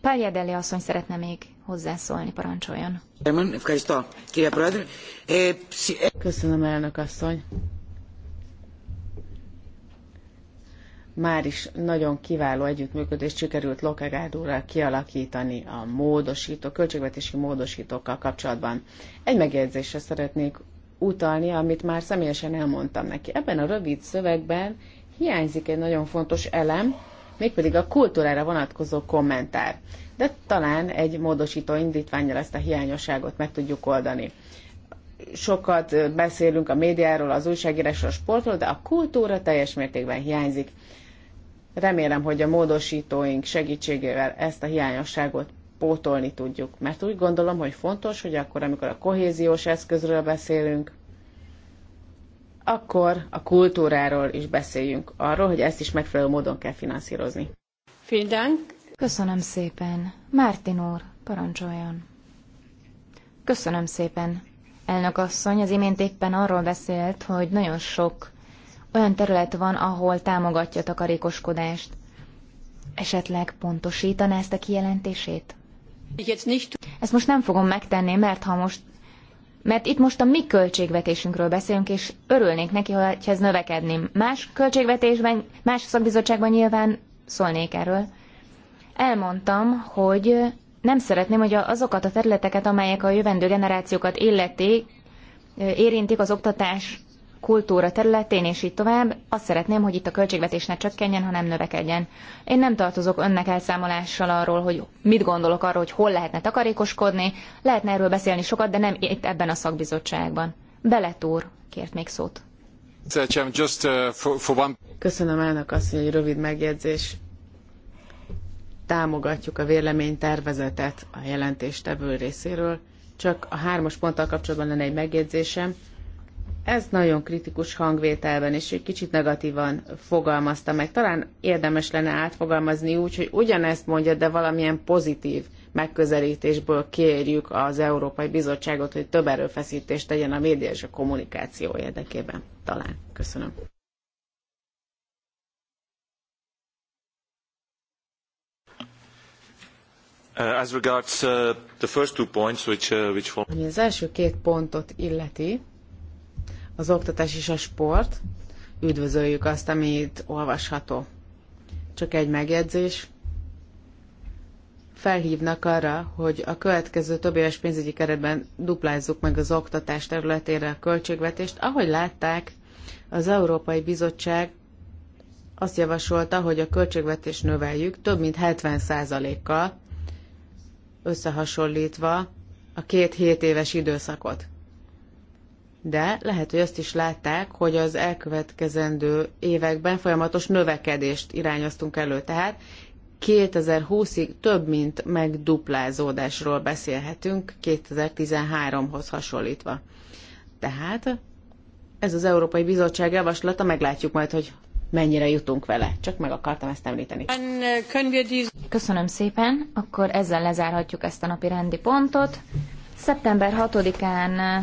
Páljedeli asszony szeretne még hozzászólni, parancsoljon. Köszönöm, elnök asszony. már is nagyon kiváló együttműködést sikerült Lokegárúrral kialakítani a módosító, költségvetési módosítókkal kapcsolatban. Egy megjegyzésre szeretnék utalni, amit már személyesen elmondtam neki. Ebben a rövid szövegben hiányzik egy nagyon fontos elem, mégpedig a kultúrára vonatkozó kommentár. De talán egy módosító indítványjal ezt a hiányosságot meg tudjuk oldani. Sokat beszélünk a médiáról, az újságírásról, a sportról, de a kultúra teljes mértékben hiányzik. Remélem, hogy a módosítóink segítségével ezt a hiányosságot pótolni tudjuk, mert úgy gondolom, hogy fontos, hogy akkor, amikor a kohéziós eszközről beszélünk, akkor a kultúráról is beszéljünk, arról, hogy ezt is megfelelő módon kell finanszírozni. Vielen Köszönöm szépen. Mártin úr, parancsoljon. Köszönöm szépen. Elnök asszony az imént éppen arról beszélt, hogy nagyon sok olyan terület van, ahol támogatja a takarékoskodást. Esetleg pontosítaná ezt a kijelentését? Ezt most nem fogom megtenni, mert ha most mert itt most a mi költségvetésünkről beszélünk, és örülnék neki, ha ez növekedni. Más költségvetésben, más szakbizottságban nyilván szólnék erről. Elmondtam, hogy nem szeretném, hogy azokat a területeket, amelyek a jövendő generációkat illeti, érintik az oktatás kultúra területén, és így tovább. Azt szeretném, hogy itt a költségvetés ne csökkenjen, hanem növekedjen. Én nem tartozok önnek elszámolással arról, hogy mit gondolok arról, hogy hol lehetne takarékoskodni. Lehetne erről beszélni sokat, de nem itt ebben a szakbizottságban. Beletúr kért még szót. Uh, Köszönöm elnök azt, hogy rövid megjegyzés. Támogatjuk a véleménytervezetet a jelentéstevő részéről. Csak a hármas ponttal kapcsolatban lenne egy megjegyzésem ez nagyon kritikus hangvételben, és egy kicsit negatívan fogalmazta meg. Talán érdemes lenne átfogalmazni úgy, hogy ugyanezt mondja, de valamilyen pozitív megközelítésből kérjük az Európai Bizottságot, hogy több erőfeszítést tegyen a média és a kommunikáció érdekében. Talán. Köszönöm. Uh, as regards uh, the first two points, which, uh, which... Ami az első két pontot illeti, az oktatás és a sport. Üdvözöljük azt, amit olvasható. Csak egy megjegyzés. Felhívnak arra, hogy a következő több éves pénzügyi keretben duplázzuk meg az oktatás területére a költségvetést. Ahogy látták, az Európai Bizottság azt javasolta, hogy a költségvetést növeljük több mint 70%-kal, összehasonlítva a két hét éves időszakot de lehet, hogy azt is látták, hogy az elkövetkezendő években folyamatos növekedést irányoztunk elő. Tehát 2020-ig több mint megduplázódásról beszélhetünk 2013-hoz hasonlítva. Tehát ez az Európai Bizottság javaslata, meglátjuk majd, hogy mennyire jutunk vele. Csak meg akartam ezt említeni. Köszönöm szépen, akkor ezzel lezárhatjuk ezt a napi rendi pontot. Szeptember 6-án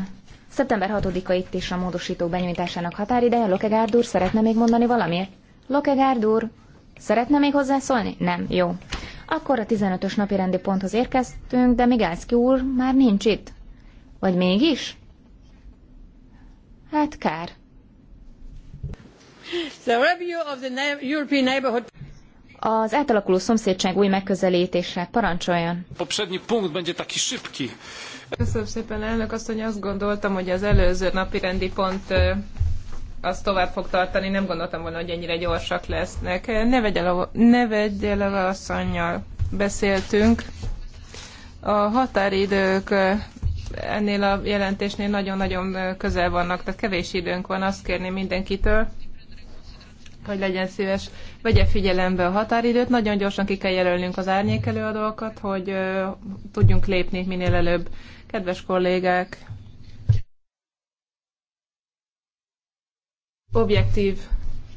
Szeptember 6-a itt is a módosítók benyújtásának határideje. Lokegárd úr, szeretne még mondani valamit? Lokegárd úr, szeretne még hozzászólni? Nem, jó. Akkor a 15-ös napi rendi ponthoz érkeztünk, de Migászki úr már nincs itt. Vagy mégis? Hát kár. The review of the European neighborhood az átalakuló szomszédság új megközelítésre. Parancsoljon! A Poprzedni punkt będzie taki szybki. Köszönöm szépen, elnök asszony, azt gondoltam, hogy az előző napi rendi pont az tovább fog tartani, nem gondoltam volna, hogy ennyire gyorsak lesznek. Ne le, ne a asszonynal beszéltünk. A határidők ennél a jelentésnél nagyon-nagyon közel vannak, tehát kevés időnk van, azt kérni mindenkitől, hogy legyen szíves vegye figyelembe a határidőt, nagyon gyorsan ki kell jelölnünk az árnyék előadókat, hogy tudjunk lépni minél előbb. Kedves kollégák, objektív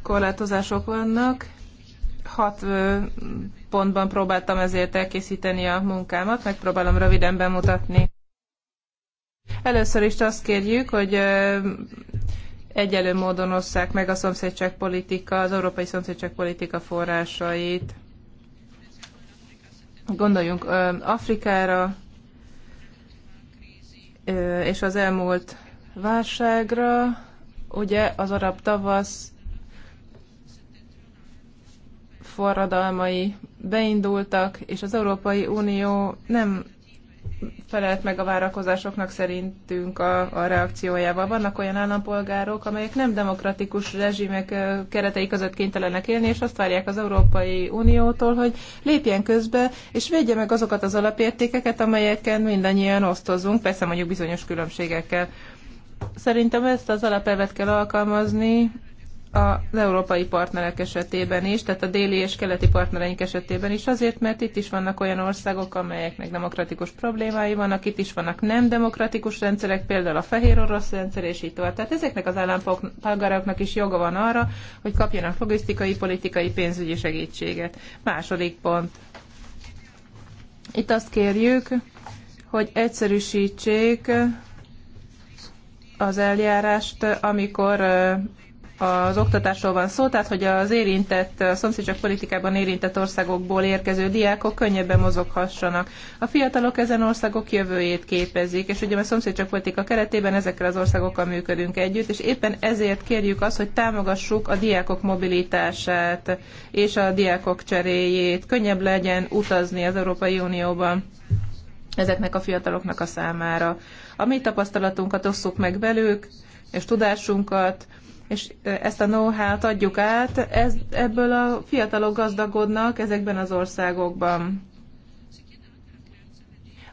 korlátozások vannak. Hat pontban próbáltam ezért elkészíteni a munkámat, megpróbálom röviden bemutatni. Először is azt kérjük, hogy egyelő módon osszák meg a politika, az európai politika forrásait. Gondoljunk Afrikára és az elmúlt válságra, ugye az arab tavasz forradalmai beindultak, és az Európai Unió nem felelt meg a várakozásoknak szerintünk a, a reakciójával. Vannak olyan állampolgárok, amelyek nem demokratikus rezsimek keretei között kénytelenek élni, és azt várják az Európai Uniótól, hogy lépjen közbe, és védje meg azokat az alapértékeket, amelyeken mindannyian osztozunk, persze mondjuk bizonyos különbségekkel. Szerintem ezt az alapelvet kell alkalmazni az európai partnerek esetében is, tehát a déli és keleti partnereink esetében is, azért, mert itt is vannak olyan országok, amelyeknek demokratikus problémái vannak, itt is vannak nem demokratikus rendszerek, például a fehér orosz rendszer, és így tovább. Tehát ezeknek az állampolgároknak is joga van arra, hogy kapjanak logisztikai, politikai, pénzügyi segítséget. Második pont. Itt azt kérjük, hogy egyszerűsítsék az eljárást, amikor az oktatásról van szó, tehát hogy az érintett, a szomszédság politikában érintett országokból érkező diákok könnyebben mozoghassanak. A fiatalok ezen országok jövőjét képezik, és ugye a szomszédság politika keretében ezekkel az országokkal működünk együtt, és éppen ezért kérjük azt, hogy támogassuk a diákok mobilitását és a diákok cseréjét, könnyebb legyen utazni az Európai Unióban ezeknek a fiataloknak a számára. A mi tapasztalatunkat osszuk meg velük, és tudásunkat, és ezt a know-how-t adjuk át, ez, ebből a fiatalok gazdagodnak ezekben az országokban.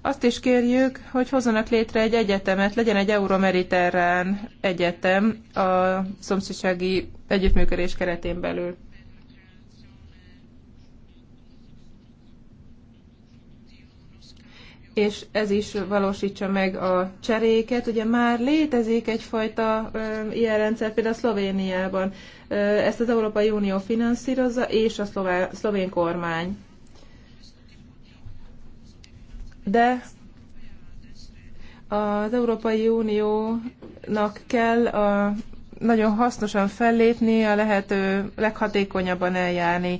Azt is kérjük, hogy hozzanak létre egy egyetemet, legyen egy Euromeriterrán egyetem a szomszédsági együttműködés keretén belül. és ez is valósítsa meg a cseréket. Ugye már létezik egyfajta ö, ilyen rendszer, például Szlovéniában. Ö, ezt az Európai Unió finanszírozza, és a szlová, szlovén kormány. De az Európai Uniónak kell a, nagyon hasznosan fellépni, a lehető leghatékonyabban eljárni.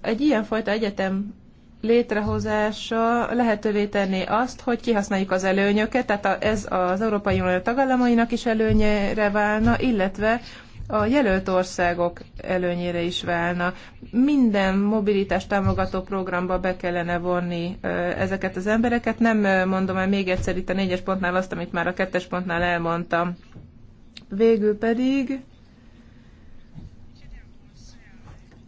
Egy ilyenfajta egyetem létrehozása lehetővé tenni azt, hogy kihasználjuk az előnyöket, tehát ez az Európai Unió tagállamainak is előnyére válna, illetve a jelölt országok előnyére is válna. Minden mobilitás támogató programba be kellene vonni ezeket az embereket. Nem mondom el még egyszer itt a négyes pontnál azt, amit már a kettes pontnál elmondtam. Végül pedig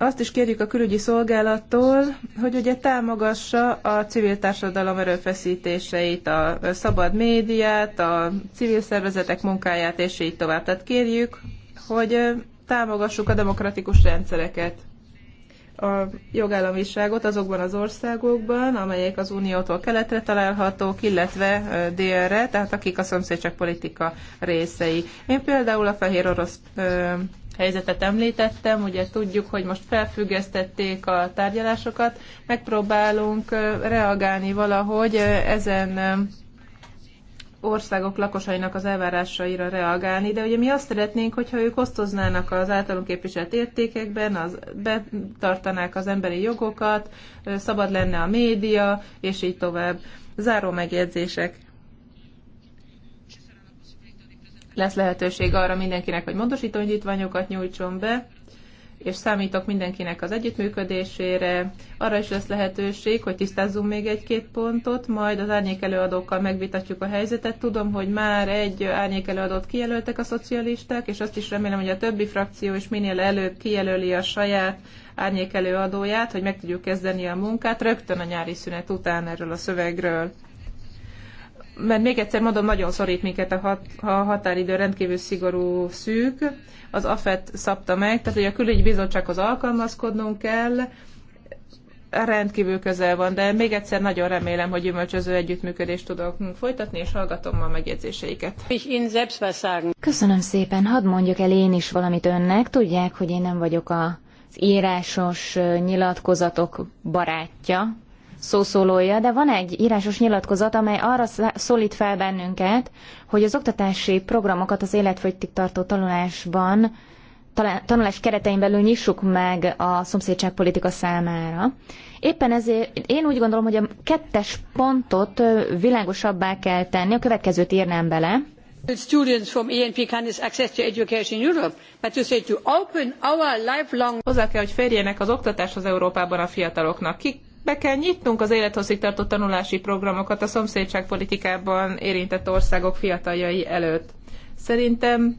azt is kérjük a külügyi szolgálattól, hogy ugye támogassa a civil társadalom erőfeszítéseit, a szabad médiát, a civil szervezetek munkáját, és így tovább. Tehát kérjük, hogy támogassuk a demokratikus rendszereket, a jogállamiságot azokban az országokban, amelyek az Uniótól keletre találhatók, illetve délre, tehát akik a szomszédság politika részei. Én például a fehér orosz helyzetet említettem, ugye tudjuk, hogy most felfüggesztették a tárgyalásokat, megpróbálunk reagálni valahogy ezen országok lakosainak az elvárásaira reagálni, de ugye mi azt szeretnénk, hogyha ők osztoznának az általunk képviselt értékekben, az, betartanák az emberi jogokat, szabad lenne a média, és így tovább. Záró megjegyzések. lesz lehetőség arra mindenkinek, hogy módosító indítványokat nyújtson be, és számítok mindenkinek az együttműködésére. Arra is lesz lehetőség, hogy tisztázzunk még egy-két pontot, majd az árnyékelőadókkal megvitatjuk a helyzetet. Tudom, hogy már egy árnyékelőadót kijelöltek a szocialisták, és azt is remélem, hogy a többi frakció is minél előbb kijelöli a saját árnyékelőadóját, hogy meg tudjuk kezdeni a munkát rögtön a nyári szünet után erről a szövegről mert még egyszer mondom, nagyon szorít minket a, hat, a határidő rendkívül szigorú szűk, az AFET szabta meg, tehát hogy a külügyi bizottsághoz alkalmazkodnunk kell, rendkívül közel van, de még egyszer nagyon remélem, hogy gyümölcsöző együttműködést tudok folytatni, és hallgatom a megjegyzéseiket. Köszönöm szépen, hadd mondjuk el én is valamit önnek. Tudják, hogy én nem vagyok a írásos nyilatkozatok barátja, szószólója, de van egy írásos nyilatkozat, amely arra szólít fel bennünket, hogy az oktatási programokat az életfogytig tartó tanulásban, tanulás keretein belül nyissuk meg a szomszédságpolitika számára. Éppen ezért én úgy gondolom, hogy a kettes pontot világosabbá kell tenni, a következőt írnám bele. Students from ENP countries access to education in Europe, but you say to open our lifelong... Hozzá kell, hogy férjenek az oktatáshoz Európában a fiataloknak. Ki be kell nyitnunk az élethosszígtartó tanulási programokat a szomszédságpolitikában érintett országok fiataljai előtt. Szerintem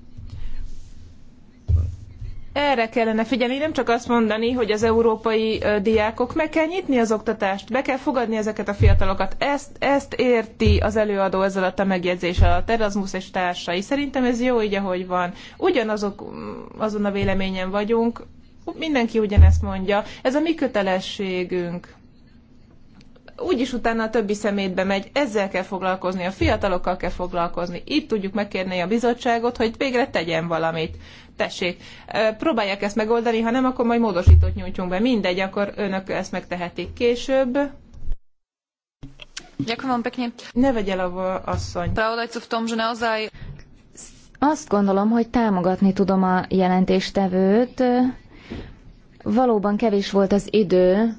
erre kellene figyelni, nem csak azt mondani, hogy az európai diákok meg kell nyitni az oktatást, be kell fogadni ezeket a fiatalokat. Ezt, ezt érti az előadó ez alatt a megjegyzés alatt, Erasmus és társai. Szerintem ez jó így, ahogy van. Ugyanazok, mm, azon a véleményen vagyunk, mindenki ugyanezt mondja. Ez a mi kötelességünk úgyis utána a többi szemétbe megy, ezzel kell foglalkozni, a fiatalokkal kell foglalkozni. Itt tudjuk megkérni a bizottságot, hogy végre tegyen valamit. Tessék, próbálják ezt megoldani, ha nem, akkor majd módosítót nyújtjunk be. Mindegy, akkor önök ezt megtehetik később. Ďakujem pekne. Ne vegyél a asszony. Pravodajcu v tom, že naozaj... Azt gondolom, hogy támogatni tudom a jelentéstevőt. Valóban kevés volt az idő,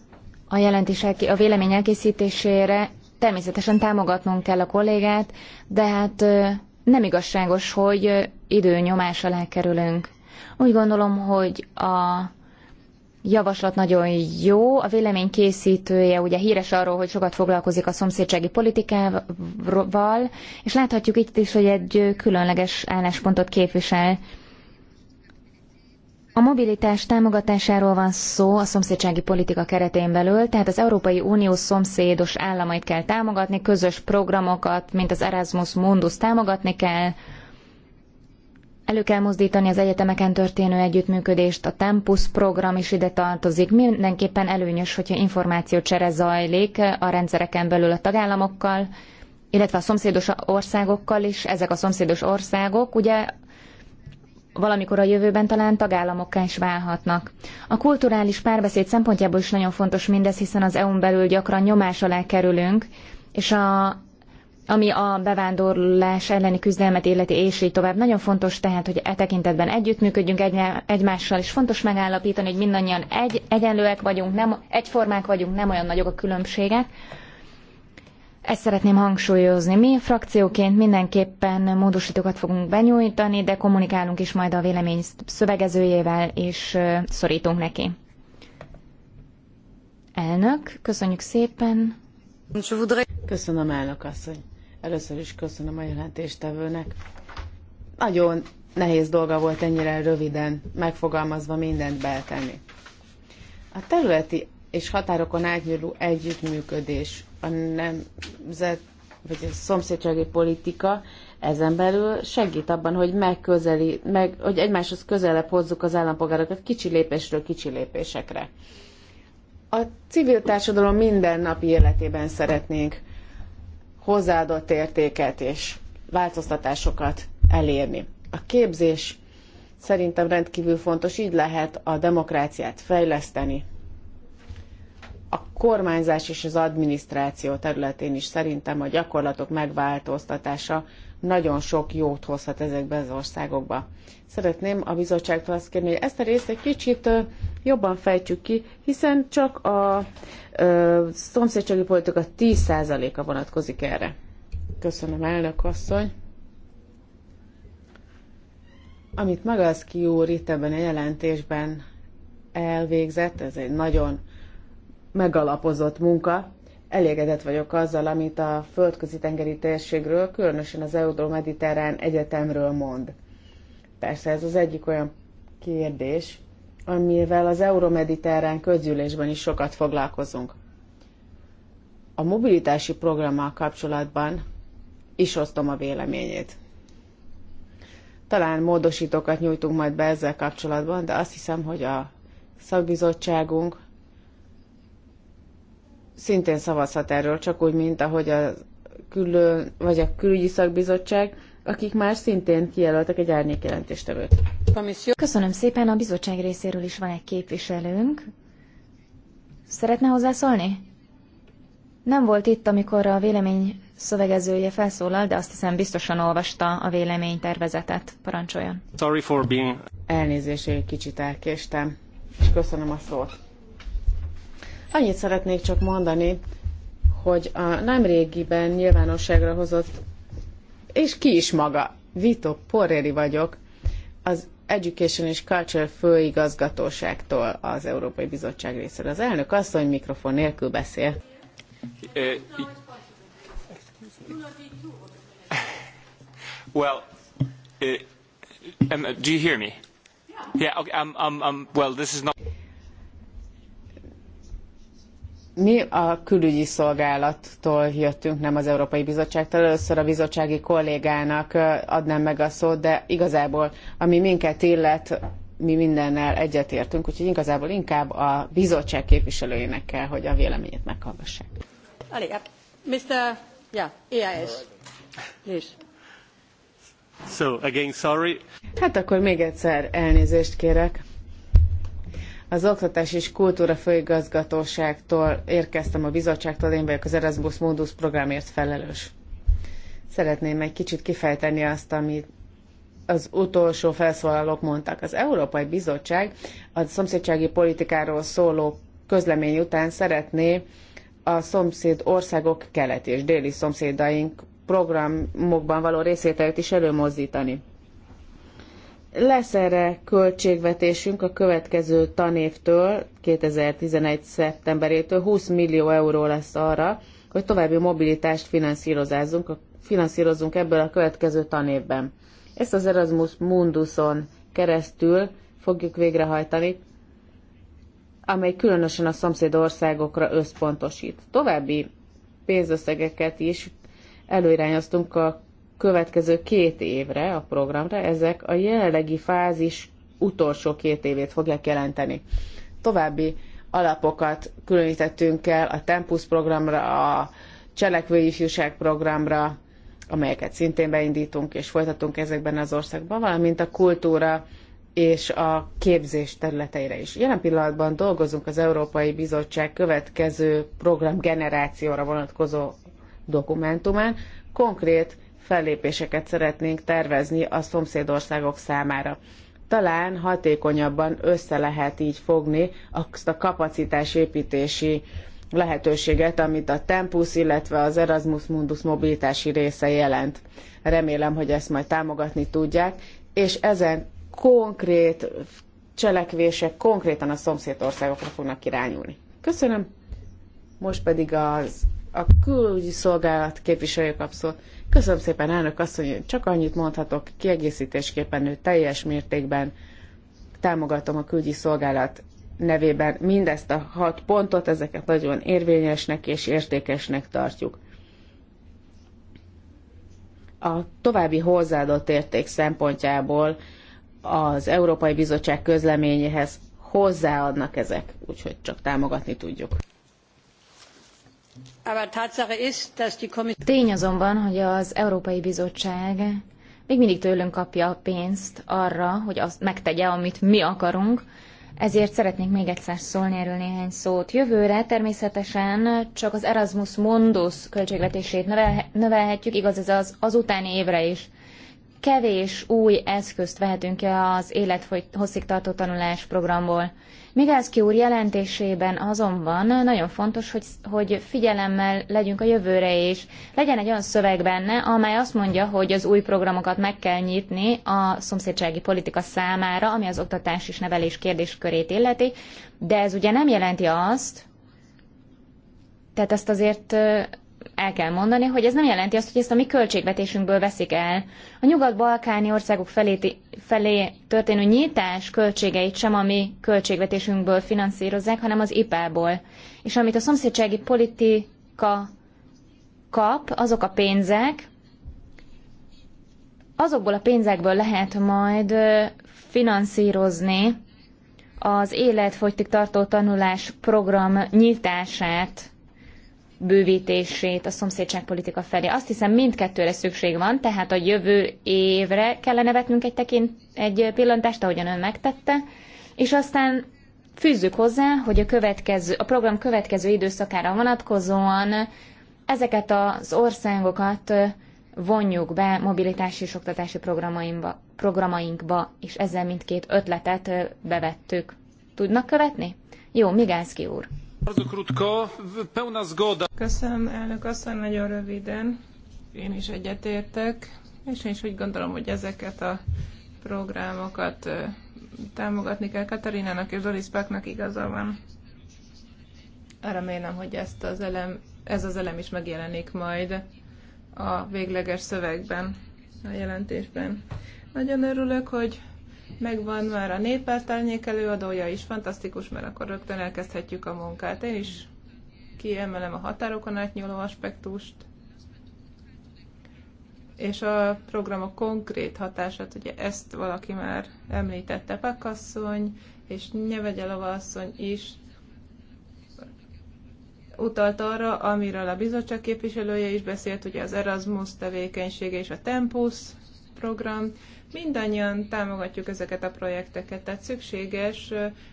a jelentés, a vélemény elkészítésére természetesen támogatnunk kell a kollégát, de hát nem igazságos, hogy időnyomás alá kerülünk. Úgy gondolom, hogy a javaslat nagyon jó. A vélemény készítője ugye híres arról, hogy sokat foglalkozik a szomszédsági politikával, és láthatjuk itt is, hogy egy különleges álláspontot képvisel. A mobilitás támogatásáról van szó a szomszédsági politika keretén belül, tehát az Európai Unió szomszédos államait kell támogatni, közös programokat, mint az Erasmus Mundus támogatni kell, elő kell mozdítani az egyetemeken történő együttműködést, a Tempus program is ide tartozik. Mindenképpen előnyös, hogyha információcsere zajlik a rendszereken belül a tagállamokkal, illetve a szomszédos országokkal is, ezek a szomszédos országok ugye valamikor a jövőben talán tagállamokká is válhatnak. A kulturális párbeszéd szempontjából is nagyon fontos mindez, hiszen az EU-n belül gyakran nyomás alá kerülünk, és a, ami a bevándorlás elleni küzdelmet illeti, és így tovább. Nagyon fontos tehát, hogy e tekintetben együttműködjünk egy, egymással, és fontos megállapítani, hogy mindannyian egy, egyenlőek vagyunk, nem, egyformák vagyunk, nem olyan nagyok a különbségek, ezt szeretném hangsúlyozni. Mi frakcióként mindenképpen módosítókat fogunk benyújtani, de kommunikálunk is majd a vélemény szövegezőjével, és szorítunk neki. Elnök, köszönjük szépen. Köszönöm, elnök asszony. Először is köszönöm a jelentéstevőnek. Nagyon nehéz dolga volt ennyire röviden megfogalmazva mindent beletenni. A területi és határokon átnyúló együttműködés a nemzet, vagy a szomszédsági politika ezen belül segít abban, hogy megközeli, meg, hogy egymáshoz közelebb hozzuk az állampolgárokat kicsi lépésről kicsi lépésekre. A civil társadalom mindennapi életében szeretnénk hozzáadott értéket és változtatásokat elérni. A képzés szerintem rendkívül fontos, így lehet a demokráciát fejleszteni, a kormányzás és az adminisztráció területén is szerintem a gyakorlatok megváltoztatása nagyon sok jót hozhat ezekbe az országokba. Szeretném a bizottságtól azt kérni, hogy ezt a részt egy kicsit jobban fejtsük ki, hiszen csak a ö, szomszédsági politika 10%-a vonatkozik erre. Köszönöm, elnök asszony. Amit Magaszki úr itt ebben a jelentésben elvégzett, ez egy nagyon megalapozott munka. Elégedett vagyok azzal, amit a földközi tengeri térségről, különösen az Euró-Mediterrán Egyetemről mond. Persze ez az egyik olyan kérdés, amivel az Euromediterrán közgyűlésben is sokat foglalkozunk. A mobilitási programmal kapcsolatban is osztom a véleményét. Talán módosítókat nyújtunk majd be ezzel kapcsolatban, de azt hiszem, hogy a szakbizottságunk szintén szavazhat erről, csak úgy, mint ahogy a, külön, vagy a külügyi szakbizottság, akik már szintén kijelöltek egy árnyékjelentéstevőt. Köszönöm szépen, a bizottság részéről is van egy képviselőnk. Szeretne hozzászólni? Nem volt itt, amikor a vélemény szövegezője felszólal, de azt hiszem biztosan olvasta a vélemény tervezetet. Parancsoljon. Sorry for being... Elnézést, kicsit elkéstem, és köszönöm a szót. Annyit szeretnék csak mondani, hogy a nemrégiben nyilvánosságra hozott, és ki is maga, Vito Porreri vagyok, az Education és Culture főigazgatóságtól az Európai Bizottság részéről. Az elnök asszony mikrofon nélkül beszél. Eh, well, eh, do you hear me? Yeah, okay, I'm, I'm, I'm, well, this is not... Mi a külügyi szolgálattól jöttünk, nem az Európai Bizottságtól. Először a bizottsági kollégának adnám meg a szót, de igazából, ami minket illet, mi mindennel egyetértünk, úgyhogy igazából inkább a bizottság képviselőjének kell, hogy a véleményét meghallgassák. Allez, Mr. Yeah, So, again, sorry. Hát akkor még egyszer elnézést kérek. Az Oktatás és Kultúra Főigazgatóságtól érkeztem a bizottságtól, én vagyok az Erasmus Mundus programért felelős. Szeretném egy kicsit kifejteni azt, amit az utolsó felszólalók mondtak. Az Európai Bizottság a szomszédsági politikáról szóló közlemény után szeretné a szomszéd országok keleti és déli szomszédaink programokban való részételt is előmozdítani. Lesz erre költségvetésünk a következő tanévtől, 2011. szeptemberétől 20 millió euró lesz arra, hogy további mobilitást finanszírozzunk, finanszírozzunk ebből a következő tanévben. Ezt az Erasmus Munduson keresztül fogjuk végrehajtani, amely különösen a szomszéd országokra összpontosít. További pénzösszegeket is előirányoztunk a következő két évre a programra, ezek a jelenlegi fázis utolsó két évét fogják jelenteni. További alapokat különítettünk el a Tempus programra, a Cselekvő Ifjúság programra, amelyeket szintén beindítunk és folytatunk ezekben az országban, valamint a kultúra és a képzés területeire is. Jelen pillanatban dolgozunk az Európai Bizottság következő program generációra vonatkozó dokumentumán, konkrét fellépéseket szeretnénk tervezni a szomszédországok számára. Talán hatékonyabban össze lehet így fogni azt a kapacitásépítési lehetőséget, amit a Tempus, illetve az Erasmus Mundus mobilitási része jelent. Remélem, hogy ezt majd támogatni tudják, és ezen konkrét cselekvések konkrétan a szomszédországokra fognak irányulni. Köszönöm. Most pedig az, a külügyi szolgálat képviselője kap szót. Köszönöm szépen, elnök asszony, csak annyit mondhatok kiegészítésképpen, ő teljes mértékben támogatom a külgyi szolgálat nevében mindezt a hat pontot, ezeket nagyon érvényesnek és értékesnek tartjuk. A további hozzáadott érték szempontjából az Európai Bizottság közleményéhez hozzáadnak ezek, úgyhogy csak támogatni tudjuk. Tény azonban, hogy az Európai Bizottság még mindig tőlünk kapja a pénzt arra, hogy azt megtegye, amit mi akarunk, ezért szeretnék még egyszer szólni erről néhány szót. Jövőre természetesen csak az Erasmus Mundus költségvetését növelhetjük, igaz ez az azutáni évre is. Kevés új eszközt vehetünk ki az életfogy hosszígtartó tanulás programból. Migászki úr jelentésében azonban nagyon fontos, hogy, hogy figyelemmel legyünk a jövőre is. Legyen egy olyan szöveg benne, amely azt mondja, hogy az új programokat meg kell nyitni a szomszédsági politika számára, ami az oktatás és nevelés kérdéskörét illeti, de ez ugye nem jelenti azt, tehát ezt azért el kell mondani, hogy ez nem jelenti azt, hogy ezt a mi költségvetésünkből veszik el. A nyugat-balkáni országok felé, felé történő nyitás költségeit sem a mi költségvetésünkből finanszírozzák, hanem az IPA-ból. És amit a szomszédsági politika kap, azok a pénzek, azokból a pénzekből lehet majd finanszírozni az életfogytig tartó tanulás program nyitását bővítését a szomszédságpolitika felé. Azt hiszem mindkettőre szükség van, tehát a jövő évre kellene vetnünk egy, tekint, egy pillantást, ahogyan ön megtette, és aztán fűzzük hozzá, hogy a, következő, a program következő időszakára vonatkozóan ezeket az országokat vonjuk be mobilitási és oktatási programainkba, programainkba, és ezzel mindkét ötletet bevettük. Tudnak követni? Jó, Migánszki úr elnök asszony, nagyon röviden. Én is egyetértek, és én is úgy gondolom, hogy ezeket a programokat támogatni kell. Katarinának és Doris Páknak igaza van. Remélem, hogy ezt az elem, ez az elem is megjelenik majd a végleges szövegben, a jelentésben. Nagyon örülök, hogy megvan már a néppárt előadója is, fantasztikus, mert akkor rögtön elkezdhetjük a munkát. Én is kiemelem a határokon átnyúló aspektust, és a programok konkrét hatását, ugye ezt valaki már említette, Pakasszony és Nyevegyelova asszony is utalt arra, amiről a bizottság képviselője is beszélt, ugye az Erasmus tevékenysége és a Tempus program, mindannyian támogatjuk ezeket a projekteket, tehát szükséges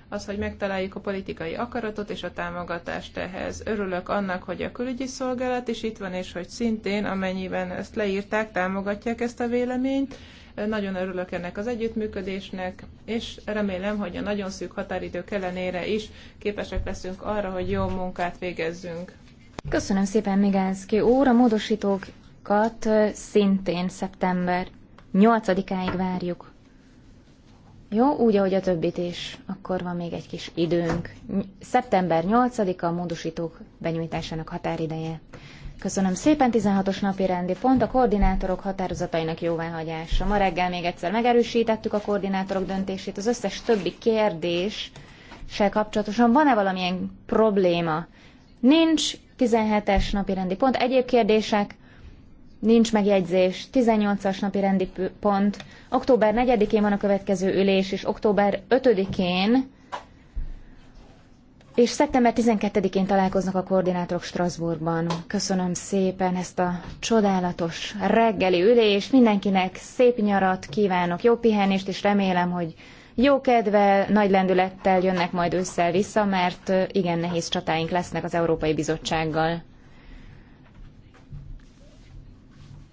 az, hogy megtaláljuk a politikai akaratot és a támogatást ehhez. Örülök annak, hogy a külügyi szolgálat is itt van, és hogy szintén, amennyiben ezt leírták, támogatják ezt a véleményt. Nagyon örülök ennek az együttműködésnek, és remélem, hogy a nagyon szűk határidők ellenére is képesek leszünk arra, hogy jó munkát végezzünk. Köszönöm szépen, Migánszki úr! A módosítókat szintén szeptember Nyolcadikáig várjuk. Jó, úgy, ahogy a többit is. Akkor van még egy kis időnk. Szeptember 8-a a módosítók benyújtásának határideje. Köszönöm szépen, 16-os napi rendi pont a koordinátorok határozatainak jóváhagyása. Ma reggel még egyszer megerősítettük a koordinátorok döntését. Az összes többi kérdés se kapcsolatosan van-e valamilyen probléma? Nincs 17-es napi rendi pont. Egyéb kérdések Nincs megjegyzés. 18-as napi rendi pont. Október 4-én van a következő ülés, és október 5-én és szeptember 12-én találkoznak a koordinátorok Strasbourgban. Köszönöm szépen ezt a csodálatos reggeli ülést. Mindenkinek szép nyarat kívánok, jó pihenést, és remélem, hogy jó kedvel, nagy lendülettel jönnek majd ősszel vissza, mert igen nehéz csatáink lesznek az Európai Bizottsággal.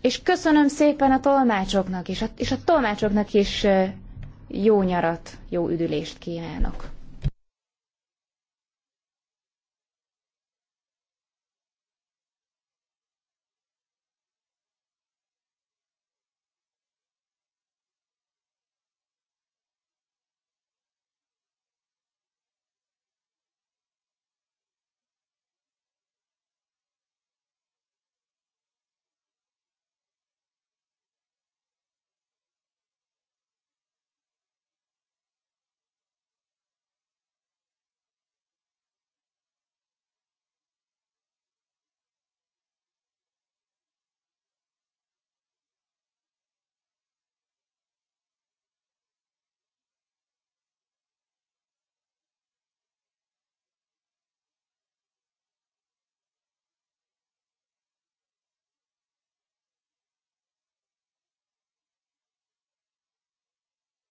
És köszönöm szépen a tolmácsoknak is, és a tolmácsoknak is jó nyarat, jó üdülést kívánok.